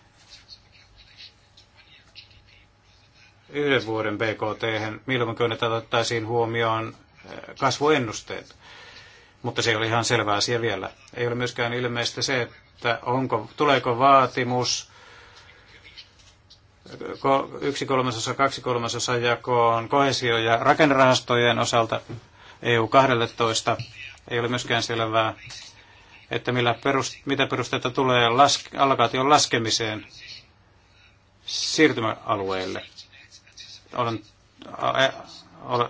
yhden vuoden BKT, milloin kun otettaisiin huomioon eh, kasvuennusteet. Mutta se ei ole ihan selvä asia vielä. Ei ole myöskään ilmeistä se, että onko, tuleeko vaatimus eh, yksi kolmasosa, kaksi kolmasosa jakoon kohesio- ja rakennerahastojen osalta EU 12 ei ole myöskään selvää, että millä perust, mitä perusteita tulee lask, allokaation laskemiseen siirtymäalueille. Olen, e,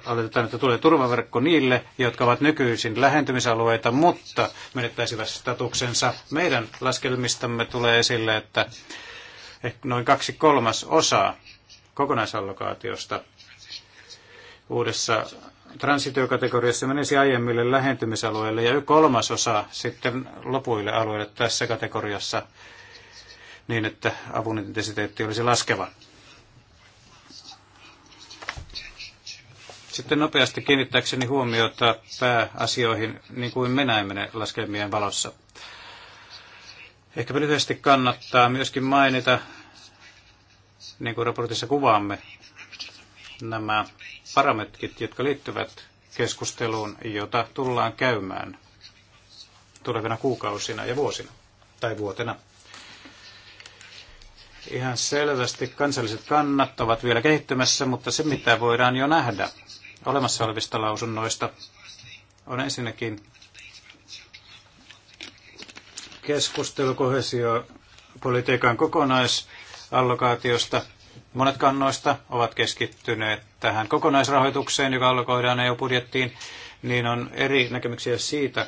oletetaan, että tulee turvaverkko niille, jotka ovat nykyisin lähentymisalueita, mutta menettäisivät statuksensa. Meidän laskelmistamme tulee esille, että eh, noin kaksi kolmas osaa kokonaisallokaatiosta uudessa transitiokategoriassa menisi aiemmille lähentymisalueille ja kolmasosa sitten lopuille alueille tässä kategoriassa niin, että avun intensiteetti olisi laskeva. Sitten nopeasti kiinnittääkseni huomiota pääasioihin, niin kuin me näemme laskelmien valossa. Ehkä lyhyesti kannattaa myöskin mainita, niin kuin raportissa kuvaamme, nämä parametrit, jotka liittyvät keskusteluun, jota tullaan käymään tulevina kuukausina ja vuosina tai vuotena. Ihan selvästi kansalliset kannat ovat vielä kehittymässä, mutta se mitä voidaan jo nähdä olemassa olevista lausunnoista on ensinnäkin keskustelu kohesiopolitiikan kokonaisallokaatiosta – Monet kannoista ovat keskittyneet tähän kokonaisrahoitukseen, joka allokoidaan EU-budjettiin, niin on eri näkemyksiä siitä,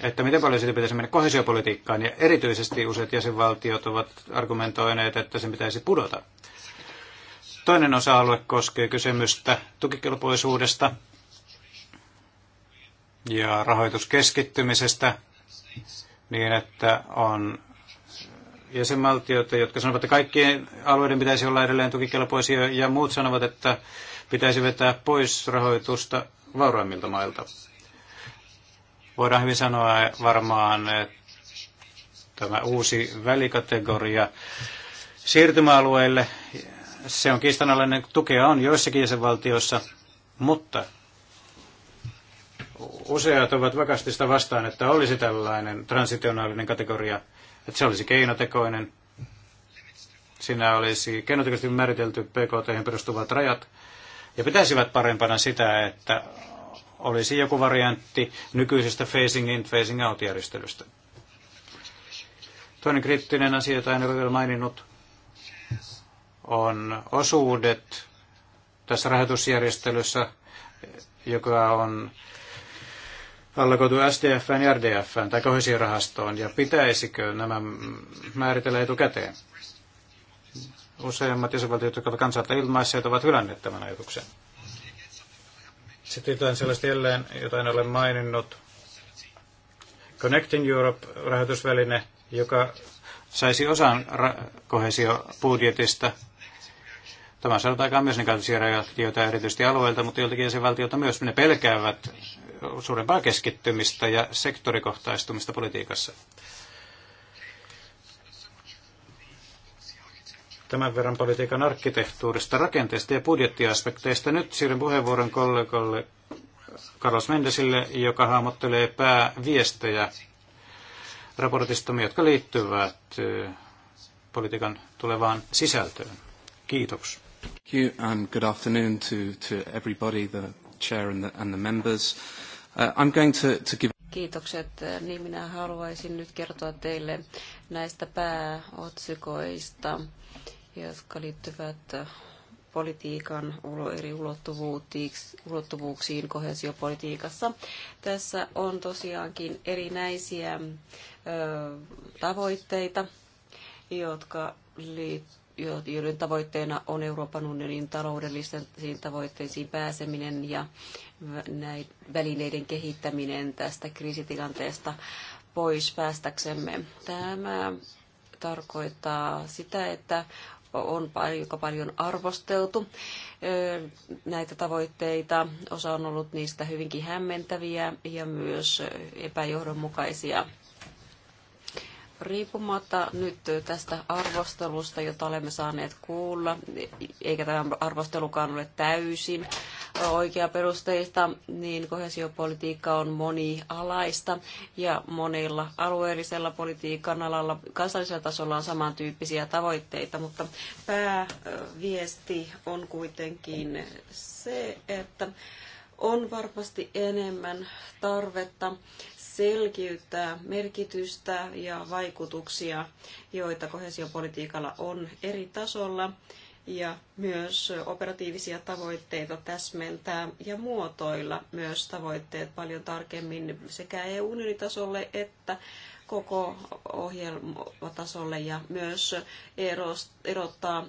että miten paljon siitä pitäisi mennä kohesiopolitiikkaan, ja erityisesti useat jäsenvaltiot ovat argumentoineet, että sen pitäisi pudota. Toinen osa-alue koskee kysymystä tukikelpoisuudesta ja rahoituskeskittymisestä niin, että on jäsenvaltioita, jotka sanovat, että kaikkien alueiden pitäisi olla edelleen tukikelpoisia, ja muut sanovat, että pitäisi vetää pois rahoitusta vauraimmilta mailta. Voidaan hyvin sanoa varmaan, että tämä uusi välikategoria siirtymäalueille, se on kiistanalainen, tukea on joissakin jäsenvaltioissa, mutta useat ovat vakasti sitä vastaan, että olisi tällainen transitionaalinen kategoria – että se olisi keinotekoinen. Siinä olisi keinotekoisesti määritelty PKT perustuvat rajat ja pitäisivät parempana sitä, että olisi joku variantti nykyisestä phasing in, phasing out järjestelystä. Toinen kriittinen asia, jota en ole vielä maininnut, on osuudet tässä rahoitusjärjestelyssä, joka on allokoitu SDFn ja RDFn tai kohesiorahastoon ja pitäisikö nämä määritellä etukäteen? Useimmat jäsenvaltiot, jotka kansalta ilmaisseet, ovat hylänneet tämän ajatuksen. Sitten jotain sellaista jälleen, jota en ole maininnut. Connecting Europe-rahoitusväline, joka saisi osan ra- kohesiobudjetista. Tämä saadaan aikaan myös negatiivisia reaktioita erityisesti alueilta, mutta joiltakin jäsenvaltiolta myös ne pelkäävät suurempaa keskittymistä ja sektorikohtaistumista politiikassa. Tämän verran politiikan arkkitehtuurista, rakenteista ja budjettiaspekteista. Nyt siirryn puheenvuoron kollegalle Carlos Mendesille, joka hahmottelee pääviestejä raportistamme, jotka liittyvät eh, politiikan tulevaan sisältöön. Kiitos. Thank you and good afternoon to, to everybody. The Chair and the, and the members. Uh, I'm going to, to give... Kiitokset. Niin minä haluaisin nyt kertoa teille näistä pääotsikoista, jotka liittyvät politiikan eri ulottuvuuksiin kohesiopolitiikassa. Tässä on tosiaankin erinäisiä ö, tavoitteita, jotka liittyvät joiden tavoitteena on Euroopan unionin taloudellisiin tavoitteisiin pääseminen ja näiden välineiden kehittäminen tästä kriisitilanteesta pois päästäksemme. Tämä tarkoittaa sitä, että on aika paljon arvosteltu näitä tavoitteita. Osa on ollut niistä hyvinkin hämmentäviä ja myös epäjohdonmukaisia riippumatta nyt tästä arvostelusta, jota olemme saaneet kuulla, eikä tämä arvostelukaan ole täysin oikea perusteista, niin kohesiopolitiikka on monialaista ja monilla alueellisella politiikan alalla kansallisella tasolla on samantyyppisiä tavoitteita, mutta pääviesti on kuitenkin se, että on varmasti enemmän tarvetta selkiyttää merkitystä ja vaikutuksia, joita kohesiopolitiikalla on eri tasolla ja myös operatiivisia tavoitteita täsmentää ja muotoilla myös tavoitteet paljon tarkemmin sekä EU-unionitasolle että koko ohjelmatasolle ja myös erottaa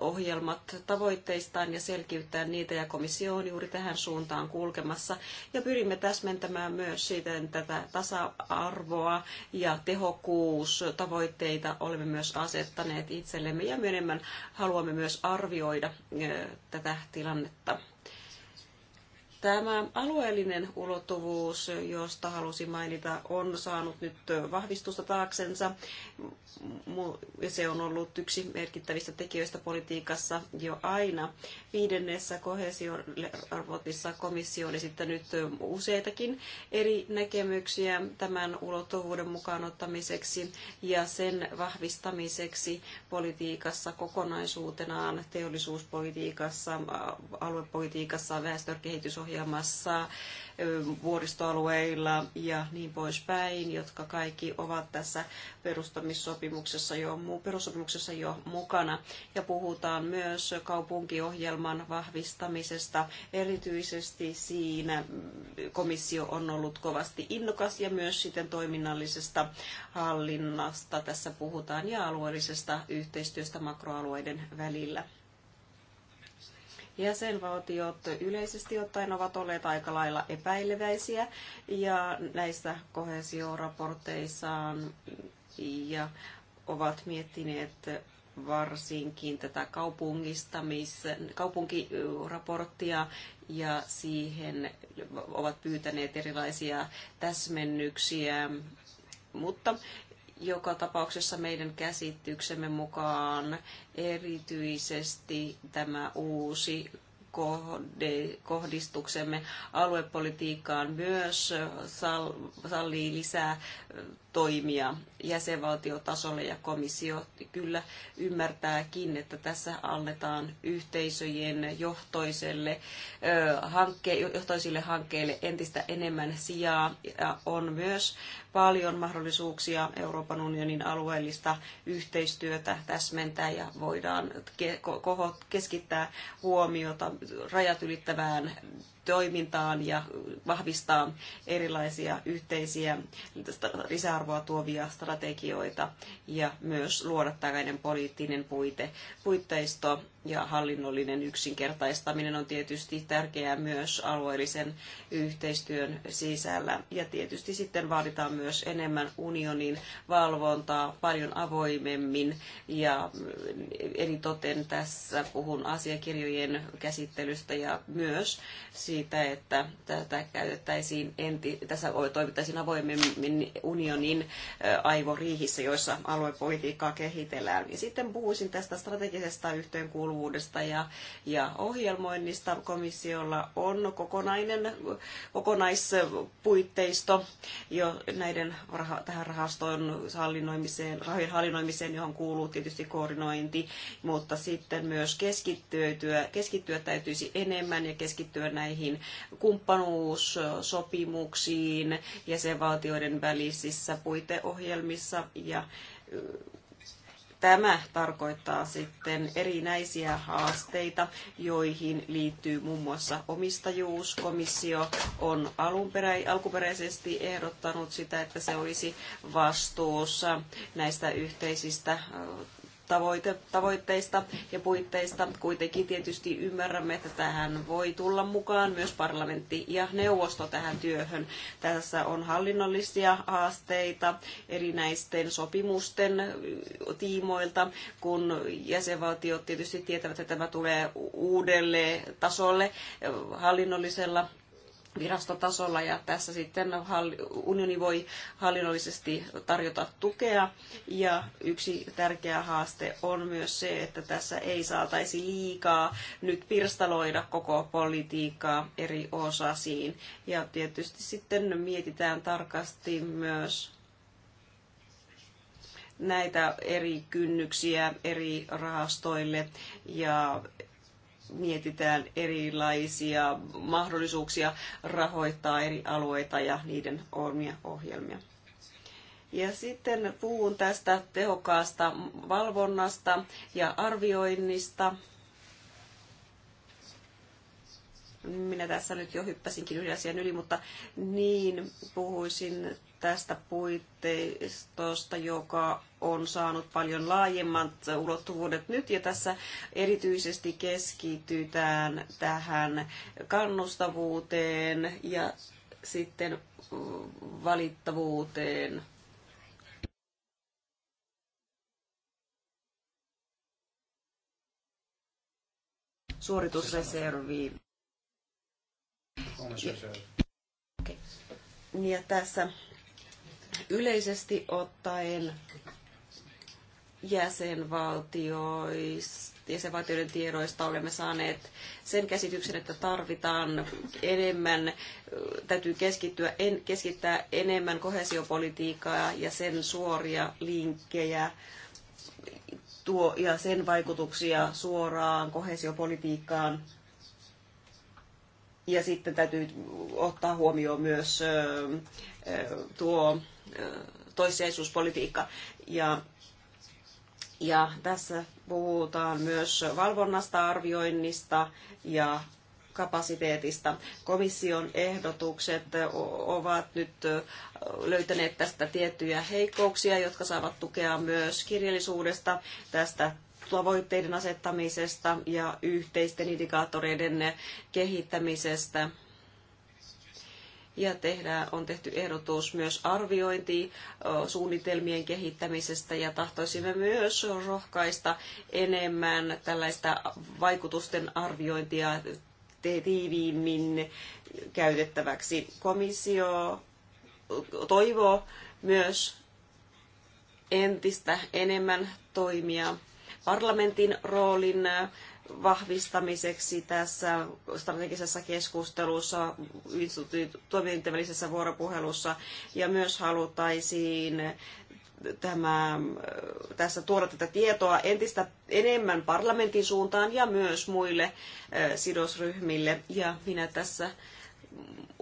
ohjelmat tavoitteistaan ja selkiyttää niitä ja komissio on juuri tähän suuntaan kulkemassa ja pyrimme täsmentämään myös siten tätä tasa-arvoa ja tehokkuustavoitteita olemme myös asettaneet itsellemme ja myöhemmin haluamme myös arvioida tätä tilannetta Tämä alueellinen ulottuvuus, josta halusin mainita, on saanut nyt vahvistusta taaksensa. se on ollut yksi merkittävistä tekijöistä politiikassa jo aina. Viidennessä kohesiorvotissa komissio on esittänyt useitakin eri näkemyksiä tämän ulottuvuuden mukaan ottamiseksi ja sen vahvistamiseksi politiikassa kokonaisuutenaan, teollisuuspolitiikassa, aluepolitiikassa, väestökehitysohjelmassa ohjelmassa vuoristoalueilla ja niin poispäin, jotka kaikki ovat tässä perustamissopimuksessa jo, perussopimuksessa jo mukana. Ja puhutaan myös kaupunkiohjelman vahvistamisesta. Erityisesti siinä komissio on ollut kovasti innokas ja myös sitten toiminnallisesta hallinnasta tässä puhutaan ja alueellisesta yhteistyöstä makroalueiden välillä. Jäsenvaltiot yleisesti ottaen ovat olleet aika lailla epäileväisiä ja näissä kohesioraporteissaan ja ovat miettineet varsinkin tätä kaupungistamis, kaupunkiraporttia ja siihen ovat pyytäneet erilaisia täsmennyksiä mutta joka tapauksessa meidän käsityksemme mukaan erityisesti tämä uusi kohdistuksemme aluepolitiikkaan myös sallii lisää toimia jäsenvaltiotasolla ja komissio kyllä ymmärtääkin, että tässä annetaan yhteisöjen johtoiselle, hankke, johtoisille hankkeille entistä enemmän sijaa. Ja on myös paljon mahdollisuuksia Euroopan unionin alueellista yhteistyötä täsmentää ja voidaan keskittää huomiota rajat ylittävään toimintaan ja vahvistaa erilaisia yhteisiä lisäarvoa tuovia strategioita ja myös luoda tällainen poliittinen puite, puitteisto ja hallinnollinen yksinkertaistaminen on tietysti tärkeää myös alueellisen yhteistyön sisällä. Ja tietysti sitten vaaditaan myös enemmän unionin valvontaa paljon avoimemmin ja toten tässä puhun asiakirjojen käsittelystä ja myös siitä, että tätä käytettäisiin enti, tässä toimittaisiin avoimemmin unionin aivoriihissä, joissa aluepolitiikkaa kehitellään. Ja sitten puhuisin tästä strategisesta yhteenkuuluvuudesta joustavuudesta ja, ja ohjelmoinnista. Komissiolla on kokonainen, kokonaispuitteisto jo näiden raha, tähän rahastoon hallinnoimiseen, rahojen hallinnoimiseen, johon kuuluu tietysti koordinointi, mutta sitten myös keskittyä, keskittyä täytyisi enemmän ja keskittyä näihin kumppanuussopimuksiin jäsenvaltioiden välisissä puiteohjelmissa ja Tämä tarkoittaa sitten erinäisiä haasteita, joihin liittyy muun muassa omistajuus. Komissio on alkuperäisesti ehdottanut sitä, että se olisi vastuussa näistä yhteisistä tavoite, tavoitteista ja puitteista. Kuitenkin tietysti ymmärrämme, että tähän voi tulla mukaan myös parlamentti ja neuvosto tähän työhön. Tässä on hallinnollisia haasteita erinäisten sopimusten tiimoilta, kun jäsenvaltiot tietysti tietävät, että tämä tulee uudelle tasolle hallinnollisella virastotasolla ja tässä sitten unioni voi hallinnollisesti tarjota tukea ja yksi tärkeä haaste on myös se, että tässä ei saataisi liikaa nyt pirstaloida koko politiikkaa eri osasiin ja tietysti sitten mietitään tarkasti myös näitä eri kynnyksiä eri rahastoille ja mietitään erilaisia mahdollisuuksia rahoittaa eri alueita ja niiden omia ohjelmia. Ja sitten puhun tästä tehokkaasta valvonnasta ja arvioinnista. Minä tässä nyt jo hyppäsinkin yhden asian yli, mutta niin puhuisin tästä puitteistosta, joka on saanut paljon laajemmat ulottuvuudet nyt ja tässä erityisesti keskitytään tähän kannustavuuteen ja sitten valittavuuteen. Suoritusreserviin. Okay. Ja tässä Yleisesti ottaen jäsenvaltioista jäsenvaltioiden tiedoista olemme saaneet sen käsityksen, että tarvitaan enemmän, täytyy keskittyä, en, keskittää enemmän kohesiopolitiikkaa ja sen suoria linkkejä tuo, ja sen vaikutuksia suoraan kohesiopolitiikkaan. Ja sitten täytyy ottaa huomioon myös tuo toissijaisuuspolitiikka. Ja, ja tässä puhutaan myös valvonnasta, arvioinnista ja kapasiteetista. Komission ehdotukset ovat nyt löytäneet tästä tiettyjä heikkouksia, jotka saavat tukea myös kirjallisuudesta tästä tavoitteiden asettamisesta ja yhteisten indikaattoreiden kehittämisestä ja tehdään, on tehty ehdotus myös arviointi suunnitelmien kehittämisestä ja tahtoisimme myös rohkaista enemmän tällaista vaikutusten arviointia tiiviimmin käytettäväksi. Komissio toivoo myös entistä enemmän toimia parlamentin roolin vahvistamiseksi tässä strategisessa keskustelussa, toimijoiden välisessä vuoropuhelussa ja myös haluttaisiin tämä, tässä tuoda tätä tietoa entistä enemmän parlamentin suuntaan ja myös muille sidosryhmille. Ja minä tässä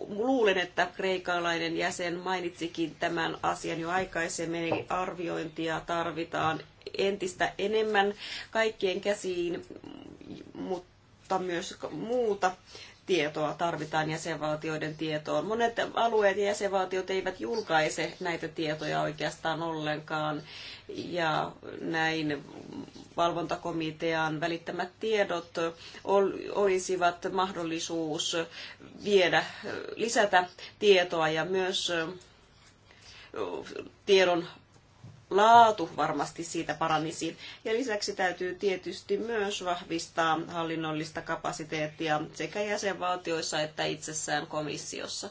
luulen, että kreikalainen jäsen mainitsikin tämän asian jo aikaisemmin, eli arviointia tarvitaan entistä enemmän kaikkien käsiin mutta myös muuta tietoa tarvitaan jäsenvaltioiden tietoon. Monet alueet ja jäsenvaltiot eivät julkaise näitä tietoja oikeastaan ollenkaan, ja näin valvontakomitean välittämät tiedot olisivat mahdollisuus viedä, lisätä tietoa ja myös tiedon laatu varmasti siitä paranisi. Ja lisäksi täytyy tietysti myös vahvistaa hallinnollista kapasiteettia sekä jäsenvaltioissa että itsessään komissiossa.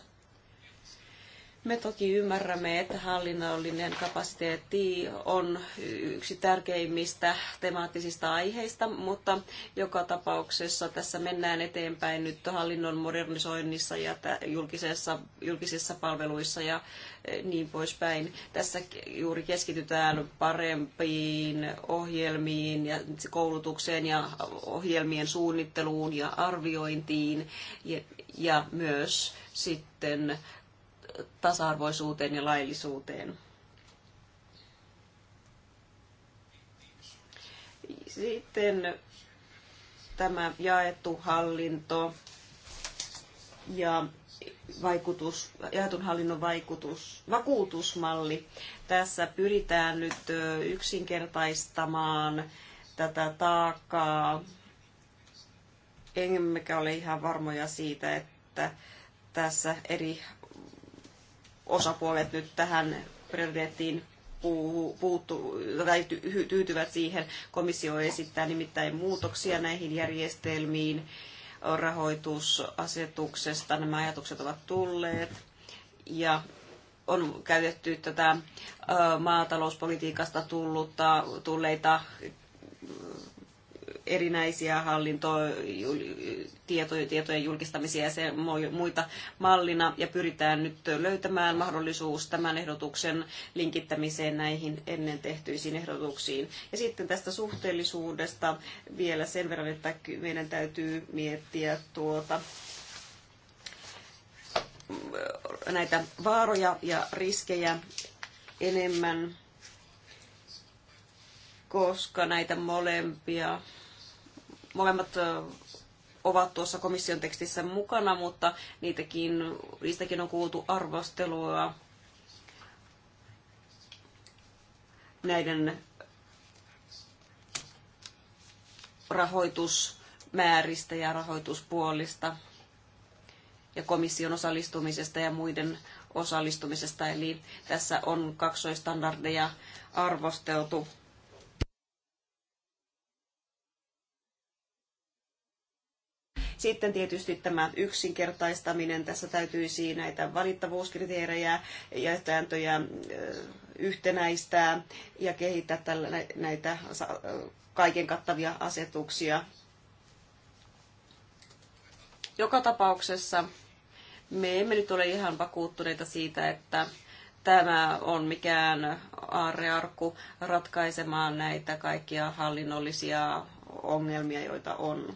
Me toki ymmärrämme, että hallinnollinen kapasiteetti on yksi tärkeimmistä temaattisista aiheista, mutta joka tapauksessa tässä mennään eteenpäin nyt hallinnon modernisoinnissa ja julkisessa, julkisissa palveluissa ja e, niin poispäin. Tässä juuri keskitytään parempiin ohjelmiin ja koulutukseen ja ohjelmien suunnitteluun ja arviointiin ja, ja myös sitten tasa-arvoisuuteen ja laillisuuteen. Sitten tämä jaettu hallinto ja vaikutus, jaetun hallinnon vaikutus, vakuutusmalli. Tässä pyritään nyt yksinkertaistamaan tätä taakkaa. Emmekä ole ihan varmoja siitä, että tässä eri osapuolet nyt tähän prioriteettiin puuttu, tai tyytyvät siihen. Komissio esittää nimittäin muutoksia näihin järjestelmiin rahoitusasetuksesta. Nämä ajatukset ovat tulleet ja on käytetty tätä maatalouspolitiikasta tullutta, tulleita erinäisiä hallintotietojen tietojen julkistamisia ja se, muita mallina ja pyritään nyt löytämään mahdollisuus tämän ehdotuksen linkittämiseen näihin ennen tehtyisiin ehdotuksiin. Ja sitten tästä suhteellisuudesta vielä sen verran, että meidän täytyy miettiä tuota näitä vaaroja ja riskejä enemmän, koska näitä molempia molemmat ovat tuossa komission tekstissä mukana, mutta niitäkin, niistäkin on kuultu arvostelua näiden rahoitusmääristä ja rahoituspuolista ja komission osallistumisesta ja muiden osallistumisesta. Eli tässä on kaksoistandardeja arvosteltu Sitten tietysti tämä yksinkertaistaminen, tässä täytyisi näitä valittavuuskriteerejä ja sääntöjä yhtenäistää ja kehittää tällä näitä kaiken kattavia asetuksia. Joka tapauksessa me emme nyt ole ihan vakuuttuneita siitä, että tämä on mikään aarrearkku ratkaisemaan näitä kaikkia hallinnollisia ongelmia, joita on.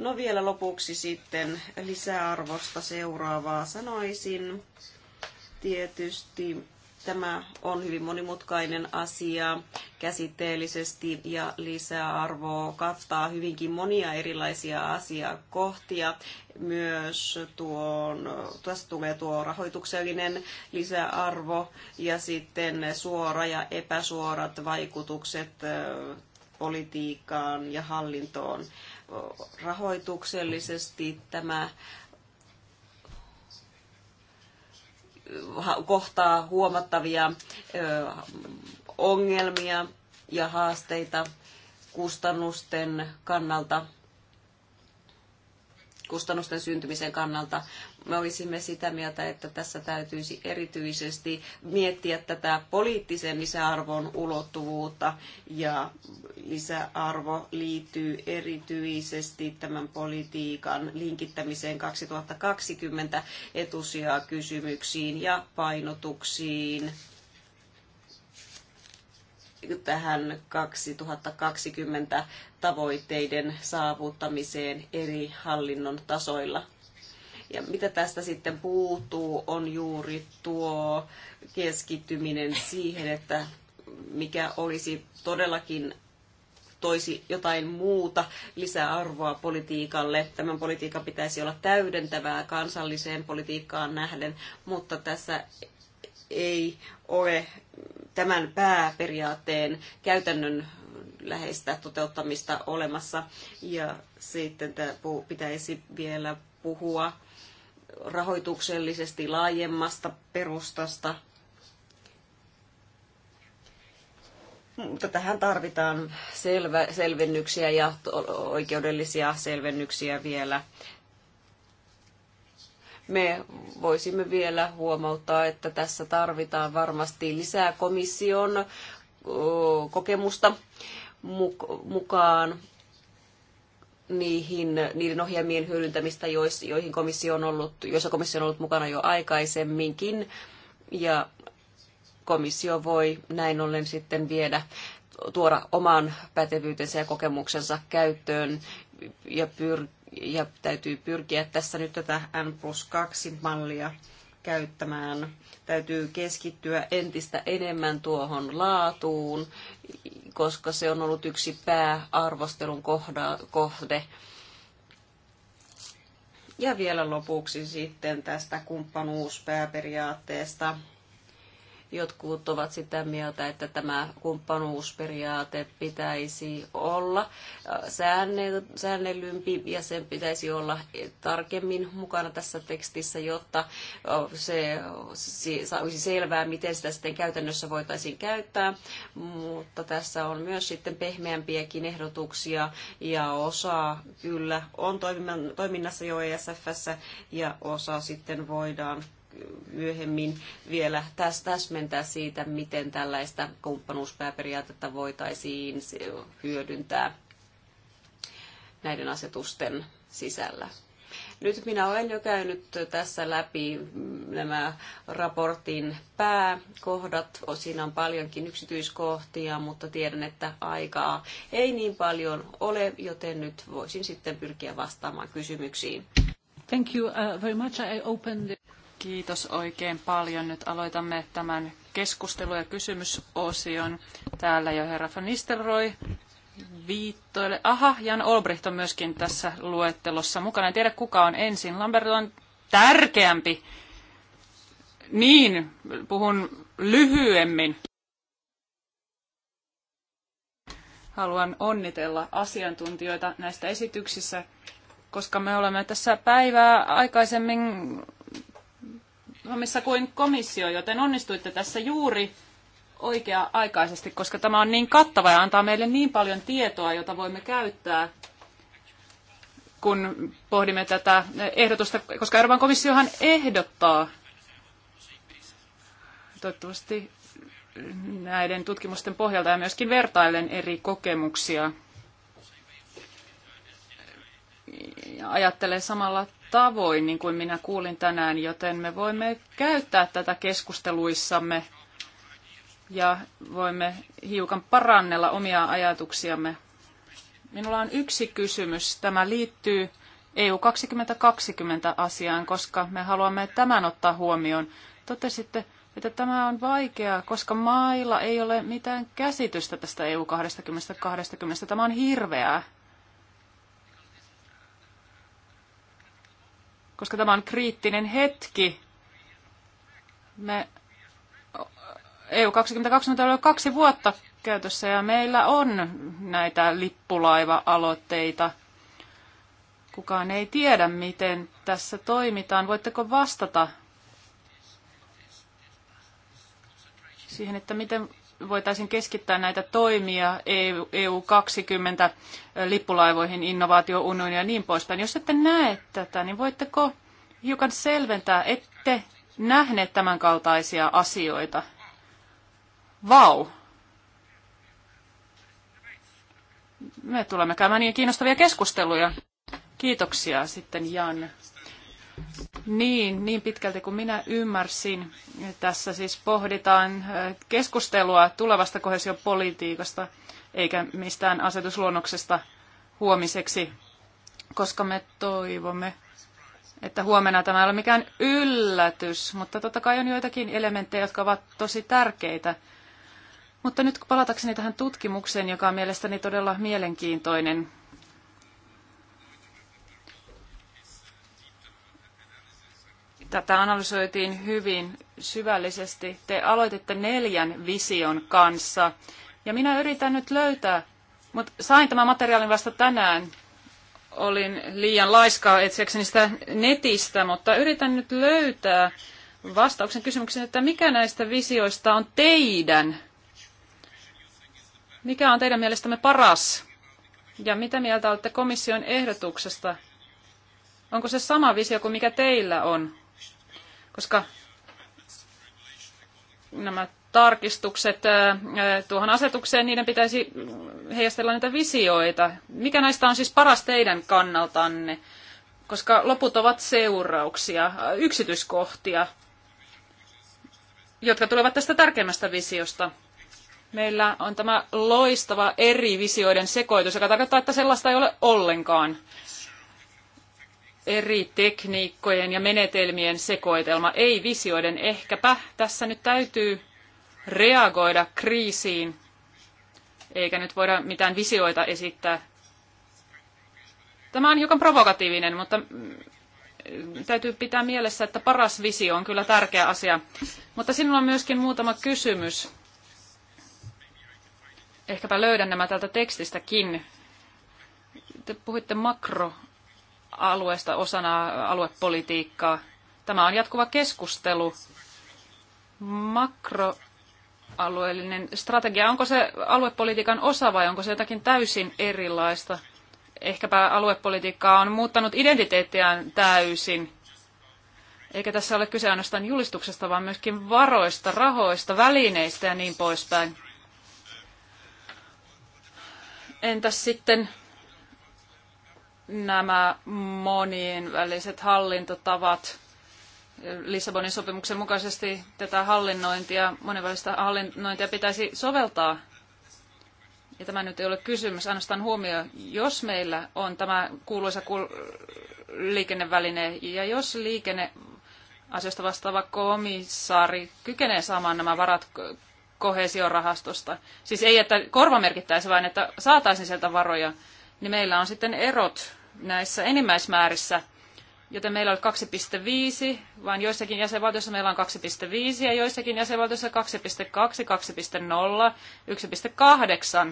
No vielä lopuksi sitten lisäarvosta seuraavaa sanoisin. Tietysti tämä on hyvin monimutkainen asia käsitteellisesti ja lisäarvo kattaa hyvinkin monia erilaisia asiakohtia. Myös tuon, tässä tulee tuo rahoituksellinen lisäarvo ja sitten suora ja epäsuorat vaikutukset politiikkaan ja hallintoon rahoituksellisesti tämä äh, kohtaa huomattavia ongelmia ja haasteita kustannusten kannalta, kustannusten syntymisen kannalta, me olisimme sitä mieltä, että tässä täytyisi erityisesti miettiä tätä poliittisen lisäarvon ulottuvuutta ja lisäarvo liittyy erityisesti tämän politiikan linkittämiseen 2020 etusia kysymyksiin ja painotuksiin tähän 2020 tavoitteiden saavuttamiseen eri hallinnon tasoilla. Ja mitä tästä sitten puuttuu, on juuri tuo keskittyminen siihen, että mikä olisi todellakin toisi jotain muuta lisäarvoa politiikalle. Tämän politiikan pitäisi olla täydentävää kansalliseen politiikkaan nähden, mutta tässä ei ole tämän pääperiaatteen käytännön läheistä toteuttamista olemassa. Ja sitten pitäisi vielä puhua rahoituksellisesti laajemmasta perustasta. Mutta tähän tarvitaan selvä, selvennyksiä ja oikeudellisia selvennyksiä vielä. Me voisimme vielä huomauttaa, että tässä tarvitaan varmasti lisää komission kokemusta mukaan niihin, niiden ohjelmien hyödyntämistä, joihin komissio on ollut, joissa komissio on ollut mukana jo aikaisemminkin. Ja komissio voi näin ollen sitten viedä tuoda oman pätevyytensä ja kokemuksensa käyttöön ja, pyr- ja täytyy pyrkiä tässä nyt tätä N plus 2 mallia käyttämään. Täytyy keskittyä entistä enemmän tuohon laatuun, koska se on ollut yksi pääarvostelun kohda, kohde. Ja vielä lopuksi sitten tästä kumppanuuspääperiaatteesta. Jotkut ovat sitä mieltä, että tämä kumppanuusperiaate pitäisi olla äh, säännellympi ja sen pitäisi olla tarkemmin mukana tässä tekstissä, jotta äh, se saisi selvää, miten sitä sitten käytännössä voitaisiin käyttää. Mutta tässä on myös sitten pehmeämpiäkin ehdotuksia ja osa kyllä on toiminnassa jo ESFssä ja osa sitten voidaan myöhemmin vielä tässä täsmentää siitä, miten tällaista kumppanuuspääperiaatetta voitaisiin hyödyntää näiden asetusten sisällä. Nyt minä olen jo käynyt tässä läpi nämä raportin pääkohdat. Siinä on paljonkin yksityiskohtia, mutta tiedän, että aikaa ei niin paljon ole, joten nyt voisin sitten pyrkiä vastaamaan kysymyksiin. Thank you uh, very much. I open the... Kiitos oikein paljon. Nyt aloitamme tämän keskustelu- ja kysymysosion. Täällä jo herra van Nistelrooy viittoille. Aha, Jan Olbricht on myöskin tässä luettelossa mukana. En tiedä kuka on ensin. Lambert on tärkeämpi. Niin, puhun lyhyemmin. Haluan onnitella asiantuntijoita näistä esityksissä, koska me olemme tässä päivää aikaisemmin hommissa kuin komissio, joten onnistuitte tässä juuri oikea-aikaisesti, koska tämä on niin kattava ja antaa meille niin paljon tietoa, jota voimme käyttää, kun pohdimme tätä ehdotusta, koska Euroopan komissiohan ehdottaa toivottavasti näiden tutkimusten pohjalta ja myöskin vertailen eri kokemuksia – ajattelee samalla tavoin, niin kuin minä kuulin tänään, joten me voimme käyttää tätä keskusteluissamme ja voimme hiukan parannella omia ajatuksiamme. Minulla on yksi kysymys. Tämä liittyy EU 2020 asiaan, koska me haluamme tämän ottaa huomioon. Totesitte, että tämä on vaikeaa, koska mailla ei ole mitään käsitystä tästä EU 2020. Tämä on hirveää. koska tämä on kriittinen hetki. Me EU 22 on kaksi vuotta käytössä ja meillä on näitä lippulaiva-aloitteita. Kukaan ei tiedä, miten tässä toimitaan. Voitteko vastata siihen, että miten voitaisiin keskittää näitä toimia EU20 e lippulaivoihin, innovaatiounioniin ja niin poispäin. Jos ette näe tätä, niin voitteko hiukan selventää, ette nähneet tämän kaltaisia asioita? Vau! Me tulemme käymään niin kiinnostavia keskusteluja. Kiitoksia sitten Jan. Niin, niin pitkälti kuin minä ymmärsin. Tässä siis pohditaan keskustelua tulevasta kohesiopolitiikasta eikä mistään asetusluonnoksesta huomiseksi, koska me toivomme, että huomenna tämä ei ole mikään yllätys, mutta totta kai on joitakin elementtejä, jotka ovat tosi tärkeitä. Mutta nyt palatakseni tähän tutkimukseen, joka on mielestäni todella mielenkiintoinen, Tätä analysoitiin hyvin syvällisesti. Te aloititte neljän vision kanssa. Ja minä yritän nyt löytää, mutta sain tämän materiaalin vasta tänään. Olin liian laiskaa etsiäkseni sitä netistä, mutta yritän nyt löytää vastauksen kysymykseen, että mikä näistä visioista on teidän? Mikä on teidän mielestämme paras? Ja mitä mieltä olette komission ehdotuksesta? Onko se sama visio kuin mikä teillä on? koska nämä tarkistukset tuohon asetukseen, niiden pitäisi heijastella niitä visioita. Mikä näistä on siis paras teidän kannaltanne? Koska loput ovat seurauksia, yksityiskohtia, jotka tulevat tästä tärkeimmästä visiosta. Meillä on tämä loistava eri visioiden sekoitus, joka tarkoittaa, että sellaista ei ole ollenkaan eri tekniikkojen ja menetelmien sekoitelma, ei visioiden. Ehkäpä tässä nyt täytyy reagoida kriisiin, eikä nyt voida mitään visioita esittää. Tämä on hiukan provokatiivinen, mutta mm, täytyy pitää mielessä, että paras visio on kyllä tärkeä asia. Mutta sinulla on myöskin muutama kysymys. Ehkäpä löydän nämä tältä tekstistäkin. Te puhuitte makro alueesta osana aluepolitiikkaa. Tämä on jatkuva keskustelu. Makroalueellinen strategia, onko se aluepolitiikan osa vai onko se jotakin täysin erilaista? Ehkäpä aluepolitiikka on muuttanut identiteettiään täysin. Eikä tässä ole kyse ainoastaan julistuksesta, vaan myöskin varoista, rahoista, välineistä ja niin poispäin. Entäs sitten nämä monien väliset hallintotavat. Lissabonin sopimuksen mukaisesti tätä hallinnointia, monenvälistä hallinnointia pitäisi soveltaa. Ja tämä nyt ei ole kysymys, ainoastaan huomio, jos meillä on tämä kuuluisa liikenneväline ja jos liikenneasioista vastaava komissaari kykenee saamaan nämä varat kohesiorahastosta. Siis ei, että korva merkittäisi, vaan että saataisiin sieltä varoja, niin meillä on sitten erot näissä enimmäismäärissä, joten meillä oli 2,5, vaan joissakin jäsenvaltioissa meillä on 2,5 ja joissakin jäsenvaltioissa 2,2, 2,0,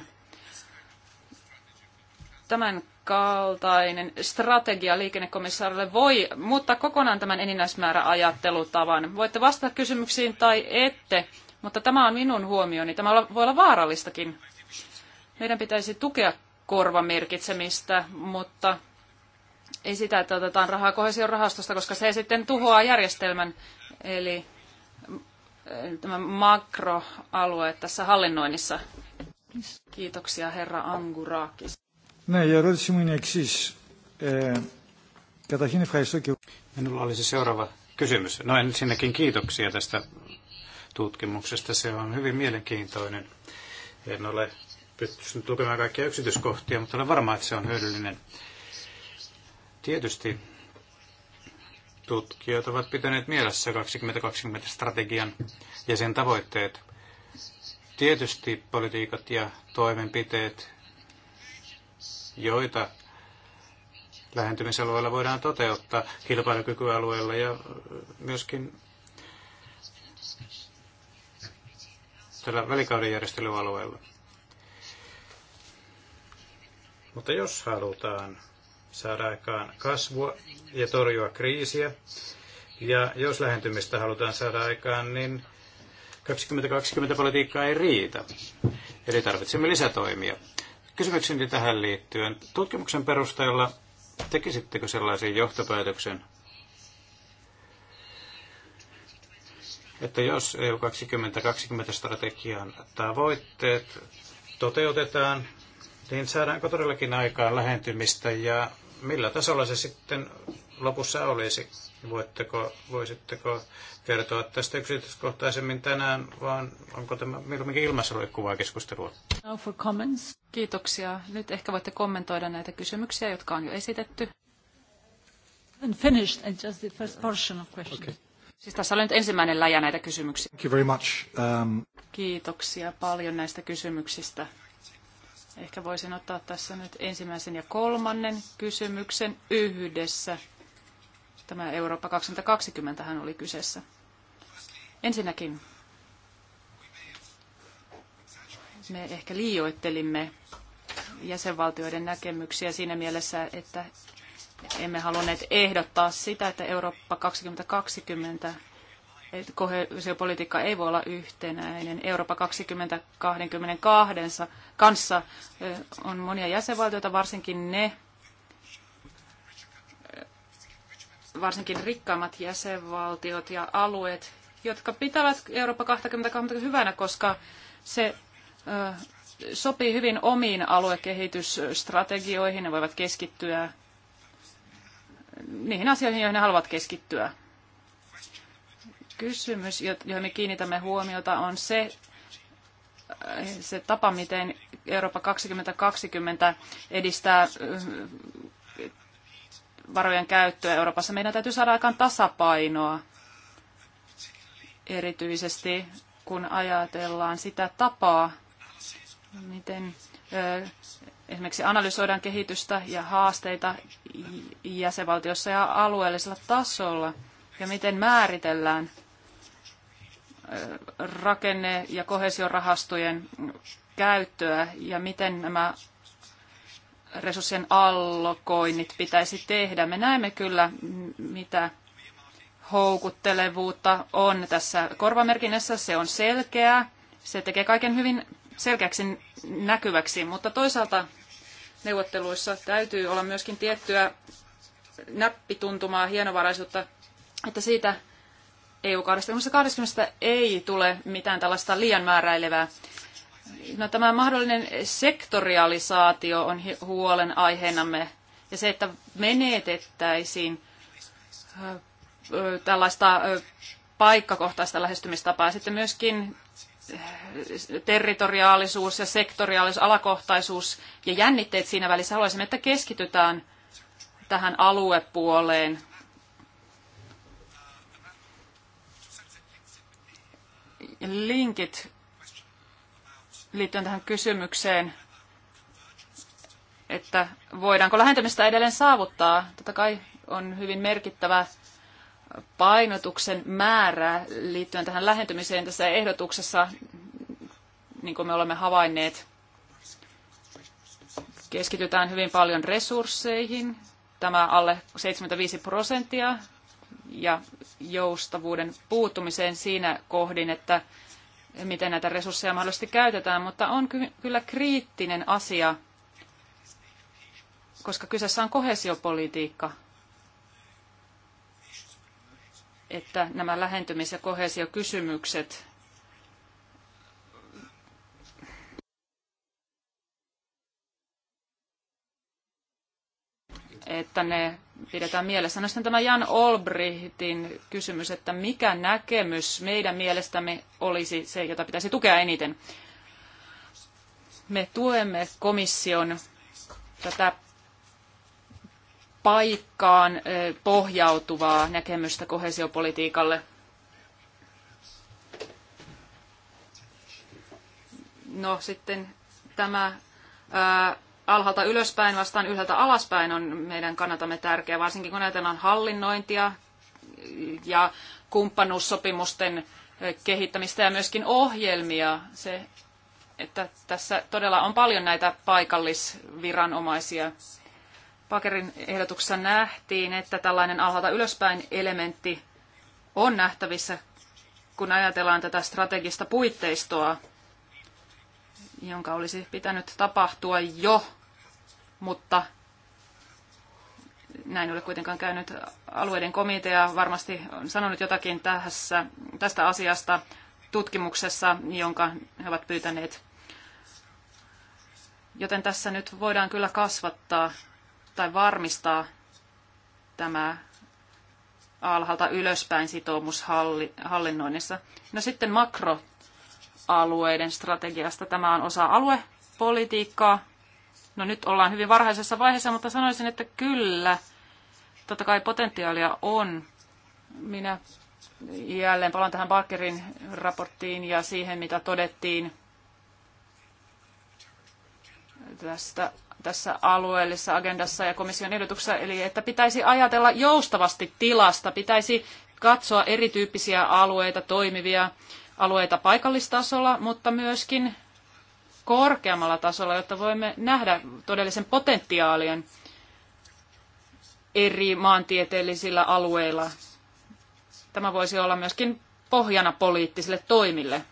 1,8. Tämän kaltainen strategia liikennekomissaarille voi muuttaa kokonaan tämän enimmäismääräajattelutavan. Voitte vastata kysymyksiin tai ette, mutta tämä on minun huomioni. Tämä voi olla vaarallistakin. Meidän pitäisi tukea korvamerkitsemistä, mutta ei sitä, että otetaan rahaa kohesion rahastosta, koska se sitten tuhoaa järjestelmän. Eli eh, tämä makroalue tässä hallinnoinnissa. Kiitoksia herra Angurakis. Ναι, η ερώτηση μου είναι εξή. Ε, καταρχήν ευχαριστώ και... Minulla olisi seuraava kysymys. No ensinnäkin kiitoksia tästä tutkimuksesta. Se on hyvin mielenkiintoinen. En ole pystynyt lukemaan kaikkia yksityiskohtia, mutta olen varma, että se on hyödyllinen. Tietysti tutkijat ovat pitäneet mielessä 2020-strategian ja sen tavoitteet. Tietysti politiikat ja toimenpiteet, joita lähentymisalueella voidaan toteuttaa kilpailukykyalueella ja myöskin tällä välikauden järjestelyalueella. Mutta jos halutaan saada aikaan kasvua ja torjua kriisiä, ja jos lähentymistä halutaan saada aikaan, niin 2020 politiikkaa ei riitä. Eli tarvitsemme lisätoimia. Kysymykseni tähän liittyen. Tutkimuksen perusteella tekisittekö sellaisen johtopäätöksen, että jos EU 2020 strategian tavoitteet toteutetaan, niin saadaanko todellakin aikaan lähentymistä ja millä tasolla se sitten lopussa olisi? Voitteko, voisitteko kertoa tästä yksityiskohtaisemmin tänään, vaan onko tämä milloinkin kuvaa keskustelua? No for comments. Kiitoksia. Nyt ehkä voitte kommentoida näitä kysymyksiä, jotka on jo esitetty. And finished, and just the first portion of questions. Okay. Siis tässä oli nyt ensimmäinen läjä näitä kysymyksiä. Thank you very much. Um... Kiitoksia paljon näistä kysymyksistä. Ehkä voisin ottaa tässä nyt ensimmäisen ja kolmannen kysymyksen yhdessä. Tämä Eurooppa 2020 hän oli kyseessä. Ensinnäkin me ehkä liioittelimme jäsenvaltioiden näkemyksiä siinä mielessä, että emme halunneet ehdottaa sitä, että Eurooppa 2020 kohesiopolitiikka ei voi olla yhtenäinen. Eurooppa 2022 kanssa on monia jäsenvaltioita, varsinkin ne, varsinkin rikkaammat jäsenvaltiot ja alueet, jotka pitävät Eurooppa 2020 hyvänä, koska se sopii hyvin omiin aluekehitysstrategioihin. Ne voivat keskittyä niihin asioihin, joihin ne haluavat keskittyä. Kysymys, johon me kiinnitämme huomiota, on se, äh, se tapa, miten Eurooppa 2020 edistää äh, varojen käyttöä Euroopassa. Meidän täytyy saada aikaan tasapainoa, erityisesti kun ajatellaan sitä tapaa, miten esimerkiksi analysoidaan kehitystä ja haasteita jäsenvaltiossa ja alueellisella tasolla ja miten määritellään rakenne- ja kohesiorahastojen käyttöä ja miten nämä resurssien allokoinnit pitäisi tehdä. Me näemme kyllä, mitä houkuttelevuutta on tässä korvamerkinnässä. Se on selkeää. Se tekee kaiken hyvin selkeäksi näkyväksi, mutta toisaalta neuvotteluissa täytyy olla myöskin tiettyä näppituntumaa, hienovaraisuutta, että siitä EU-kaudesta. Minusta 20 ei tule mitään tällaista liian määräilevää. No, tämä mahdollinen sektorialisaatio on huolen aiheenamme ja se, että menetettäisiin tällaista paikkakohtaista lähestymistapaa. Sitten myöskin territoriaalisuus ja sektoriaalisuus, alakohtaisuus ja jännitteet siinä välissä. Haluaisimme, että keskitytään tähän aluepuoleen linkit liittyen tähän kysymykseen, että voidaanko lähentämistä edelleen saavuttaa. Totta kai on hyvin merkittävä painotuksen määrä liittyen tähän lähentymiseen tässä ehdotuksessa, niin kuin me olemme havainneet. Keskitytään hyvin paljon resursseihin, tämä alle 75 prosenttia ja joustavuuden puuttumiseen siinä kohdin, että miten näitä resursseja mahdollisesti käytetään, mutta on kyllä kriittinen asia, koska kyseessä on kohesiopolitiikka, että nämä lähentymis- ja kohesiokysymykset että ne pidetään mielessä. No sitten tämä Jan Olbrichtin kysymys, että mikä näkemys meidän mielestämme olisi se, jota pitäisi tukea eniten. Me tuemme komission tätä paikkaan pohjautuvaa näkemystä kohesiopolitiikalle. No sitten tämä ää, alhaalta ylöspäin vastaan ylhäältä alaspäin on meidän kannatamme tärkeä, varsinkin kun ajatellaan hallinnointia ja kumppanuussopimusten kehittämistä ja myöskin ohjelmia. Se, että tässä todella on paljon näitä paikallisviranomaisia. Pakerin ehdotuksessa nähtiin, että tällainen alhaalta ylöspäin elementti on nähtävissä, kun ajatellaan tätä strategista puitteistoa, jonka olisi pitänyt tapahtua jo mutta näin ole kuitenkaan käynyt. Alueiden komitea varmasti on sanonut jotakin tässä, tästä asiasta tutkimuksessa, jonka he ovat pyytäneet. Joten tässä nyt voidaan kyllä kasvattaa tai varmistaa tämä alhaalta ylöspäin sitoumus hallinnoinnissa. No sitten makroalueiden strategiasta. Tämä on osa aluepolitiikkaa, No nyt ollaan hyvin varhaisessa vaiheessa, mutta sanoisin, että kyllä, totta kai potentiaalia on. Minä jälleen palaan tähän Barkerin raporttiin ja siihen, mitä todettiin tästä, tässä alueellisessa agendassa ja komission ehdotuksessa, eli että pitäisi ajatella joustavasti tilasta, pitäisi katsoa erityyppisiä alueita, toimivia alueita paikallistasolla, mutta myöskin korkeammalla tasolla, jotta voimme nähdä todellisen potentiaalien eri maantieteellisillä alueilla. Tämä voisi olla myöskin pohjana poliittisille toimille.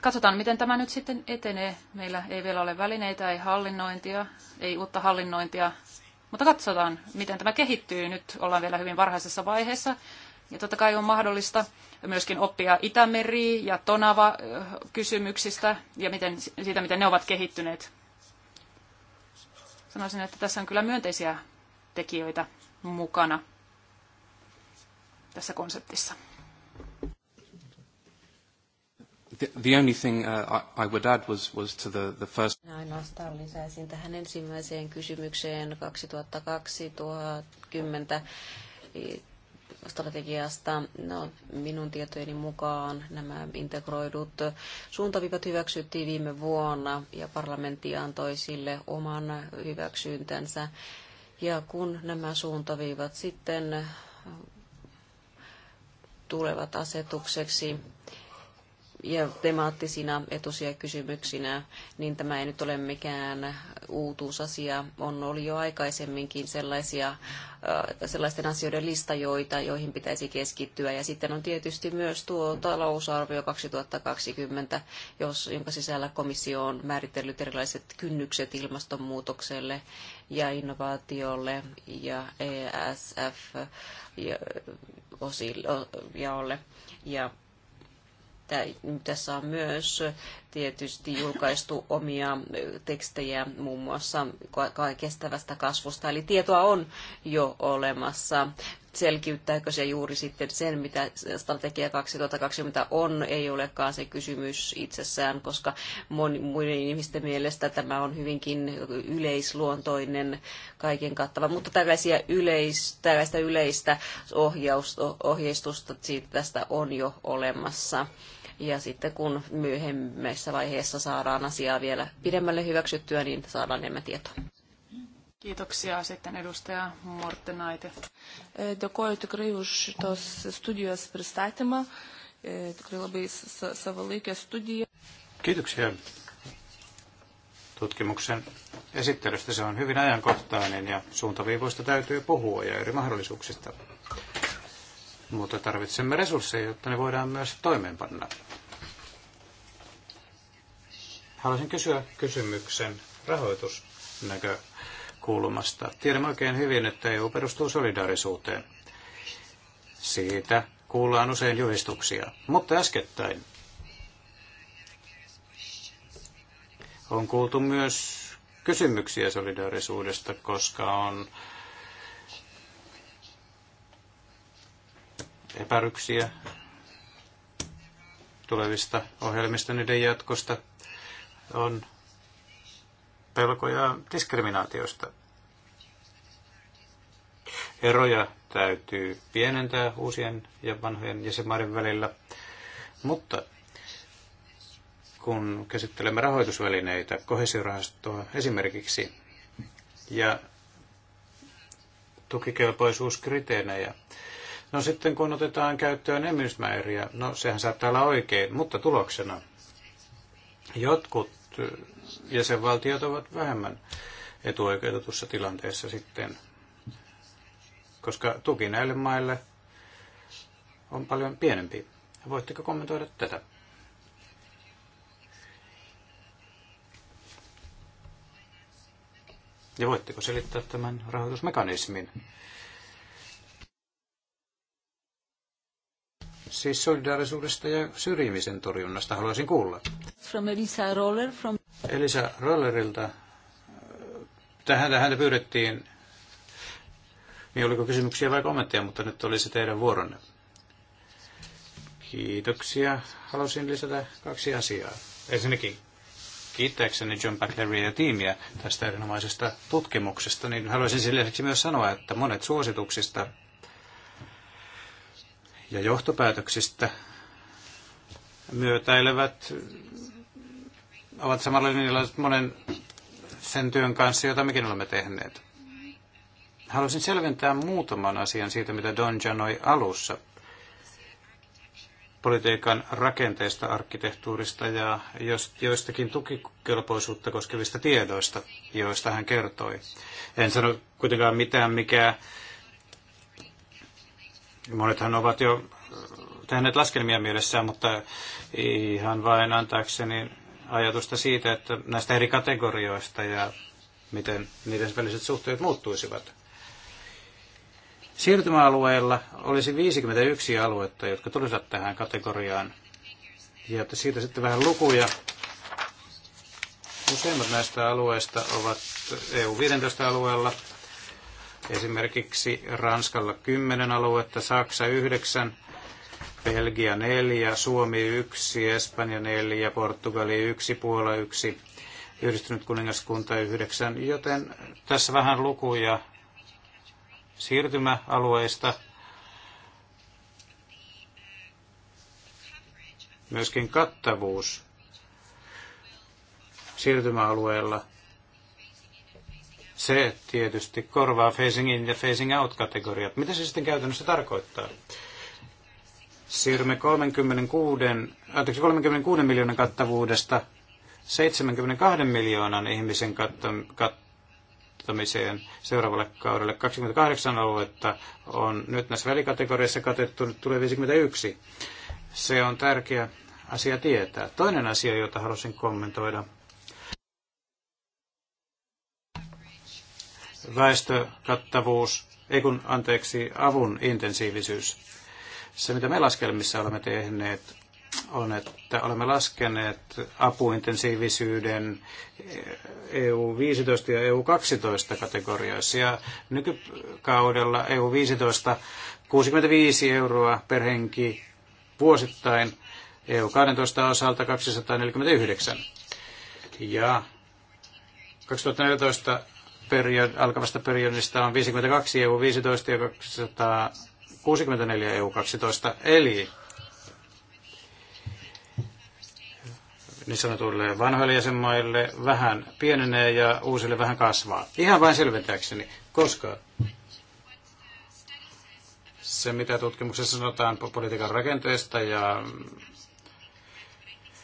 Katsotaan, miten tämä nyt sitten etenee. Meillä ei vielä ole välineitä, ei hallinnointia, ei uutta hallinnointia, mutta katsotaan, miten tämä kehittyy. Nyt ollaan vielä hyvin varhaisessa vaiheessa. Ja totta kai on mahdollista myöskin oppia Itämeri- ja Tonava-kysymyksistä ja miten, siitä, miten ne ovat kehittyneet. Sanoisin, että tässä on kyllä myönteisiä tekijöitä mukana tässä konseptissa. The only thing uh, I would add was, was to the, the first... Ainoastaan lisäisin tähän ensimmäiseen kysymykseen 2020 strategiasta. No, minun tietojeni mukaan nämä integroidut suuntavivat hyväksyttiin viime vuonna ja parlamentti antoi sille oman hyväksyntänsä. Ja kun nämä suuntaviivat sitten tulevat asetukseksi, ja temaattisina etusia kysymyksinä, niin tämä ei nyt ole mikään uutuusasia. On ollut jo aikaisemminkin sellaisia, äh, sellaisten asioiden lista, joita, joihin pitäisi keskittyä. Ja sitten on tietysti myös tuo talousarvio 2020, jos, jonka sisällä komissio on määritellyt erilaiset kynnykset ilmastonmuutokselle ja innovaatiolle ja esf osille Ja, ja, ja tässä on myös tietysti julkaistu omia tekstejä muun muassa kestävästä kasvusta, eli tietoa on jo olemassa selkiyttääkö se juuri sitten sen, mitä strategia 2020 on, ei olekaan se kysymys itsessään, koska moni, muiden ihmisten mielestä tämä on hyvinkin yleisluontoinen, kaiken kattava. Mutta tällaisia yleis, tällaista yleistä ohjausta, ohjeistusta siitä tästä on jo olemassa. Ja sitten kun myöhemmässä vaiheessa saadaan asiaa vielä pidemmälle hyväksyttyä, niin saadaan enemmän tietoa. Kiitoksia sitten edustaja Mortenaite. Dėkoju tikrai už tos studijos pristatymą. Tikrai labai savalaikė studija. Kiitoksia tutkimuksen esittelystä. Se on hyvin ajankohtainen ja suuntaviivoista täytyy puhua ja eri mahdollisuuksista. Mutta tarvitsemme resursseja, jotta ne voidaan myös toimeenpanna. Haluaisin kysyä kysymyksen rahoitusnäkökulmasta. Tiedämme oikein hyvin, että EU perustuu solidaarisuuteen. Siitä kuullaan usein julistuksia, mutta äskettäin on kuultu myös kysymyksiä solidaarisuudesta, koska on epäryksiä tulevista ohjelmista, niiden jatkosta on pelkoja diskriminaatiosta. Eroja täytyy pienentää uusien ja vanhojen jäsenmaiden välillä, mutta kun käsittelemme rahoitusvälineitä, kohesiorahastoa esimerkiksi, ja tukikelpoisuuskriteenejä, No sitten kun otetaan käyttöön emysmääriä, no sehän saattaa olla oikein, mutta tuloksena jotkut jäsenvaltiot ovat vähemmän etuoikeutetussa tilanteessa sitten, koska tuki näille maille on paljon pienempi. Voitteko kommentoida tätä? Ja voitteko selittää tämän rahoitusmekanismin? Siis solidaarisuudesta ja syrjimisen torjunnasta haluaisin kuulla. From Elisa, Roller, from... Elisa Rollerilta. Tähän, tähän pyydettiin, niin oliko kysymyksiä vai kommentteja, mutta nyt se teidän vuoronne. Kiitoksia. Halusin lisätä kaksi asiaa. Ensinnäkin kiittääkseni John Backleria ja tiimiä tästä erinomaisesta tutkimuksesta, niin haluaisin sen lisäksi myös sanoa, että monet suosituksista ja johtopäätöksistä myötäilevät, ovat samalla linjalla monen sen työn kanssa, jota mekin olemme tehneet. Haluaisin selventää muutaman asian siitä, mitä Don janoi alussa politiikan rakenteista, arkkitehtuurista ja joistakin tukikelpoisuutta koskevista tiedoista, joista hän kertoi. En sano kuitenkaan mitään, mikä Monethan ovat jo äh, tehneet laskelmia mielessään, mutta ihan vain antaakseni ajatusta siitä, että näistä eri kategorioista ja miten niiden väliset suhteet muuttuisivat. Siirtymäalueella olisi 51 aluetta, jotka tulisivat tähän kategoriaan. Ja siitä sitten vähän lukuja. Useimmat näistä alueista ovat EU-15 alueella, Esimerkiksi Ranskalla 10 aluetta, Saksa 9, Belgia 4, Suomi 1, Espanja 4, Portugali 1, Puola 1, Yhdistynyt kuningaskunta 9. Joten tässä vähän lukuja siirtymäalueista. Myöskin kattavuus siirtymäalueella se tietysti korvaa phasing in ja phasing out kategoriat. Mitä se sitten käytännössä tarkoittaa? Siirrymme 36, anteeksi, 36 miljoonan kattavuudesta 72 miljoonan ihmisen kattamiseen seuraavalle kaudelle. 28 aluetta on nyt näissä välikategoriassa katettu, nyt tulee 51. Se on tärkeä asia tietää. Toinen asia, jota halusin kommentoida, väestökattavuus, ei kun anteeksi, avun intensiivisyys. Se, mitä me laskelmissa olemme tehneet, on, että olemme laskeneet apuintensiivisyyden EU-15 ja EU-12 kategorioissa. Ja nykykaudella EU-15 65 euroa per henki vuosittain, EU-12 osalta 249. Ja 2014 period, alkavasta periodista on 52 EU 15 ja 264 EU 12, eli niin sanotuille vanhoille jäsenmaille vähän pienenee ja uusille vähän kasvaa. Ihan vain selventääkseni, koska se, mitä tutkimuksessa sanotaan politiikan rakenteesta ja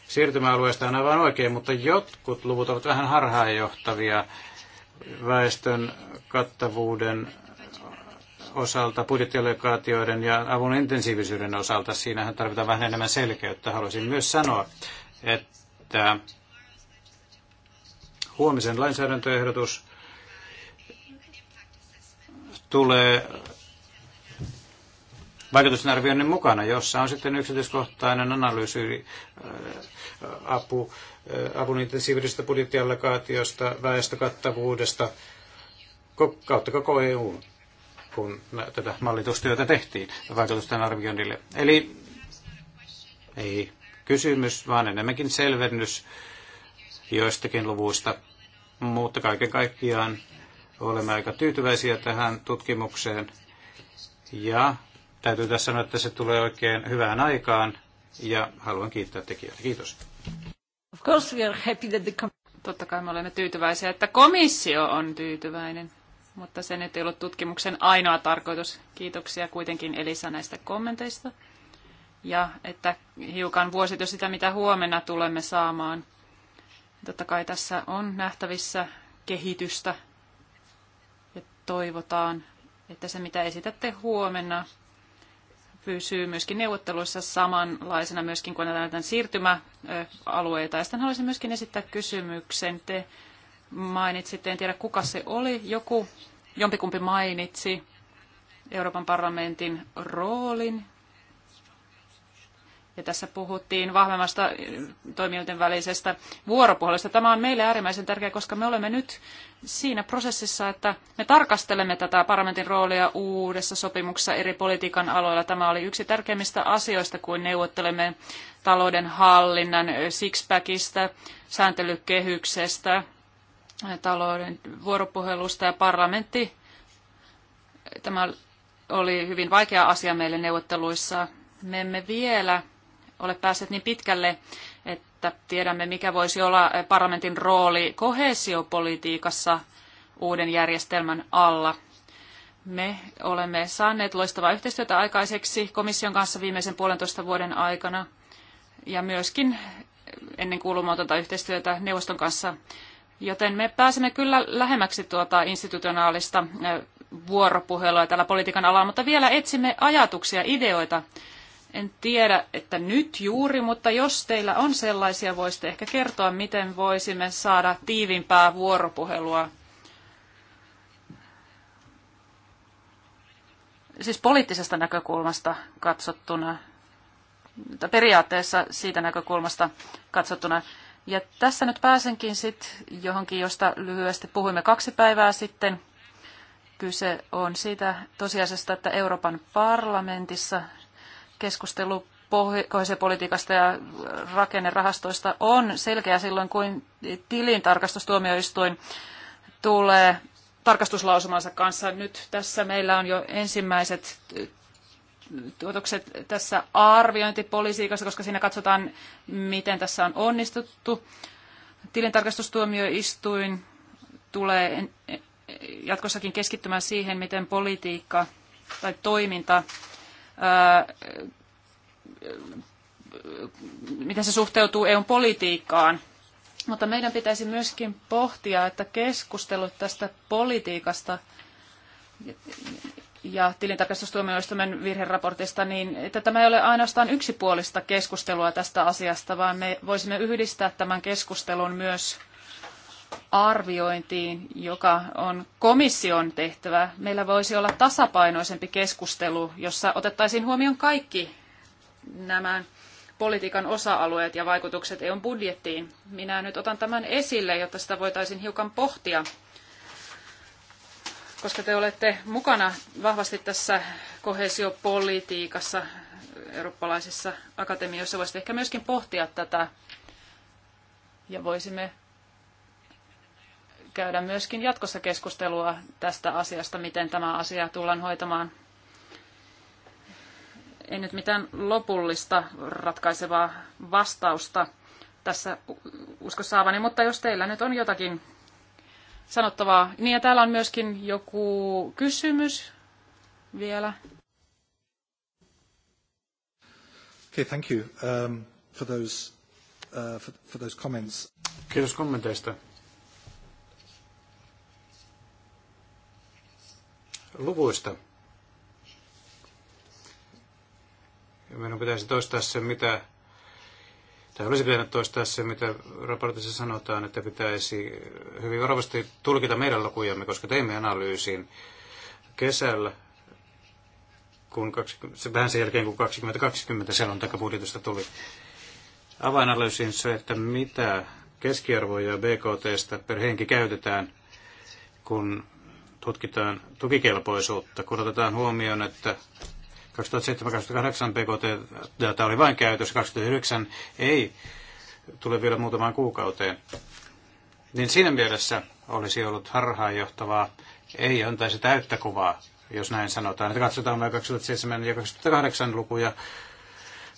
siirtymäalueesta on aivan oikein, mutta jotkut luvut ovat vähän harhaanjohtavia. johtavia väestön kattavuuden osalta, budjettiallokaatioiden ja avun intensiivisyyden osalta. Siinähän tarvitaan vähän enemmän selkeyttä. Haluaisin myös sanoa, että huomisen lainsäädäntöehdotus tulee vaikutusarvioinnin mukana, jossa on sitten yksityiskohtainen analyysi, apu, avun intensiivisestä budjettiallokaatiosta, väestökattavuudesta kautta koko EU, kun tätä mallitustyötä tehtiin vaikutusten arvioinnille. Eli ei kysymys, vaan enemmänkin selvennys joistakin luvuista, mutta kaiken kaikkiaan olemme aika tyytyväisiä tähän tutkimukseen ja Täytyy tässä sanoa, että se tulee oikein hyvään aikaan ja haluan kiittää tekijöitä. Kiitos. Of course we are happy that the... Totta kai me olemme tyytyväisiä, että komissio on tyytyväinen, mutta se nyt ei ollut tutkimuksen ainoa tarkoitus. Kiitoksia kuitenkin Elisa näistä kommenteista ja että hiukan vuosit jo sitä, mitä huomenna tulemme saamaan. Totta kai tässä on nähtävissä kehitystä ja toivotaan, että se mitä esitätte huomenna pysyy myöskin neuvotteluissa samanlaisena myöskin kun näitä siirtymäalueita. Ja sitten haluaisin myöskin esittää kysymyksen. Te mainitsitte, en tiedä kuka se oli, joku, jompikumpi mainitsi Euroopan parlamentin roolin ja tässä puhuttiin vahvemmasta eh, toimijoiden välisestä vuoropuhelusta. Tämä on meille äärimmäisen tärkeää, koska me olemme nyt siinä prosessissa, että me tarkastelemme tätä parlamentin roolia uudessa sopimuksessa eri politiikan aloilla. Tämä oli yksi tärkeimmistä asioista, kun neuvottelemme talouden hallinnan eh, sixpackista, sääntelykehyksestä, eh, talouden vuoropuhelusta ja parlamentti. Tämä oli hyvin vaikea asia meille neuvotteluissa. Me emme vielä ole päässeet niin pitkälle, että tiedämme, mikä voisi olla parlamentin rooli kohesiopolitiikassa uuden järjestelmän alla. Me olemme saaneet loistavaa yhteistyötä aikaiseksi komission kanssa viimeisen puolentoista vuoden aikana ja myöskin ennen kuulumatonta yhteistyötä neuvoston kanssa, joten me pääsemme kyllä lähemmäksi tuota institutionaalista vuoropuhelua tällä politiikan alalla, mutta vielä etsimme ajatuksia, ideoita, en tiedä, että nyt juuri, mutta jos teillä on sellaisia, voisitte ehkä kertoa, miten voisimme saada tiivimpää vuoropuhelua. Siis poliittisesta näkökulmasta katsottuna, tai periaatteessa siitä näkökulmasta katsottuna. Ja tässä nyt pääsenkin sitten johonkin, josta lyhyesti puhuimme kaksi päivää sitten. Kyse on siitä tosiasiasta, että Euroopan parlamentissa keskustelu pohjoisen politiikasta ja rakennerahastoista on selkeä silloin, kun tilintarkastustuomioistuin tulee tarkastuslausumansa kanssa. Nyt tässä meillä on jo ensimmäiset tuotokset tässä arviointipolitiikassa, koska siinä katsotaan, miten tässä on onnistuttu. Tilintarkastustuomioistuin tulee e- jatkossakin keskittymään siihen, miten politiikka tai toiminta miten se suhteutuu EUn politiikkaan. Mutta meidän pitäisi myöskin pohtia, että keskustelut tästä politiikasta ja tilintarkastustuomioistuimen virheraportista, niin että tämä ei ole ainoastaan yksipuolista keskustelua tästä asiasta, vaan me voisimme yhdistää tämän keskustelun myös arviointiin, joka on komission tehtävä, meillä voisi olla tasapainoisempi keskustelu, jossa otettaisiin huomioon kaikki nämä politiikan osa-alueet ja vaikutukset EUn budjettiin. Minä nyt otan tämän esille, jotta sitä voitaisiin hiukan pohtia, koska te olette mukana vahvasti tässä kohesiopolitiikassa eurooppalaisissa akatemioissa. Voisitte ehkä myöskin pohtia tätä ja voisimme käydä myöskin jatkossa keskustelua tästä asiasta, miten tämä asia tullaan hoitamaan. Ei nyt mitään lopullista ratkaisevaa vastausta tässä usko saavani, mutta jos teillä nyt on jotakin sanottavaa. Niin ja täällä on myöskin joku kysymys vielä. Okay, thank you um, for those, uh, for, for those comments. Kiitos kommenteista. luvuista. meidän pitäisi toistaa se, mitä, tai olisi pitänyt toistaa se, mitä raportissa sanotaan, että pitäisi hyvin varovasti tulkita meidän lukujamme, koska teimme analyysin kesällä kun 20, se vähän sen jälkeen, kun 2020 budjetista tuli. Avainanalyysin se, että mitä keskiarvoja BKTstä per henki käytetään, kun tutkitaan tukikelpoisuutta, kun otetaan huomioon, että 2007-2008 PKT-data oli vain käytössä, 2009 ei tule vielä muutamaan kuukauteen. Niin siinä mielessä olisi ollut harhaanjohtavaa, ei antaisi täyttä kuvaa, jos näin sanotaan. Että katsotaan vain 2007 ja 2008 lukuja,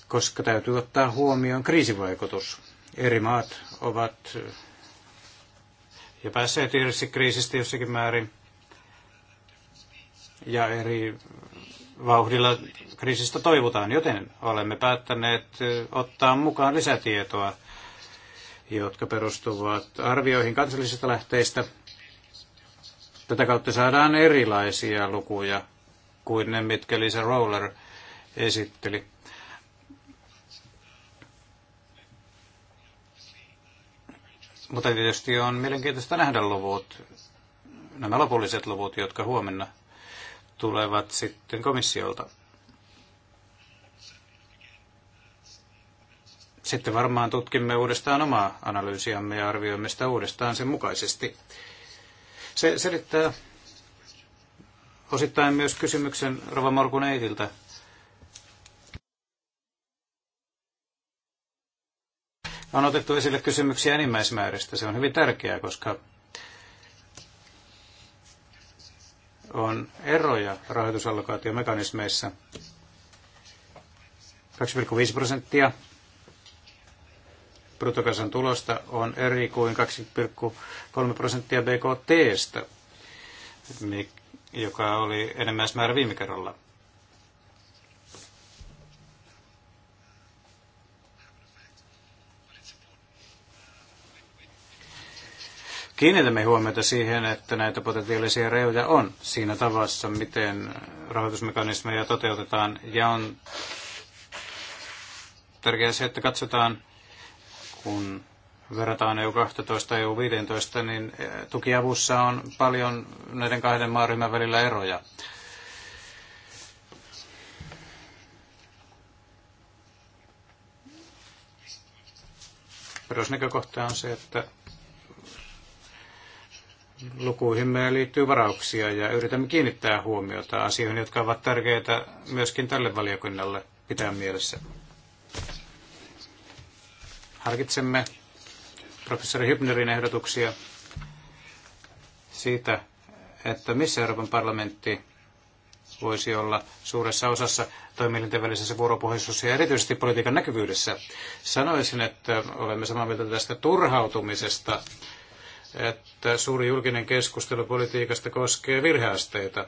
koska täytyy ottaa huomioon kriisivaikutus. Eri maat ovat jo päässeet irsi kriisistä jossakin määrin ja eri vauhdilla kriisistä toivotaan, joten olemme päättäneet ottaa mukaan lisätietoa, jotka perustuvat arvioihin kansallisista lähteistä. Tätä kautta saadaan erilaisia lukuja kuin ne, mitkä Lisa Roller esitteli. Mutta tietysti on mielenkiintoista nähdä luvut, nämä lopulliset luvut, jotka huomenna tulevat sitten komissiolta. Sitten varmaan tutkimme uudestaan omaa analyysiamme ja arvioimme sitä uudestaan sen mukaisesti. Se selittää osittain myös kysymyksen Rova Morkun eitiltä. On otettu esille kysymyksiä enimmäismääristä. Se on hyvin tärkeää, koska on eroja rahoitusallokaatiomekanismeissa. 2,5 prosenttia bruttokansan tulosta on eri kuin 2,3 prosenttia BKTstä, joka oli enemmän määrä viime kerralla. kiinnitämme huomiota siihen, että näitä potentiaalisia rajoja on siinä tavassa, miten rahoitusmekanismeja toteutetaan. Ja on tärkeää se, että katsotaan, kun verrataan EU-12 ja EU-15, niin eh, tukiavussa on paljon näiden kahden maaryhmän välillä eroja. Perusnäkökohta on se, että lukuihimme liittyy varauksia ja yritämme kiinnittää huomiota asioihin, jotka ovat tärkeitä myöskin tälle valiokunnalle pitää mielessä. Harkitsemme professori Hybnerin ehdotuksia siitä, että missä Euroopan parlamentti voisi olla suuressa osassa toimielinten välisessä vuoropuhelussa ja erityisesti politiikan näkyvyydessä. Sanoisin, että olemme samaa mieltä tästä turhautumisesta että suuri julkinen keskustelu politiikasta koskee virheasteita.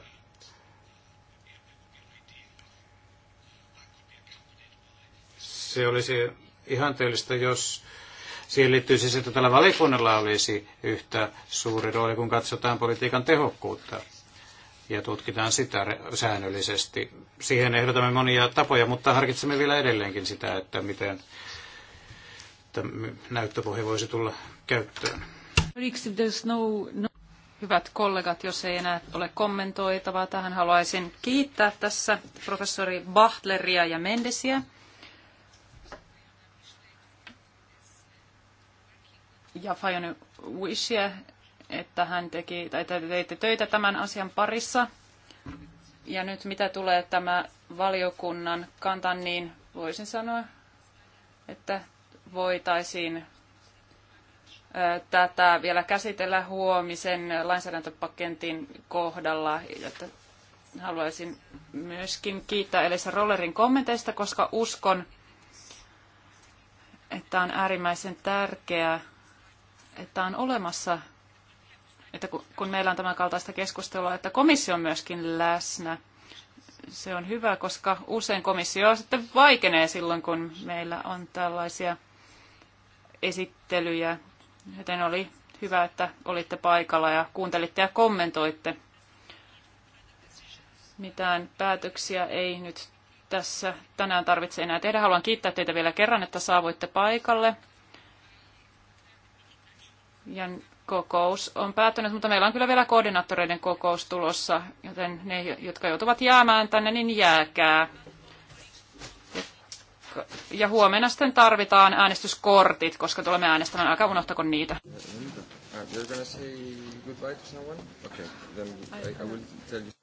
Se olisi ihanteellista, jos siihen liittyisi se, että tällä valikunnalla olisi yhtä suuri rooli, kun katsotaan politiikan tehokkuutta ja tutkitaan sitä säännöllisesti. Siihen ehdotamme monia tapoja, mutta harkitsemme vielä edelleenkin sitä, että miten että näyttöpohja voisi tulla käyttöön. No, no. Hyvät kollegat, jos ei enää ole kommentoitavaa, tähän haluaisin kiittää tässä professori Bachtleria ja Mendesiä. Ja Fajon Wishia, että hän teki, tai te teitte töitä tämän asian parissa. Ja nyt mitä tulee tämä valiokunnan kanta, niin voisin sanoa, että voitaisiin tätä vielä käsitellä huomisen lainsäädäntöpaketin kohdalla. Haluaisin myöskin kiittää Elisa Rollerin kommenteista, koska uskon, että on äärimmäisen tärkeää, että on olemassa, että kun meillä on tämän kaltaista keskustelua, että komissio on myöskin läsnä. Se on hyvä, koska usein komissio sitten vaikenee silloin, kun meillä on tällaisia esittelyjä joten oli hyvä, että olitte paikalla ja kuuntelitte ja kommentoitte. Mitään päätöksiä ei nyt tässä tänään tarvitse enää tehdä. Haluan kiittää teitä vielä kerran, että saavuitte paikalle. Ja kokous on päättynyt, mutta meillä on kyllä vielä koordinaattoreiden kokous tulossa, joten ne, jotka joutuvat jäämään tänne, niin jääkää ja huomenna sitten tarvitaan äänestyskortit, koska tulemme äänestämään, älkää unohtako niitä. Uh, you're gonna say goodbye to someone? Okay, then I, I will tell you.